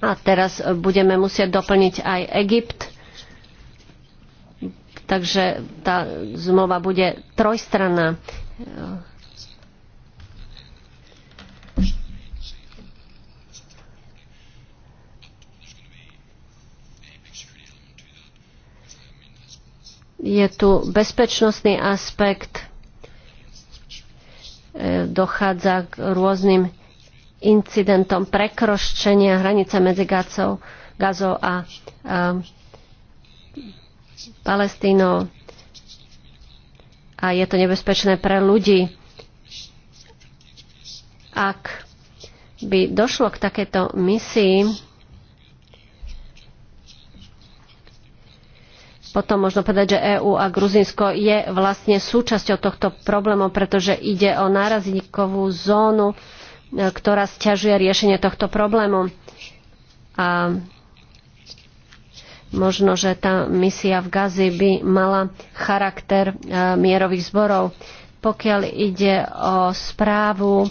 A teraz ehm, budeme musieť doplniť aj Egypt. Takže tá zmluva bude trojstranná. Je tu bezpečnostný aspekt, e, dochádza k rôznym incidentom prekroščenia hranice medzi Gazou, Gazou a, a Palestínou a je to nebezpečné pre ľudí. Ak by došlo k takéto misii, potom možno povedať, že EÚ a Gruzinsko je vlastne súčasťou tohto problému, pretože ide o nárazníkovú zónu, e, ktorá stiažuje riešenie tohto problému. A možno, že tá misia v Gazi by mala charakter e, mierových zborov. Pokiaľ ide o správu e,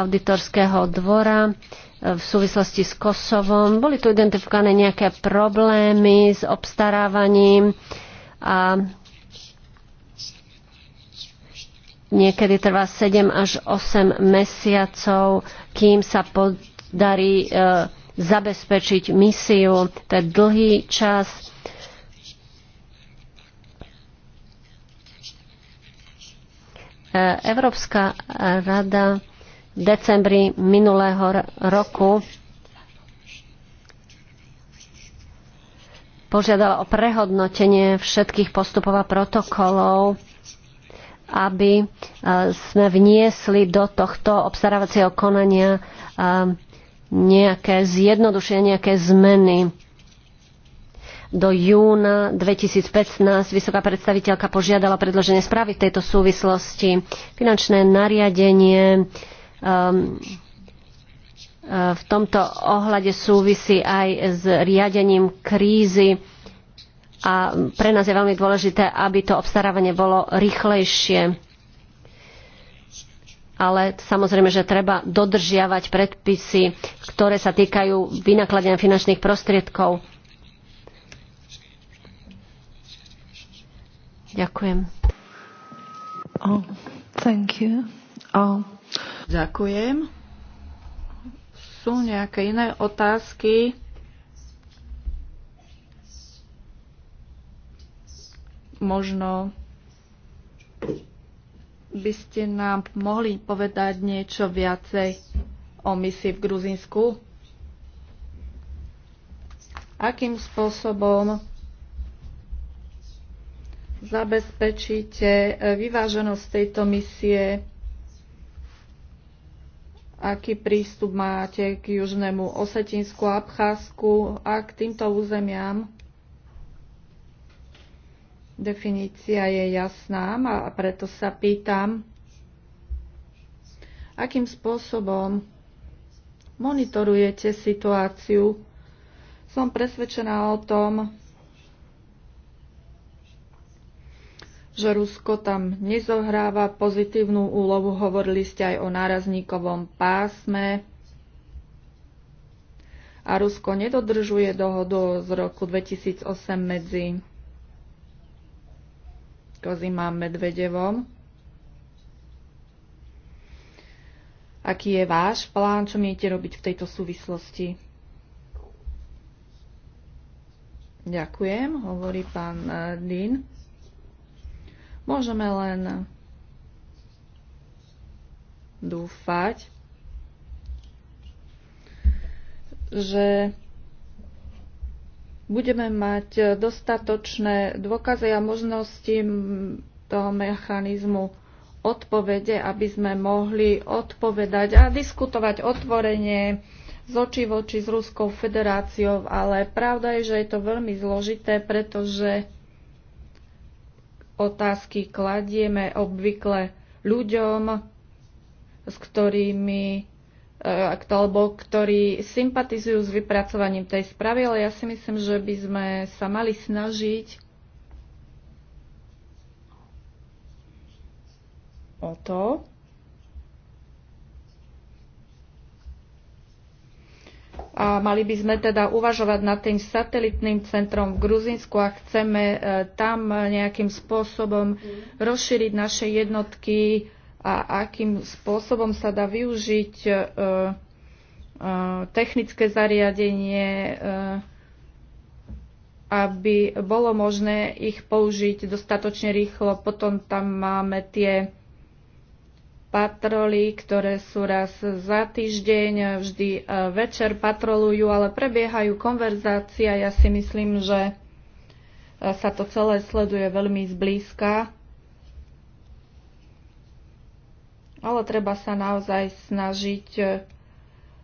auditorského dvora, v súvislosti s Kosovom. Boli tu identifikované nejaké problémy s obstarávaním a niekedy trvá 7 až 8 mesiacov, kým sa podarí e, zabezpečiť misiu. To je dlhý čas. E, Európska rada decembri minulého roku požiadala o prehodnotenie všetkých postupov a protokolov, aby e, sme vniesli do tohto obstarávacieho konania e, nejaké zjednodušenie, nejaké zmeny. Do júna 2015 vysoká predstaviteľka požiadala predloženie správy v tejto súvislosti. Finančné nariadenie Ehm, v tomto ohľade súvisí aj s riadením krízy a pre nás je veľmi dôležité, aby to obstarávanie bolo rýchlejšie. Ale samozrejme, že treba dodržiavať predpisy, ktoré sa týkajú vynakladenia finančných prostriedkov. Ďakujem. Oh, thank you. Oh. Ďakujem. Sú nejaké iné otázky? Možno by ste nám mohli povedať niečo viacej o misii v Gruzinsku? Akým spôsobom zabezpečíte vyváženosť tejto misie aký prístup máte k Južnému Osetinsku, Abcházsku a k týmto územiam. Definícia je jasná a preto sa pýtam, akým spôsobom monitorujete situáciu. Som presvedčená o tom, že Rusko tam nezohráva pozitívnu úlohu. Hovorili ste aj o nárazníkovom pásme a Rusko nedodržuje dohodu z roku 2008 medzi a Medvedevom. Aký je váš plán, čo miete robiť v tejto súvislosti? Ďakujem, hovorí pán eh, Din. Môžeme len dúfať, že budeme mať dostatočné dôkazy a možnosti toho mechanizmu odpovede, aby sme mohli odpovedať a diskutovať otvorenie z očí voči s Ruskou federáciou, ale pravda je, že je to veľmi zložité, pretože otázky kladieme obvykle ľuďom, s ktorými e, alebo ktorí sympatizujú s vypracovaním tej správy, ale ja si myslím, že by sme sa mali snažiť o to, a mali by sme teda uvažovať nad tým satelitným centrom v Gruzinsku a chceme e, tam nejakým spôsobom rozšíriť naše jednotky a akým spôsobom sa dá využiť e, e, technické zariadenie, aby bolo možné ich použiť dostatočne rýchlo. Potom tam máme tie patroly, ktoré sú raz za týždeň, vždy e, večer patrolujú, ale prebiehajú konverzácia. Ja si myslím, že e, sa to celé sleduje veľmi zblízka. Ale treba sa naozaj snažiť e,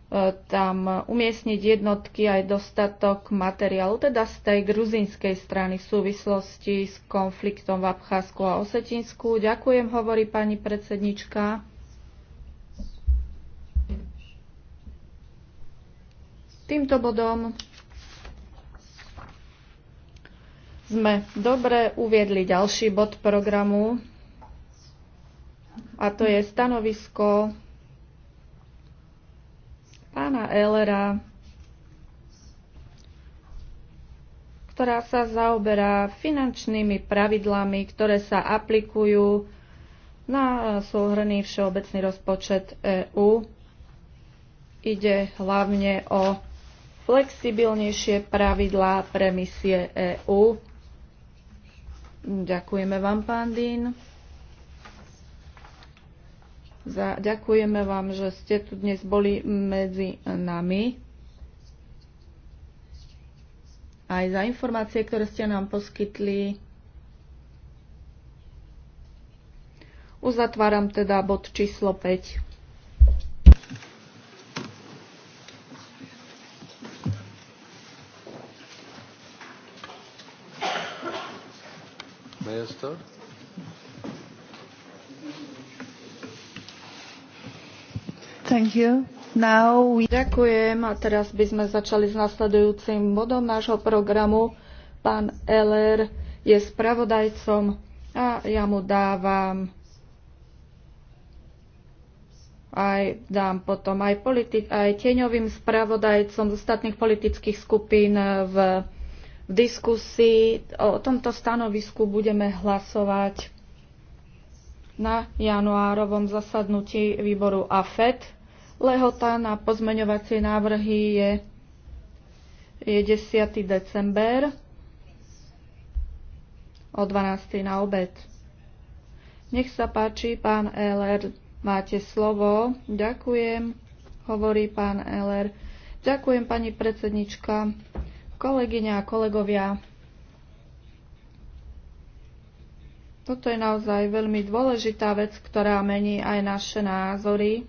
E, tam umiestniť jednotky aj dostatok materiálu, teda z tej gruzinskej strany v súvislosti s konfliktom v Abcházsku a Osetinsku. Ďakujem, hovorí pani predsednička. Týmto bodom sme dobre uviedli ďalší bod programu a to je stanovisko pána Elera, ktorá sa zaoberá finančnými pravidlami, ktoré sa aplikujú na súhrný všeobecný rozpočet EÚ. Ide hlavne o flexibilnejšie pravidlá pre misie EÚ. Ďakujeme vám, pán Dín. Za, ďakujeme vám, že ste tu dnes boli medzi nami. Aj za informácie, ktoré ste nám poskytli. Uzatváram teda bod číslo 5. May I Thank you. Now we... Ďakujem a teraz by sme začali s nasledujúcim bodom nášho programu. Pán Eller je spravodajcom a ja mu dávam aj dám potom aj, politi- aj tieňovým spravodajcom z ostatných politických skupín eh, v, v diskusii. O tomto stanovisku budeme hlasovať na januárovom zasadnutí výboru AFED Lehota na pozmeňovacie návrhy je, je 10. december o 12. na obed. Nech sa páči, pán Eller, máte slovo. Ďakujem, hovorí pán Eller. Ďakujem, pani predsednička, kolegyňa a kolegovia. Toto je naozaj veľmi dôležitá vec, ktorá mení aj naše názory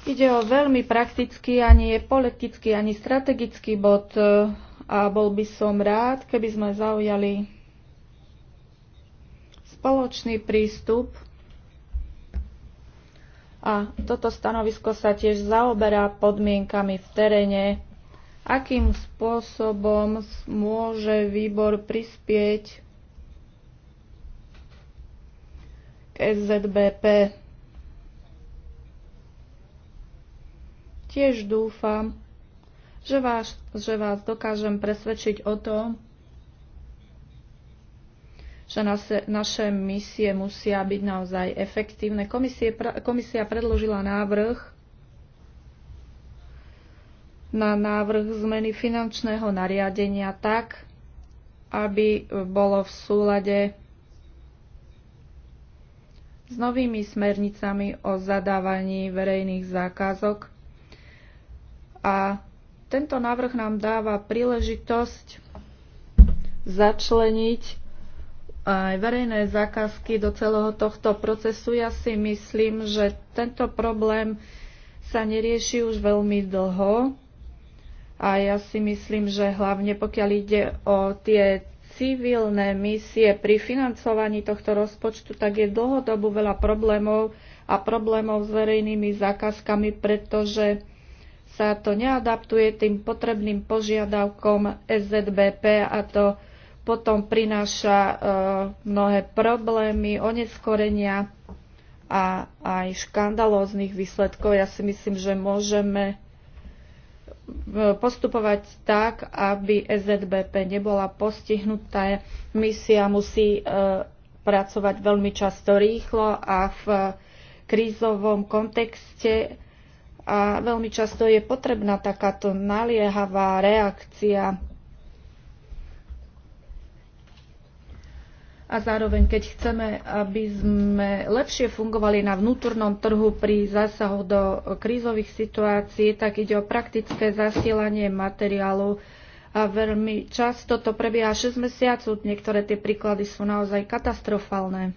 Ide o veľmi praktický a nie politický ani strategický bod e, a bol by som rád, keby sme zaujali spoločný prístup a toto stanovisko sa tiež zaoberá podmienkami v teréne, akým spôsobom môže výbor prispieť k SZBP. Tiež dúfam, že vás, že vás dokážem presvedčiť o tom, že naše, naše misie musia byť naozaj efektívne. Komisie, komisia predložila návrh na návrh zmeny finančného nariadenia tak, aby bolo v súlade s novými smernicami o zadávaní verejných zákazok a tento návrh nám dáva príležitosť začleniť aj eh, verejné zákazky do celého tohto procesu. Ja si myslím, že tento problém sa nerieši už veľmi dlho a ja si myslím, že hlavne pokiaľ ide o tie civilné misie pri financovaní tohto rozpočtu, tak je dlhodobu veľa problémov a problémov s verejnými zákazkami, pretože sa to neadaptuje tým potrebným požiadavkom SZBP a to potom prináša e, mnohé problémy, oneskorenia a aj škandalóznych výsledkov. Ja si myslím, že môžeme e, postupovať tak, aby SZBP nebola postihnutá. Misia musí e, pracovať veľmi často rýchlo a v krízovom kontexte a veľmi často je potrebná takáto naliehavá reakcia. A zároveň, keď chceme, aby sme lepšie fungovali na vnútornom trhu pri zásahu do krízových situácií, tak ide o praktické zasielanie materiálu. A veľmi často to prebieha 6 mesiacov. Niektoré tie príklady sú naozaj katastrofálne.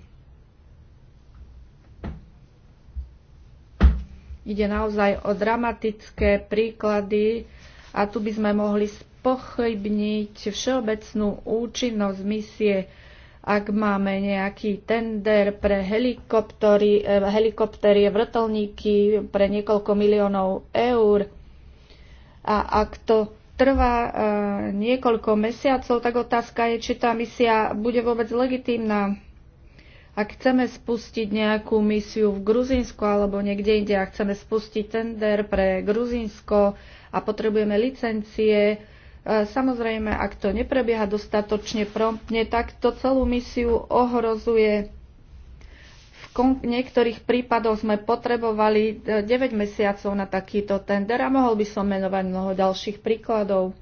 Ide naozaj o dramatické príklady a tu by sme mohli spochybniť všeobecnú účinnosť misie, ak máme nejaký tender pre helikoptery, eh, helikoptery vrtolníky pre niekoľko miliónov eur a ak to trvá eh, niekoľko mesiacov, tak otázka je, či tá misia bude vôbec legitímna. Ak chceme spustiť nejakú misiu v Gruzínsku alebo niekde inde a chceme spustiť tender pre Gruzínsko a potrebujeme licencie, e, samozrejme, ak to neprebieha dostatočne promptne, tak to celú misiu ohrozuje. V niektorých prípadoch sme potrebovali 9 e, mesiacov na takýto tender a mohol by som menovať mnoho ďalších príkladov.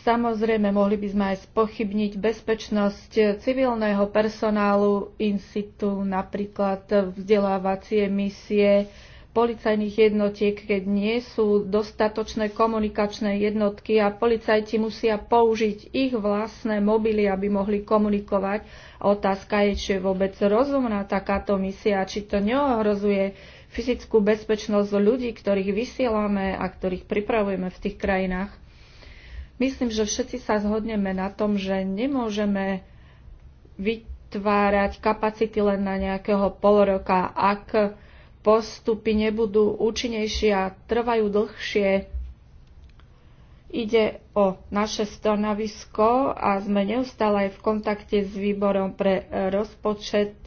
Samozrejme, mohli by sme aj spochybniť bezpečnosť civilného personálu in situ, napríklad vzdelávacie misie policajných jednotiek, keď nie sú dostatočné komunikačné jednotky a policajti musia použiť ich vlastné mobily, aby mohli komunikovať. Otázka je, či je vôbec rozumná takáto misia, či to neohrozuje fyzickú bezpečnosť ľudí, ktorých vysielame a ktorých pripravujeme v tých krajinách. Myslím, že všetci sa zhodneme na tom, že nemôžeme vytvárať kapacity len na nejakého pol roka. Ak postupy nebudú účinnejšie a trvajú dlhšie, ide o naše stanovisko a sme neustále aj v kontakte s výborom pre rozpočet.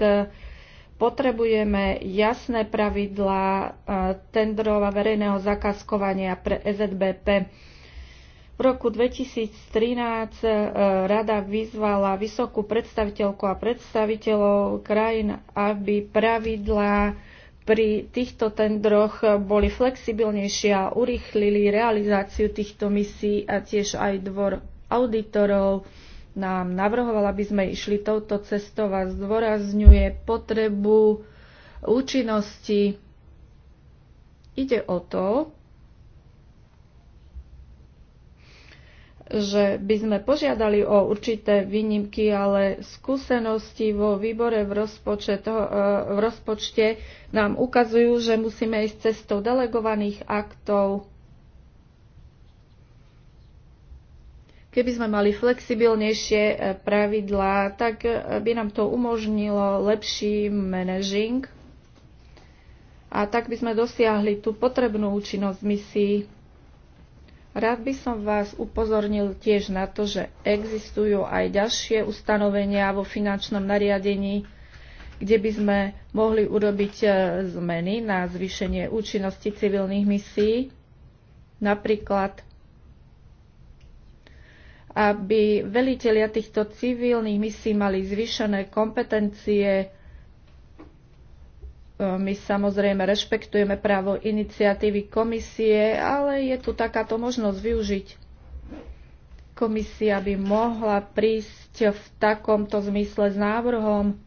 Potrebujeme jasné pravidlá eh, tendrov a verejného zakazkovania pre EZBP v roku 2013 e, rada vyzvala vysokú predstaviteľku a predstaviteľov krajín, aby pravidlá pri týchto tendroch boli flexibilnejšie a urýchlili realizáciu týchto misií a tiež aj dvor auditorov nám navrhoval, aby sme išli touto cestou a zdôrazňuje potrebu účinnosti. Ide o to, že by sme požiadali o určité výnimky, ale skúsenosti vo výbore v, rozpočet, e, v rozpočte nám ukazujú, že musíme ísť cestou delegovaných aktov. Keby sme mali flexibilnejšie e, pravidlá, tak e, by nám to umožnilo lepší managing a tak by sme dosiahli tú potrebnú účinnosť misií. Rád by som vás upozornil tiež na to, že existujú aj ďalšie ustanovenia vo finančnom nariadení, kde by sme mohli urobiť e, zmeny na zvýšenie účinnosti civilných misií, napríklad aby velitelia týchto civilných misií mali zvýšené kompetencie my samozrejme rešpektujeme právo iniciatívy komisie, ale je tu takáto možnosť využiť. Komisia by mohla prísť v takomto zmysle s návrhom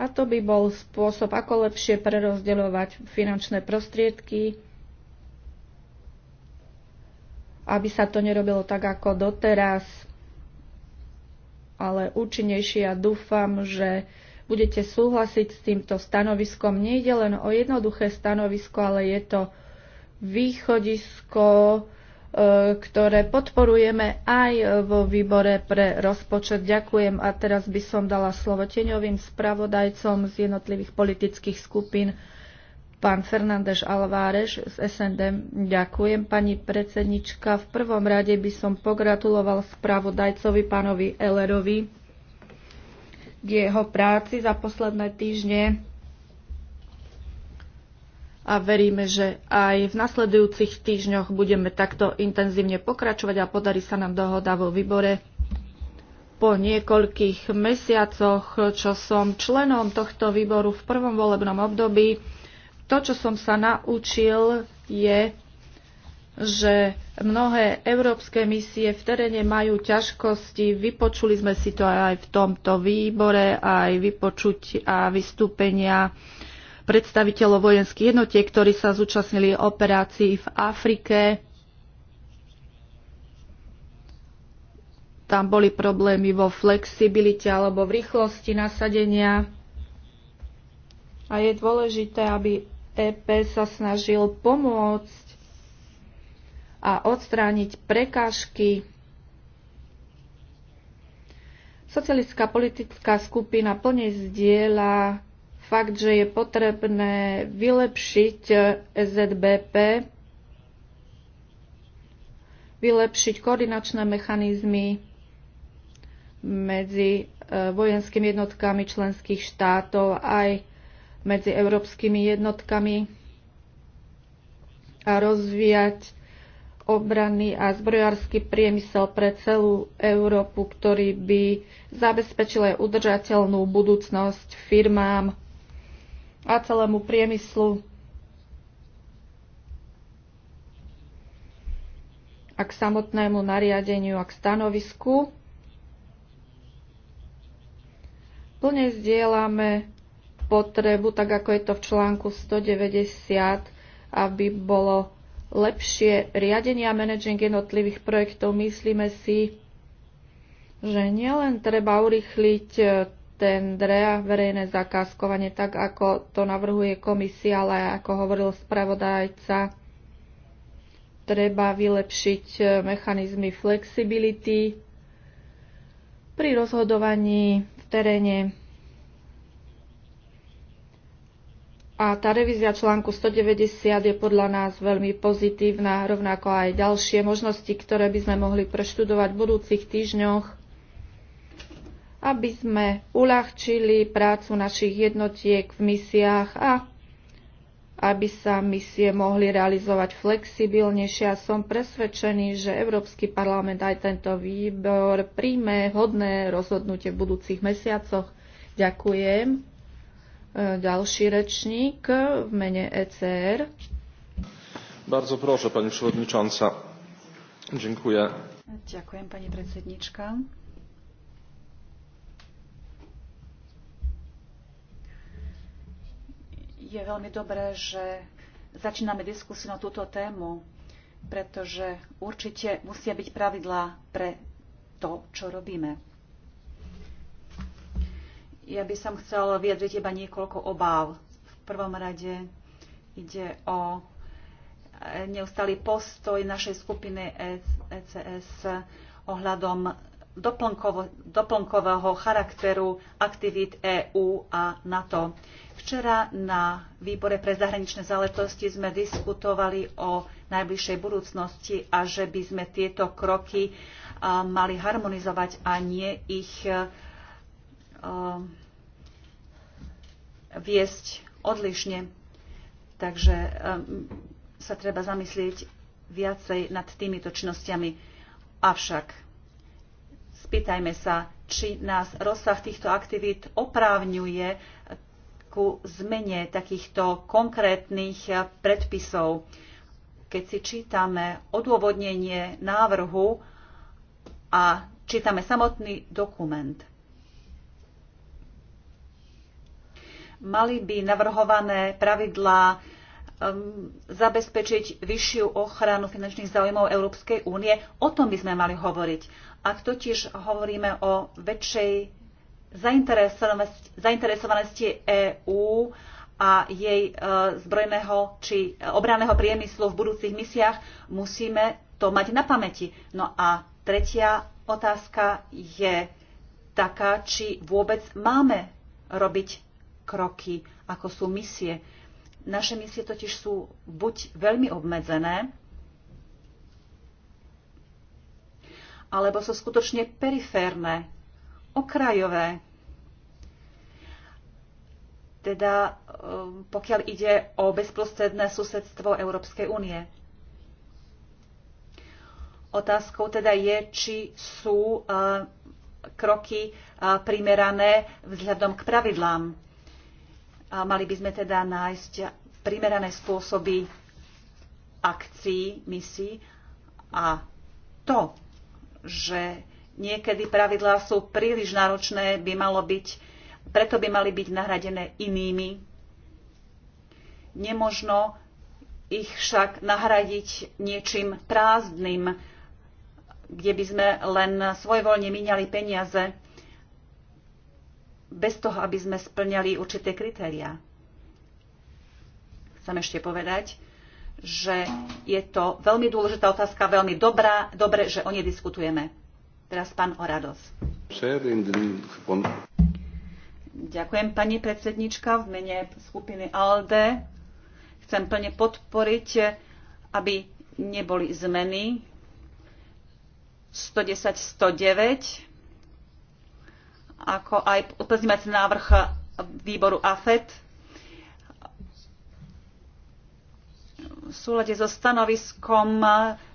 a to by bol spôsob, ako lepšie prerozdeľovať finančné prostriedky, aby sa to nerobilo tak ako doteraz, ale účinnejšie a ja dúfam, že budete súhlasiť s týmto stanoviskom. Nejde len o jednoduché stanovisko, ale je to východisko, e, ktoré podporujeme aj vo výbore pre rozpočet. Ďakujem a teraz by som dala slovo teňovým spravodajcom z jednotlivých politických skupín. Pán Fernández Alvárez z SND, ďakujem pani predsednička. V prvom rade by som pogratuloval spravodajcovi pánovi Ellerovi jeho práci za posledné týždne a veríme, že aj v nasledujúcich týždňoch budeme takto intenzívne pokračovať a podarí sa nám dohoda vo výbore. Po niekoľkých mesiacoch, čo som členom tohto výboru v prvom volebnom období, to, čo som sa naučil, je, že Mnohé európske misie v teréne majú ťažkosti. Vypočuli sme si to aj v tomto výbore, aj vypočuť a vystúpenia predstaviteľov vojenských jednotiek, ktorí sa zúčastnili operácií v Afrike. Tam boli problémy vo flexibilite alebo v rýchlosti nasadenia. A je dôležité, aby EP sa snažil pomôcť a odstrániť prekážky. Socialistická politická skupina plne zdieľa fakt, že je potrebné vylepšiť SZBP, eh, vylepšiť koordinačné mechanizmy medzi eh, vojenskými jednotkami členských štátov aj medzi európskymi jednotkami a rozvíjať obranný a zbrojársky priemysel pre celú Európu, ktorý by zabezpečil aj udržateľnú budúcnosť firmám a celému priemyslu. a k samotnému nariadeniu a k stanovisku. Plne zdieľame potrebu, tak ako je to v článku 190, aby bolo lepšie riadenie a managing jednotlivých projektov. Myslíme si, že nielen treba urychliť e, tendre a verejné zakázkovanie, tak ako to navrhuje komisia, ale ako hovoril spravodajca, treba vylepšiť e, mechanizmy flexibility pri rozhodovaní v teréne. A tá revízia článku 190 je podľa nás veľmi pozitívna, rovnako aj ďalšie možnosti, ktoré by sme mohli preštudovať v budúcich týždňoch, aby sme uľahčili prácu našich jednotiek v misiách a aby sa misie mohli realizovať flexibilnejšie. A som presvedčený, že Európsky parlament aj tento výbor príjme hodné rozhodnutie v budúcich mesiacoch. Ďakujem. E, ďalší rečník v mene ECR. Bardzo proszę, pani przewodnicząca. Dziękuję. Dziękuję, pani predsednička. Je veľmi dobré, že začíname diskusiu na túto tému, pretože určite musia byť pravidlá pre to, čo robíme. Ja by som chcel vyjadriť iba niekoľko obáv. V prvom rade ide o eh, neustály postoj našej skupiny ECS ohľadom doplnkového charakteru aktivít EÚ a NATO. Včera na výbore pre zahraničné záležitosti sme diskutovali o najbližšej budúcnosti a že by sme tieto kroky eh, mali harmonizovať a nie ich eh, viesť odlišne. Takže sa treba zamyslieť viacej nad týmito činnosťami. Avšak spýtajme sa, či nás rozsah týchto aktivít oprávňuje ku zmene takýchto konkrétnych eh, predpisov. Keď si čítame odôvodnenie návrhu a čítame samotný dokument, Mali by navrhované pravidlá um, zabezpečiť vyššiu ochranu finančných záujmov Európskej únie. O tom by sme mali hovoriť. Ak totiž hovoríme o väčšej zainteresovanosti EÚ e a jej uh, zbrojného či uh, obranného priemyslu v budúcich misiách, musíme to mať na pamäti. No a tretia otázka je taká, či vôbec máme robiť kroky, ako sú misie. Naše misie totiž sú buď veľmi obmedzené, alebo sú skutočne periférne, okrajové. Teda um, pokiaľ ide o bezprostredné susedstvo Európskej únie. Otázkou teda je, či sú uh, kroky uh, primerané vzhľadom k pravidlám a mali by sme teda nájsť primerané spôsoby akcií, misí a to, že niekedy pravidlá sú príliš náročné, by malo byť, preto by mali byť nahradené inými. Nemožno ich však nahradiť niečím prázdnym, kde by sme len svojvoľne miniali peniaze bez toho, aby sme splňali určité kritériá. Chcem ešte povedať, že je to veľmi dôležitá otázka, veľmi dobrá, dobre, že o nej diskutujeme. Teraz pán Orados. Ďakujem, pani predsednička, v mene skupiny ALDE. Chcem plne podporiť, aby neboli zmeny 110-109 ako aj pozmeňovací návrh výboru AFET v súlade so stanoviskom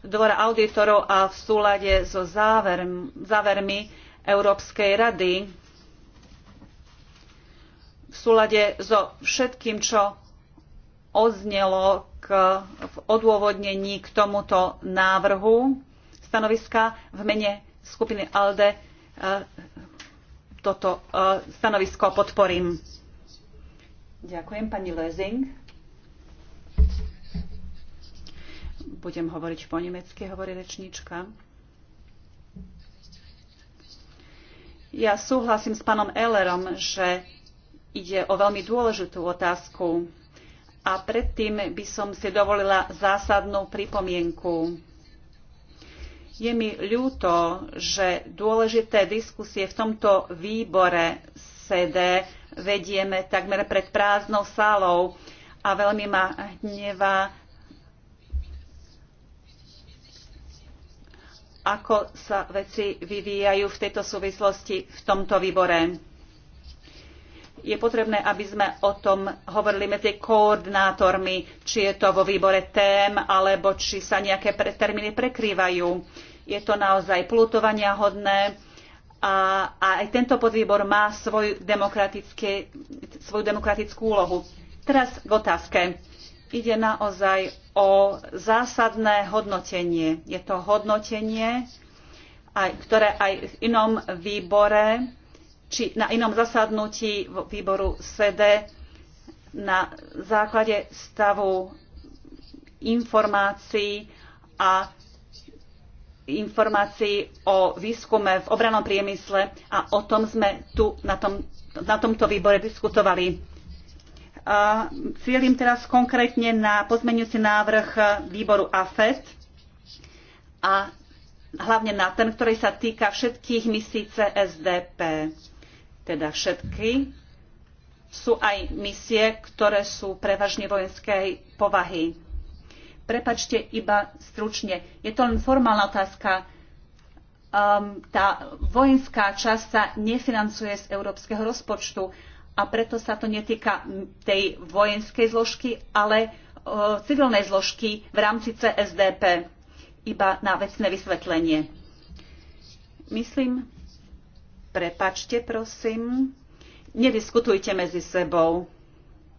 dvora auditorov a v súlade so závermi Európskej rady v súlade so všetkým, čo oznelo k, v odôvodnení k tomuto návrhu stanoviska v mene skupiny ALDE eh, toto e, stanovisko podporím. Ďakujem, pani Lezing. Budem hovoriť po nemecky, hovorí rečníčka. Ja súhlasím s pánom Ellerom, že ide o veľmi dôležitú otázku. A predtým by som si dovolila zásadnú pripomienku je mi ľúto, že dôležité diskusie v tomto výbore CD vedieme takmer pred prázdnou sálou a veľmi ma hnevá, ako sa veci vyvíjajú v tejto súvislosti v tomto výbore je potrebné, aby sme o tom hovorili medzi koordinátormi, či je to vo výbore tém, alebo či sa nejaké pre, termíny prekrývajú. Je to naozaj plutovania hodné a, a aj tento podvýbor má svoj svoju demokratickú úlohu. Teraz k otázke. Ide naozaj o zásadné hodnotenie. Je to hodnotenie, aj, ktoré aj v inom výbore či na inom zasadnutí výboru SEDE na základe stavu informácií a informácií o výskume v obranom priemysle a o tom sme tu na, tom, na tomto výbore diskutovali. A cieľim teraz konkrétne na pozmeňujúci návrh výboru AFET a hlavne na ten, ktorý sa týka všetkých misí CSDP teda všetky, sú aj misie, ktoré sú prevažne vojenskej povahy. Prepačte iba stručne, je to len formálna otázka. Um, tá vojenská časť sa nefinancuje z európskeho rozpočtu a preto sa to netýka tej vojenskej zložky, ale uh, civilnej zložky v rámci CSDP. Iba na vecné vysvetlenie. Myslím, Prepačte, prosím. Nediskutujte medzi sebou,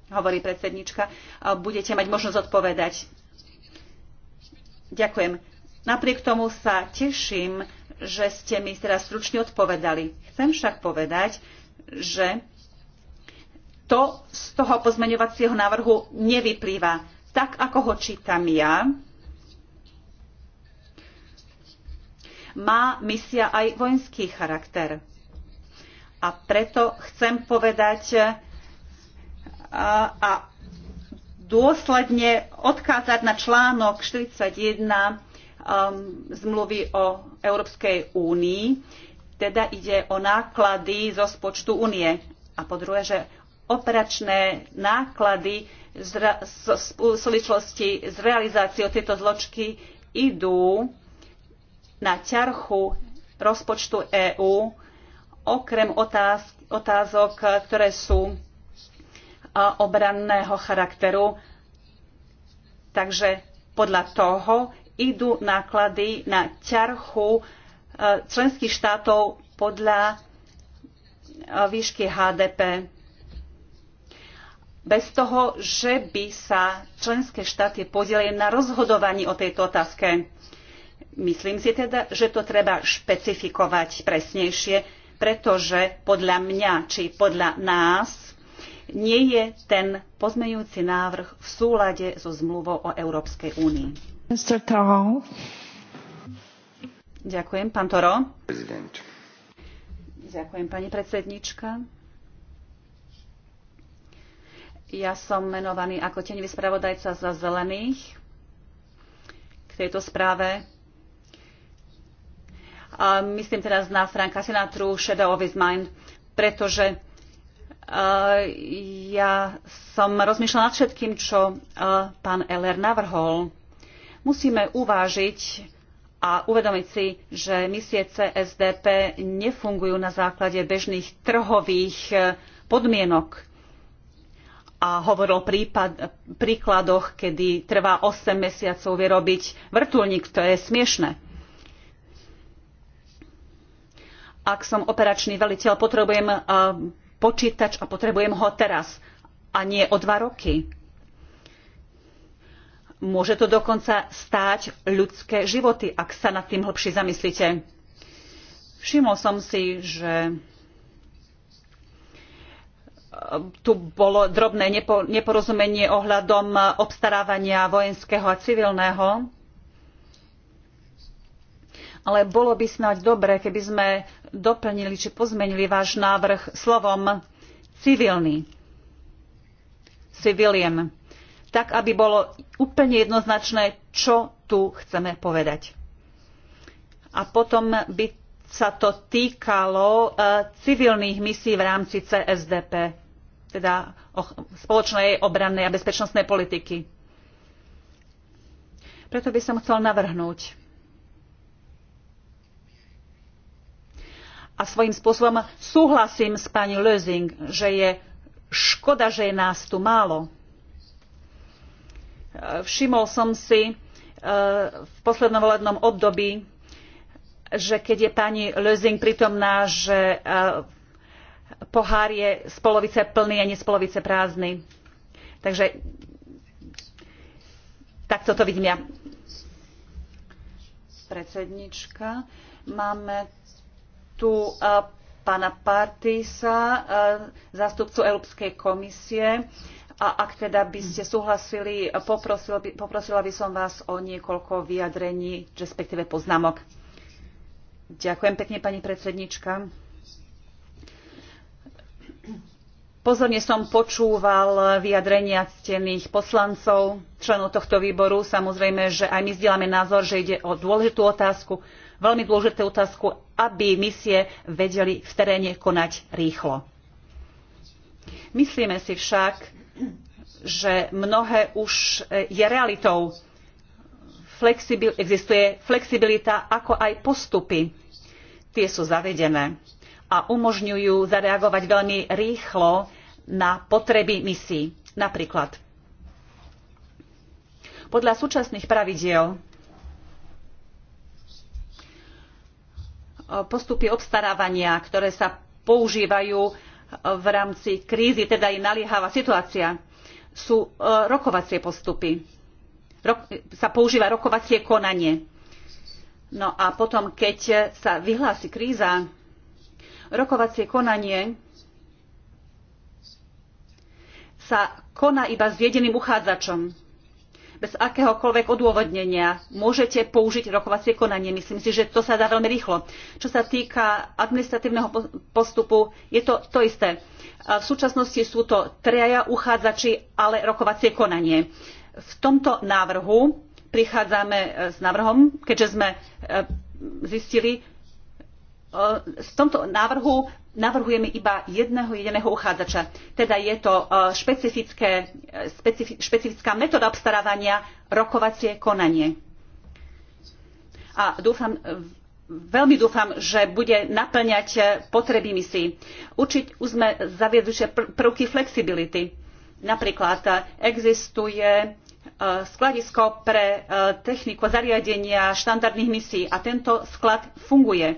hovorí predsednička. Budete mať možnosť odpovedať. Ďakujem. Napriek tomu sa teším, že ste mi teraz stručne odpovedali. Chcem však povedať, že to z toho pozmeňovacieho návrhu nevyplýva. Tak, ako ho čítam ja, má misia aj vojenský charakter. A preto chcem povedať a, e, a dôsledne odkázať na článok 41 um, e, zmluvy o Európskej únii, teda ide o náklady zo spočtu únie. A po druhé, že operačné náklady z, v súvislosti s realizáciou tejto zložky idú na ťarchu rozpočtu EÚ okrem otázok, ktoré sú obranného charakteru. Takže podľa toho idú náklady na ťarchu e, členských štátov podľa e, výšky HDP. Bez toho, že by sa členské štáty podielili na rozhodovaní o tejto otázke. Myslím si teda, že to treba špecifikovať presnejšie, pretože podľa mňa či podľa nás nie je ten pozmeňujúci návrh v súlade so zmluvou o Európskej únii. Ďakujem, pán Toro. Ďakujem, pani predsednička. Ja som menovaný ako tenivý spravodajca za zelených k tejto správe myslím teraz na Franka Sinatru, Shadow of His Mind, pretože e, ja som rozmýšľala nad všetkým, čo e, pán Eller navrhol. Musíme uvážiť a uvedomiť si, že misie CSDP nefungujú na základe bežných trhových e, podmienok. A hovoril o príkladoch, kedy trvá 8 mesiacov vyrobiť vrtulník, to je smiešne ak som operačný veliteľ, potrebujem eh, počítač a potrebujem ho teraz a nie o dva roky. Môže to dokonca stáť ľudské životy, ak sa nad tým hlbšie zamyslíte. Všimol som si, že eh, tu bolo drobné neporozumenie ohľadom eh, obstarávania vojenského a civilného ale bolo by snáď dobre, keby sme doplnili či pozmenili váš návrh slovom civilný. Civilian. Tak, aby bolo úplne jednoznačné, čo tu chceme povedať. A potom by sa to týkalo e, civilných misií v rámci CSDP, teda spoločnej obrannej a bezpečnostnej politiky. Preto by som chcel navrhnúť, a svojím spôsobom súhlasím s pani Lösing, že je škoda, že je nás tu málo. E, všimol som si e, v poslednom volebnom období, že keď je pani Lösing prítomná, že e, pohár je z polovice plný a nie z polovice prázdny. Takže takto to vidím ja. Predsednička. Máme tu eh, pána Partisa, eh, zástupcu Európskej komisie. A ak teda by ste súhlasili, poprosil, poprosila by som vás o niekoľko vyjadrení, respektíve poznámok. Ďakujem pekne, pani predsednička. Pozorne som počúval vyjadrenia ctených poslancov, členov tohto výboru. Samozrejme, že aj my zdieľame názor, že ide o dôležitú otázku, veľmi dôležitú otázku aby misie vedeli v teréne konať rýchlo. Myslíme si však, že mnohé už e, je realitou. Flexibil, existuje flexibilita, ako aj postupy. Tie sú zavedené a umožňujú zareagovať veľmi rýchlo na potreby misií. Napríklad podľa súčasných pravidiel E, postupy obstarávania, ktoré sa používajú e, v rámci krízy, teda je naliehavá situácia, sú e, rokovacie postupy. Rok, sa používa rokovacie konanie. No a potom, keď sa vyhlási kríza, rokovacie konanie sa koná iba s jediným uchádzačom bez akéhokoľvek odôvodnenia môžete použiť rokovacie konanie. Myslím si, že to sa dá veľmi rýchlo. Čo sa týka administratívneho postupu, je to to isté. V súčasnosti sú to traja uchádzači, ale rokovacie konanie. V tomto návrhu prichádzame e, s návrhom, keďže sme e, zistili, e, v tomto návrhu navrhujeme iba jedného jediného uchádzača. Teda je to e, e, špecifická metóda obstarávania rokovacie konanie. A dúfam, veľmi dúfam, že bude naplňať e, potreby misií. Určite už sme zaviedli prvky flexibility. Napríklad existuje skladisko pre techniku zariadenia štandardných misií a tento sklad funguje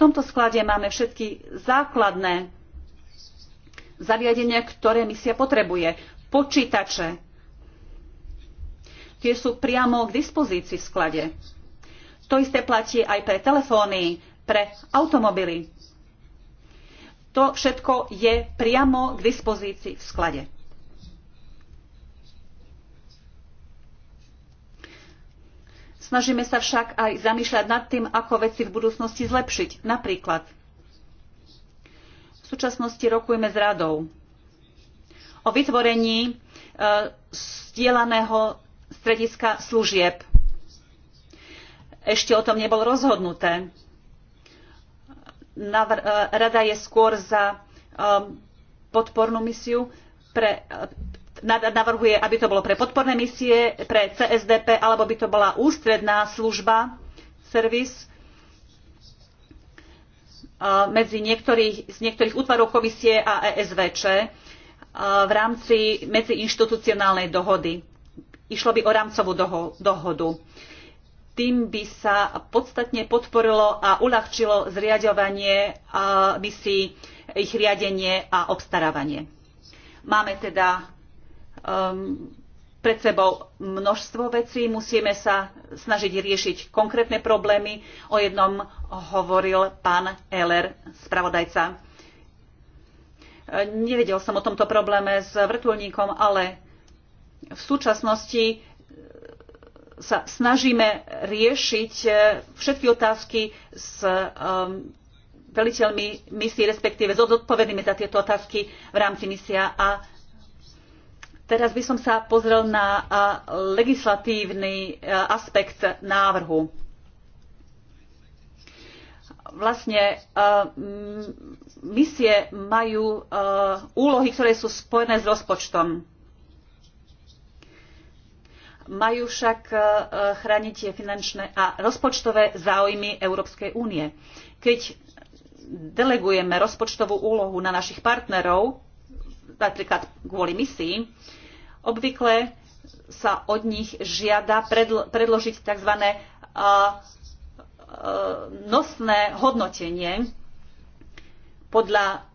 tomto sklade máme všetky základné zariadenia, ktoré misia potrebuje. Počítače. Tie sú priamo k dispozícii v sklade. To isté platí aj pre telefóny, pre automobily. To všetko je priamo k dispozícii v sklade. Snažíme sa však aj zamýšľať nad tým, ako veci v budúcnosti zlepšiť. Napríklad, v súčasnosti rokujeme s radou o vytvorení e, stielaného strediska služieb. Ešte o tom nebolo rozhodnuté. E, rada je skôr za e, podpornú misiu pre navrhuje, aby to bolo pre podporné misie, pre CSDP, alebo by to bola ústredná služba, service medzi niektorých, z útvarov komisie a ESVČ v rámci medziinštitucionálnej dohody. Išlo by o rámcovú dohodu. Tým by sa podstatne podporilo a uľahčilo zriadovanie misií, ich riadenie a obstarávanie. Máme teda um, pred sebou množstvo vecí, musíme sa snažiť riešiť konkrétne problémy. O jednom hovoril pán Eller, spravodajca. Nevedel som o tomto probléme s vrtulníkom, ale v súčasnosti sa snažíme riešiť všetky otázky s um, veliteľmi misií, respektíve s odpovednými za tieto otázky v rámci misia a Teraz by som sa pozrel na legislatívny e, aspekt návrhu. Vlastne e, misie majú e, úlohy, ktoré sú spojené s rozpočtom. Majú však chrániť tie finančné a rozpočtové záujmy Európskej únie. Keď delegujeme rozpočtovú úlohu na našich partnerov, napríklad kvôli misii, Obvykle sa od nich žiada predložiť tzv. nosné hodnotenie, podľa,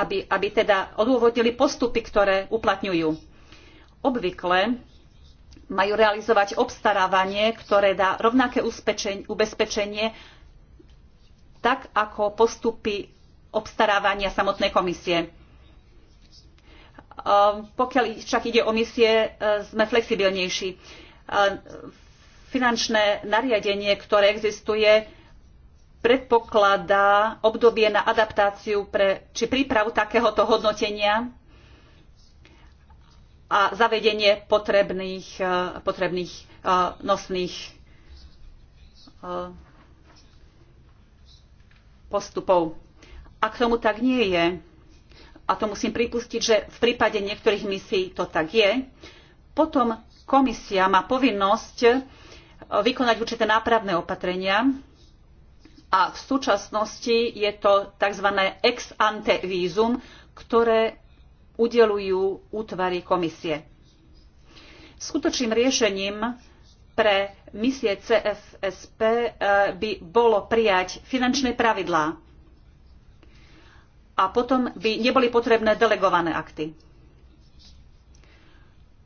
aby, aby teda odôvodnili postupy, ktoré uplatňujú. Obvykle majú realizovať obstarávanie, ktoré dá rovnaké ubezpečenie, tak ako postupy obstarávania samotnej komisie. Ehm, pokiaľ však ide o misie, e, sme flexibilnejší. Ehm, finančné nariadenie, ktoré existuje, predpokladá obdobie na adaptáciu pre, či prípravu takéhoto hodnotenia a zavedenie potrebných, e, potrebných e, nosných postupov. Ak tomu tak nie je, a to musím pripustiť, že v prípade niektorých misií to tak je, potom komisia má povinnosť e, vykonať určité nápravné opatrenia a v súčasnosti je to tzv. ex ante vízum, ktoré udelujú útvary komisie. Skutočným riešením pre misie CFSP e, by bolo prijať finančné pravidlá a potom by neboli potrebné delegované akty.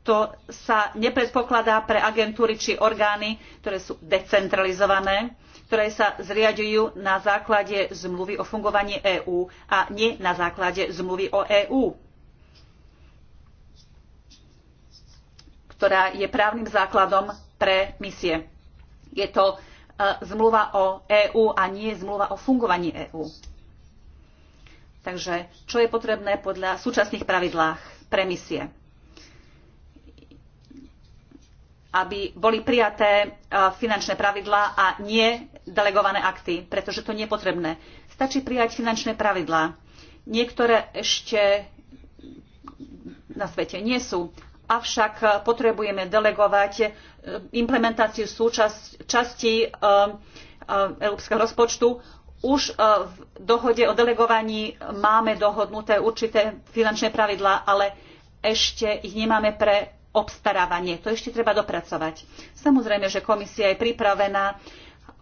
To sa nepredpokladá pre agentúry či orgány, ktoré sú decentralizované, ktoré sa zriaďujú na základe zmluvy o fungovaní EÚ a nie na základe zmluvy o EÚ, ktorá je právnym základom pre misie. Je to e, zmluva o EÚ a nie zmluva o fungovaní EÚ. Takže čo je potrebné podľa súčasných pravidlách premisie? aby boli prijaté e, finančné pravidlá a nie delegované akty, pretože to nie je potrebné. Stačí prijať finančné pravidlá. Niektoré ešte na svete nie sú, avšak e, potrebujeme delegovať e, implementáciu súčasť, časti európskeho rozpočtu už e, v dohode o delegovaní máme dohodnuté určité finančné pravidlá, ale ešte ich nemáme pre obstarávanie. To ešte treba dopracovať. Samozrejme, že komisia je pripravená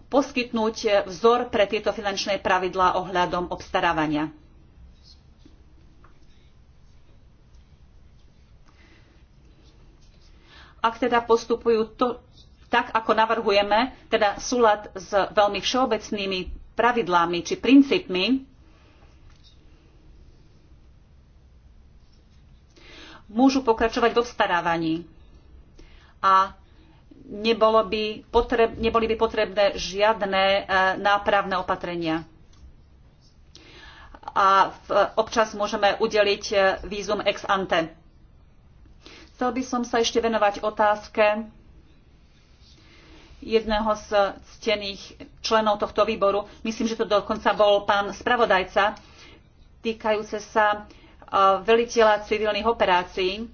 poskytnúť vzor pre tieto finančné pravidlá ohľadom obstarávania. Ak teda postupujú to, tak, ako navrhujeme, teda súlad s veľmi všeobecnými pravidlami či princípmi, môžu pokračovať vo vstarávaní. A nebolo by potreb, neboli by potrebné žiadne e, nápravné opatrenia. A v, občas môžeme udeliť e, vízum ex ante. Chcel by som sa ešte venovať otázke jedného z ctených členov tohto výboru, myslím, že to dokonca bol pán spravodajca, týkajúce sa e, veliteľa civilných operácií. E,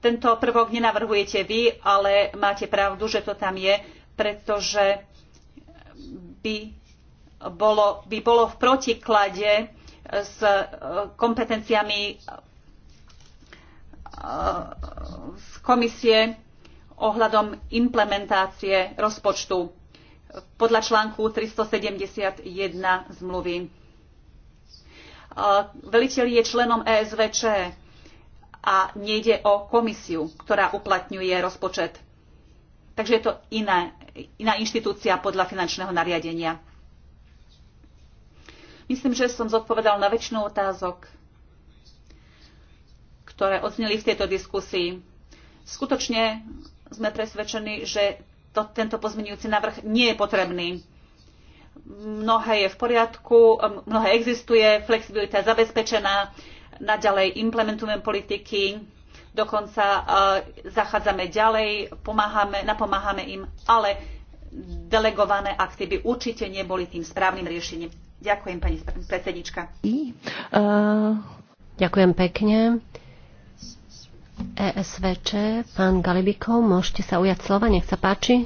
tento prvok nenavrhujete vy, ale máte pravdu, že to tam je, pretože by bolo, by bolo v protiklade s e, kompetenciami z komisie ohľadom implementácie rozpočtu podľa článku 371 zmluvy. Veliteľ je členom ESVČ a nejde o komisiu, ktorá uplatňuje rozpočet. Takže je to iná, iná inštitúcia podľa finančného nariadenia. Myslím, že som zodpovedal na väčšinu otázok ktoré odzneli v tejto diskusii. Skutočne sme presvedčení, že to, tento pozmenujúci návrh nie je potrebný. Mnohé je v poriadku, mnohé existuje, flexibilita je zabezpečená, naďalej implementujeme politiky, dokonca e, zachádzame ďalej, pomáhame, napomáhame im, ale delegované akty by určite neboli tým správnym riešením. Ďakujem, pani predsednička. E, Ďakujem pekne. ESVČ, pán Galibikov, môžete sa ujať slova, nech sa páči.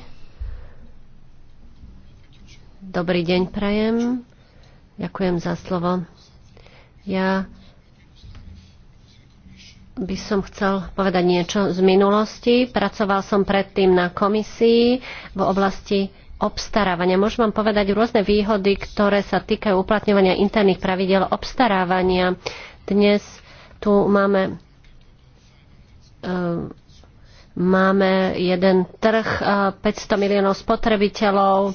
Dobrý deň, prajem. Ďakujem za slovo. Ja by som chcel povedať niečo z minulosti. Pracoval som predtým na komisii v oblasti obstarávania. Môžem vám povedať rôzne výhody, ktoré sa týkajú uplatňovania interných pravidel obstarávania. Dnes tu máme Ehm, máme jeden trh 500 eh, miliónov spotrebiteľov,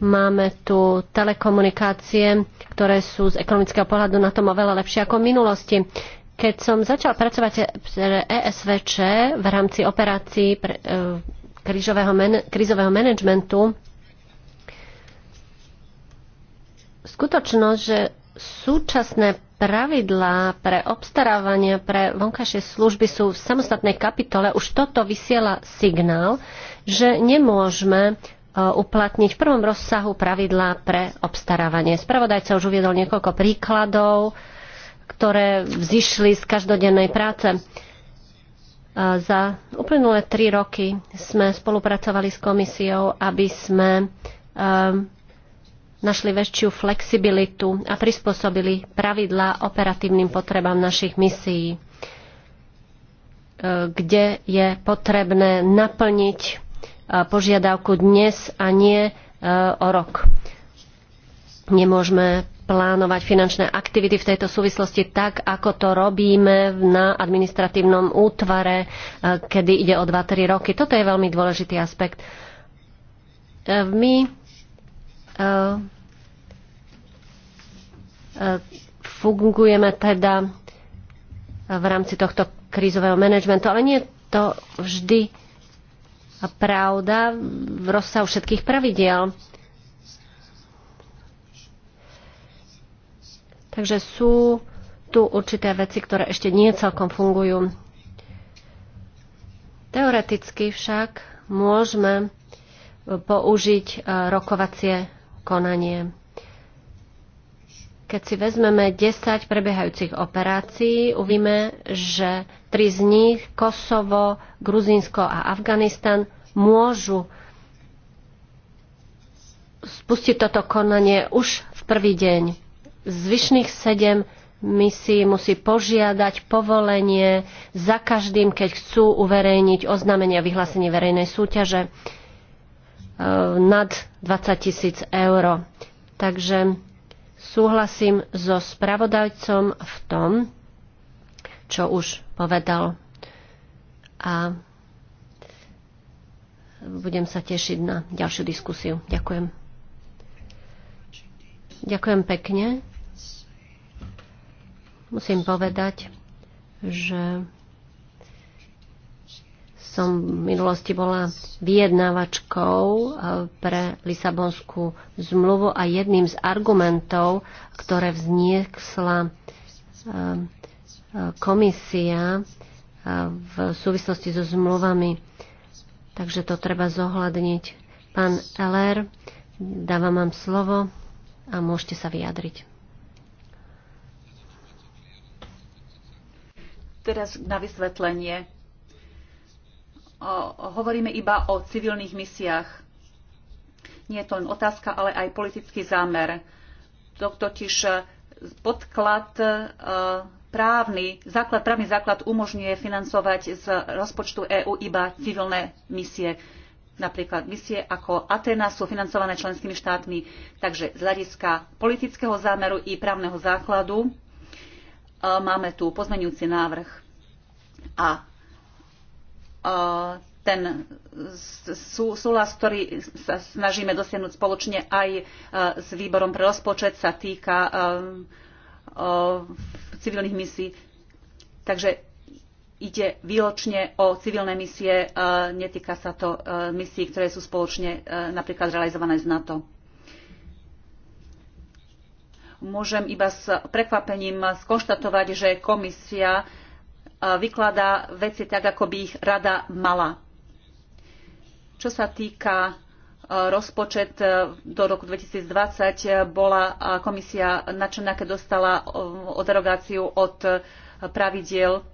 máme tu telekomunikácie, ktoré sú z ekonomického pohľadu na tom oveľa lepšie ako v minulosti. Keď som začal pracovať pre ESVČ v rámci operácií pre, eh, man, krízového manažmentu, skutočnosť, že súčasné pravidlá pre obstarávanie pre vonkajšie služby sú v samostatnej kapitole, už toto vysiela signál, že nemôžeme e, uplatniť v prvom rozsahu pravidlá pre obstarávanie. Spravodajca už uviedol niekoľko príkladov, ktoré vzýšli z každodennej práce. E, za uplynulé tri roky sme spolupracovali s komisiou, aby sme e, našli väčšiu flexibilitu a prispôsobili pravidlá operatívnym potrebám našich misií, e, kde je potrebné naplniť e, požiadavku dnes a nie e, o rok. Nemôžeme plánovať finančné aktivity v tejto súvislosti tak, ako to robíme na administratívnom útvare, kedy ide o 2-3 roky. Toto je veľmi dôležitý aspekt. My Eh, eh, fungujeme teda v rámci tohto krízového manažmentu, ale nie je to vždy pravda v rozsahu všetkých pravidiel. Takže sú tu určité veci, ktoré ešte nie celkom fungujú. Teoreticky však môžeme použiť eh, rokovacie konanie. Keď si vezmeme 10 prebiehajúcich operácií, uvíme, že tri z nich, Kosovo, Gruzínsko a Afganistan, môžu spustiť toto konanie už v prvý deň. Zvyšných sedem misií musí požiadať povolenie za každým, keď chcú uverejniť oznámenie a vyhlásenie verejnej súťaže. Eh, nad 20 tisíc eur. Takže súhlasím so spravodajcom v tom, čo už povedal. A budem sa tešiť na ďalšiu diskusiu. Ďakujem. Ďakujem pekne. Musím povedať, že som v minulosti bola vyjednávačkou eh, pre Lisabonskú zmluvu a jedným z argumentov, ktoré vzniesla eh, komisia eh, v súvislosti so zmluvami. Takže to treba zohľadniť. Pán Eller, dávam vám slovo a môžete sa vyjadriť. Teraz na vysvetlenie hovoríme iba o civilných misiách. Nie je to len otázka, ale aj politický zámer. To totiž e, podklad e, právny, základ, právny základ umožňuje financovať z rozpočtu EÚ iba civilné misie. Napríklad misie ako Atena sú financované členskými štátmi. Takže z hľadiska politického zámeru i právneho základu e, máme tu pozmenujúci návrh. A E, ten súhlas, ktorý sa snažíme dosiahnuť spoločne aj e, s výborom pre rozpočet, sa týka e, civilných misií. Takže ide výločne o civilné misie, netýka sa to misií, ktoré sú spoločne napríklad realizované z NATO. Môžem iba s prekvapením skonštatovať, že komisia vykladá veci tak, ako by ich rada mala. Čo sa týka e, rozpočet e, do roku 2020 e, bola komisia nadšená, keď dostala derogáciu od pravidiel.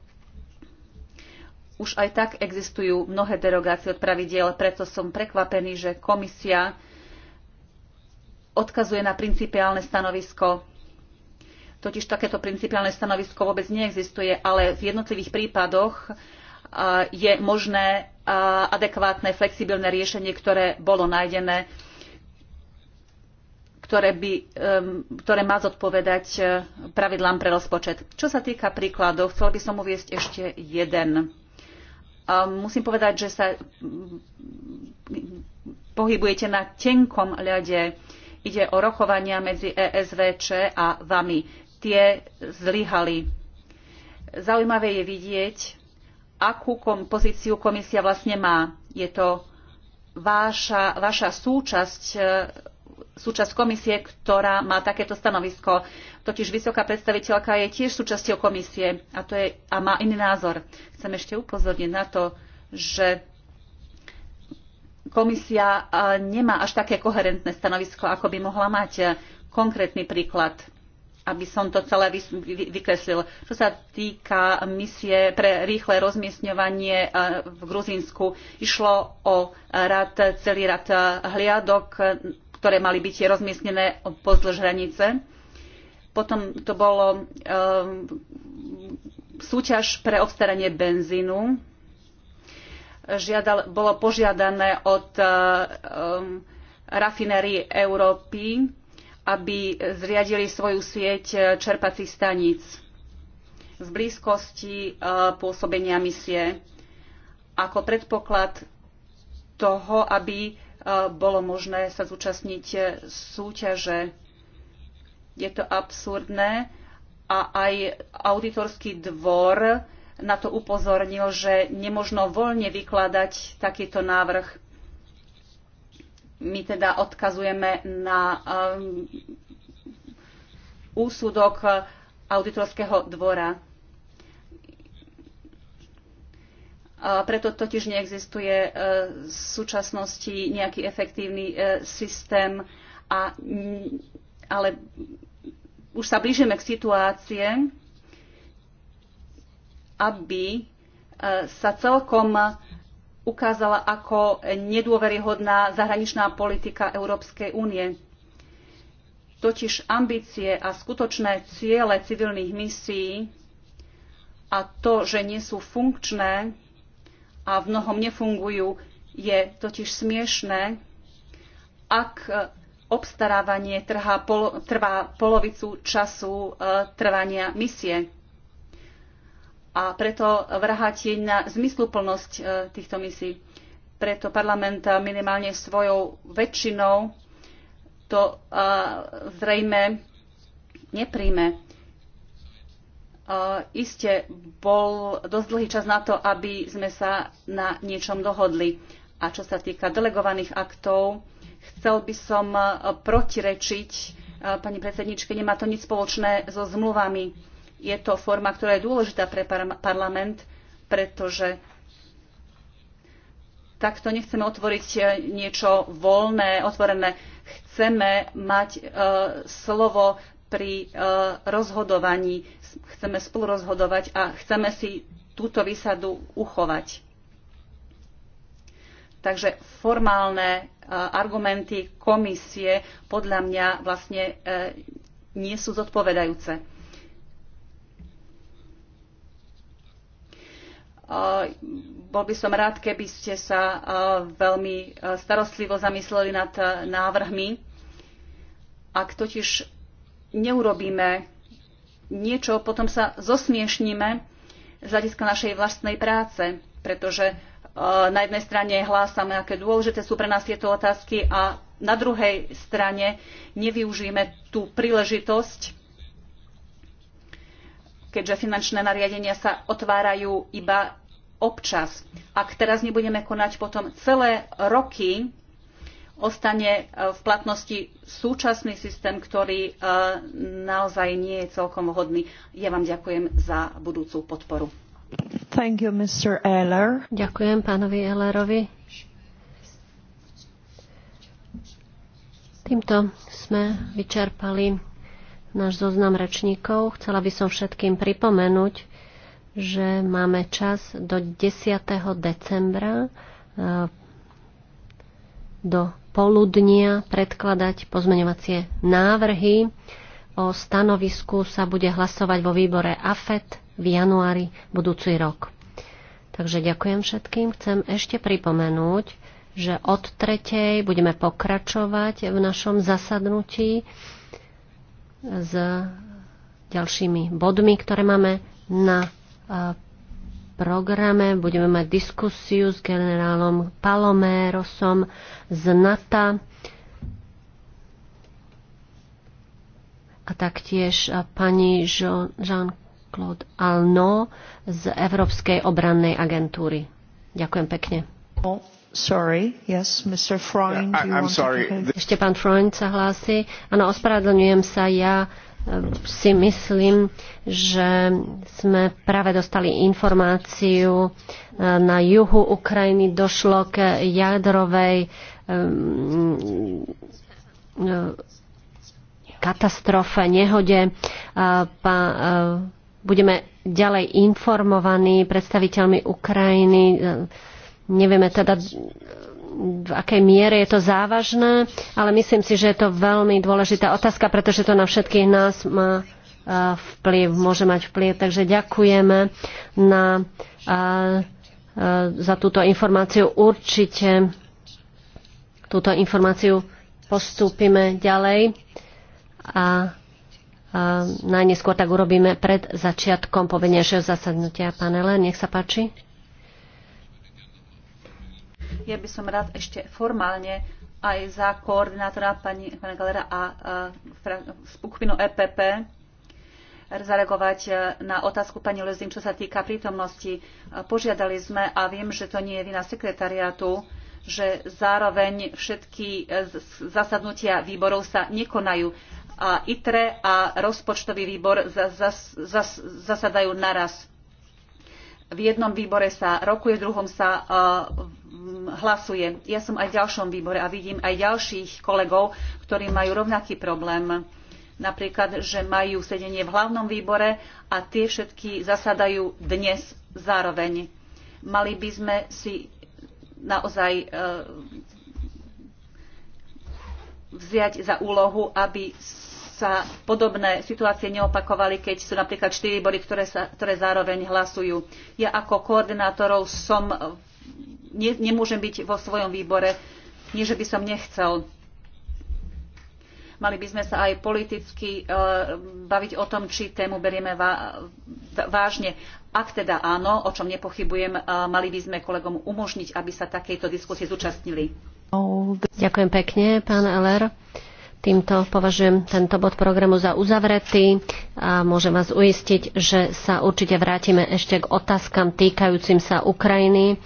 Už aj tak existujú mnohé derogácie od pravidiel, preto som prekvapený, že komisia odkazuje na principiálne stanovisko Totiž takéto principiálne stanovisko vôbec neexistuje, ale v jednotlivých prípadoch je možné adekvátne, flexibilné riešenie, ktoré bolo nájdené, ktoré, by, ktoré má zodpovedať e, pravidlám pre rozpočet. Čo sa týka príkladov, chcel by som uviesť ešte jeden. Musím povedať, že sa pohybujete na tenkom ľade. Ide o rokovania medzi ESVČ a vami tie zlyhali. Zaujímavé je vidieť, akú pozíciu komisia vlastne má. Je to váša, vaša súčasť, e, súčasť komisie, ktorá má takéto stanovisko. Totiž vysoká predstaviteľka je tiež súčasťou komisie a, to je, a má iný názor. Chcem ešte upozorniť na to, že komisia e, nemá až také koherentné stanovisko, ako by mohla mať. Konkrétny príklad – aby som to celé vykreslil. Čo sa týka misie pre rýchle rozmiestňovanie e, v Gruzínsku, išlo o rad, celý rad e, hliadok, e, ktoré mali byť rozmiestnené pozdĺž hranice. Potom to bolo súťaž pre obstaranie benzínu. Žiadal, bolo požiadané od um, rafinérii Európy, aby zriadili svoju sieť eh, čerpacích staníc v blízkosti eh, pôsobenia misie ako predpoklad toho, aby eh, bolo možné sa zúčastniť súťaže. Je to absurdné a aj auditorský dvor na to upozornil, že nemožno voľne vykladať takýto návrh my teda odkazujeme na um, úsudok uh, auditorského dvora. Preto totiž neexistuje uh, v súčasnosti nejaký efektívny uh, systém, a, ale už sa blížime k situácie, aby sa celkom ukázala ako nedôveryhodná zahraničná politika Európskej únie. Totiž ambície a skutočné ciele civilných misií a to, že nie sú funkčné a v mnohom nefungujú, je totiž smiešné, ak obstarávanie trhá polo, trvá polovicu času e, trvania misie a preto tieň na zmysluplnosť e, týchto misií. Preto parlament minimálne svojou väčšinou to e, zrejme nepríjme. E, iste bol dosť dlhý čas na to, aby sme sa na niečom dohodli. A čo sa týka delegovaných aktov, chcel by som protirečiť pani predsedničke, nemá to nič spoločné so zmluvami je to forma, ktorá je dôležitá pre parlament, pretože takto nechceme otvoriť eh, niečo voľné, otvorené. Chceme mať eh, slovo pri eh, rozhodovaní, chceme spolurozhodovať a chceme si túto výsadu uchovať. Takže formálne argumenty komisie podľa mňa vlastne nie sú zodpovedajúce bol by som rád, keby ste sa e, veľmi e, starostlivo zamysleli nad e, návrhmi. Ak totiž neurobíme niečo, potom sa zosmiešnime z hľadiska našej vlastnej práce, pretože na jednej strane hlásame, aké dôležité sú pre nás tieto otázky a na druhej strane nevyužijeme tú príležitosť, keďže finančné nariadenia sa otvárajú iba občas. Ak teraz nebudeme konať, potom celé roky ostane e, v platnosti súčasný systém, ktorý e, naozaj nie je celkom vhodný. Ja vám ďakujem za budúcu podporu. Thank you, Mr. Eller. Ďakujem pánovi Ellerovi. Týmto sme vyčerpali náš zoznam rečníkov. Chcela by som všetkým pripomenúť, že máme čas do 10. decembra e, do poludnia predkladať pozmeňovacie návrhy. O stanovisku sa bude hlasovať vo výbore AFET v januári budúci rok. Takže ďakujem všetkým. Chcem ešte pripomenúť, že od tretej budeme pokračovať v našom zasadnutí s ďalšími bodmi, ktoré máme na e, programe. Budeme mať diskusiu s generálom Palomérosom z NATO a taktiež e, pani Jean-Claude Alno z Európskej obrannej agentúry. Ďakujem pekne. No. Sorry, yes, Mr. Freund. Yeah, I, I'm sorry. To... Ešte pán Freund sa hlási. Áno, ospravedlňujem sa. Ja e, si myslím, že sme práve dostali informáciu e, na juhu Ukrajiny došlo k jadrovej e, katastrofe, nehode. Budeme ďalej informovaní predstaviteľmi Ukrajiny Nevieme teda, v akej miere je to závažné, ale myslím si, že je to veľmi dôležitá otázka, pretože to na všetkých nás má vplyv, môže mať vplyv. Takže ďakujeme na, a, a, za túto informáciu. Určite túto informáciu postúpime ďalej a, a najneskôr tak urobíme pred začiatkom povedenejšieho zasadnutia. Pán Ele, nech sa páči. Ja by som rád ešte formálne aj za koordinátora pani, pana Galera a, a skupinu EPP zareagovať e, na otázku pani Lezin, čo sa týka prítomnosti. E, požiadali sme, a viem, že to nie je vina sekretariátu, že zároveň všetky e, zasadnutia výborov sa nekonajú a ITRE a rozpočtový výbor zas, zas, zas, zasadajú naraz. V jednom výbore sa rokuje, v druhom sa uh, Mm, hlasuje. Ja som aj v ďalšom výbore a vidím aj ďalších kolegov, ktorí majú rovnaký problém. Napríklad, že majú sedenie v hlavnom výbore a tie všetky zasadajú dnes zároveň. Mali by sme si naozaj e, vziať za úlohu, aby sa podobné situácie neopakovali, keď sú napríklad štyri body, ktoré, sa, ktoré zároveň hlasujú. Ja ako koordinátorov som nie, nemôžem byť vo svojom výbore. Nie, že by som nechcel. Mali by sme sa aj politicky e, baviť o tom, či tému berieme vážne. Ak teda áno, o čom nepochybujem, e, mali by sme kolegom umožniť, aby sa takejto diskusie zúčastnili. Ďakujem pekne, pán LR. Týmto považujem tento bod programu za uzavretý a môžem vás uistiť, že sa určite vrátime ešte k otázkam týkajúcim sa Ukrajiny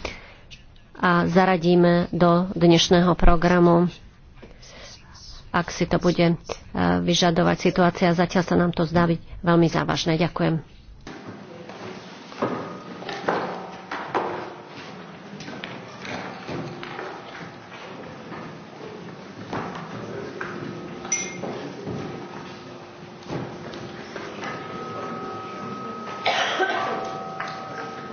a zaradíme do dnešného programu, ak si to bude eh, vyžadovať situácia. Zatiaľ sa nám to zdá byť veľmi závažné. Ďakujem.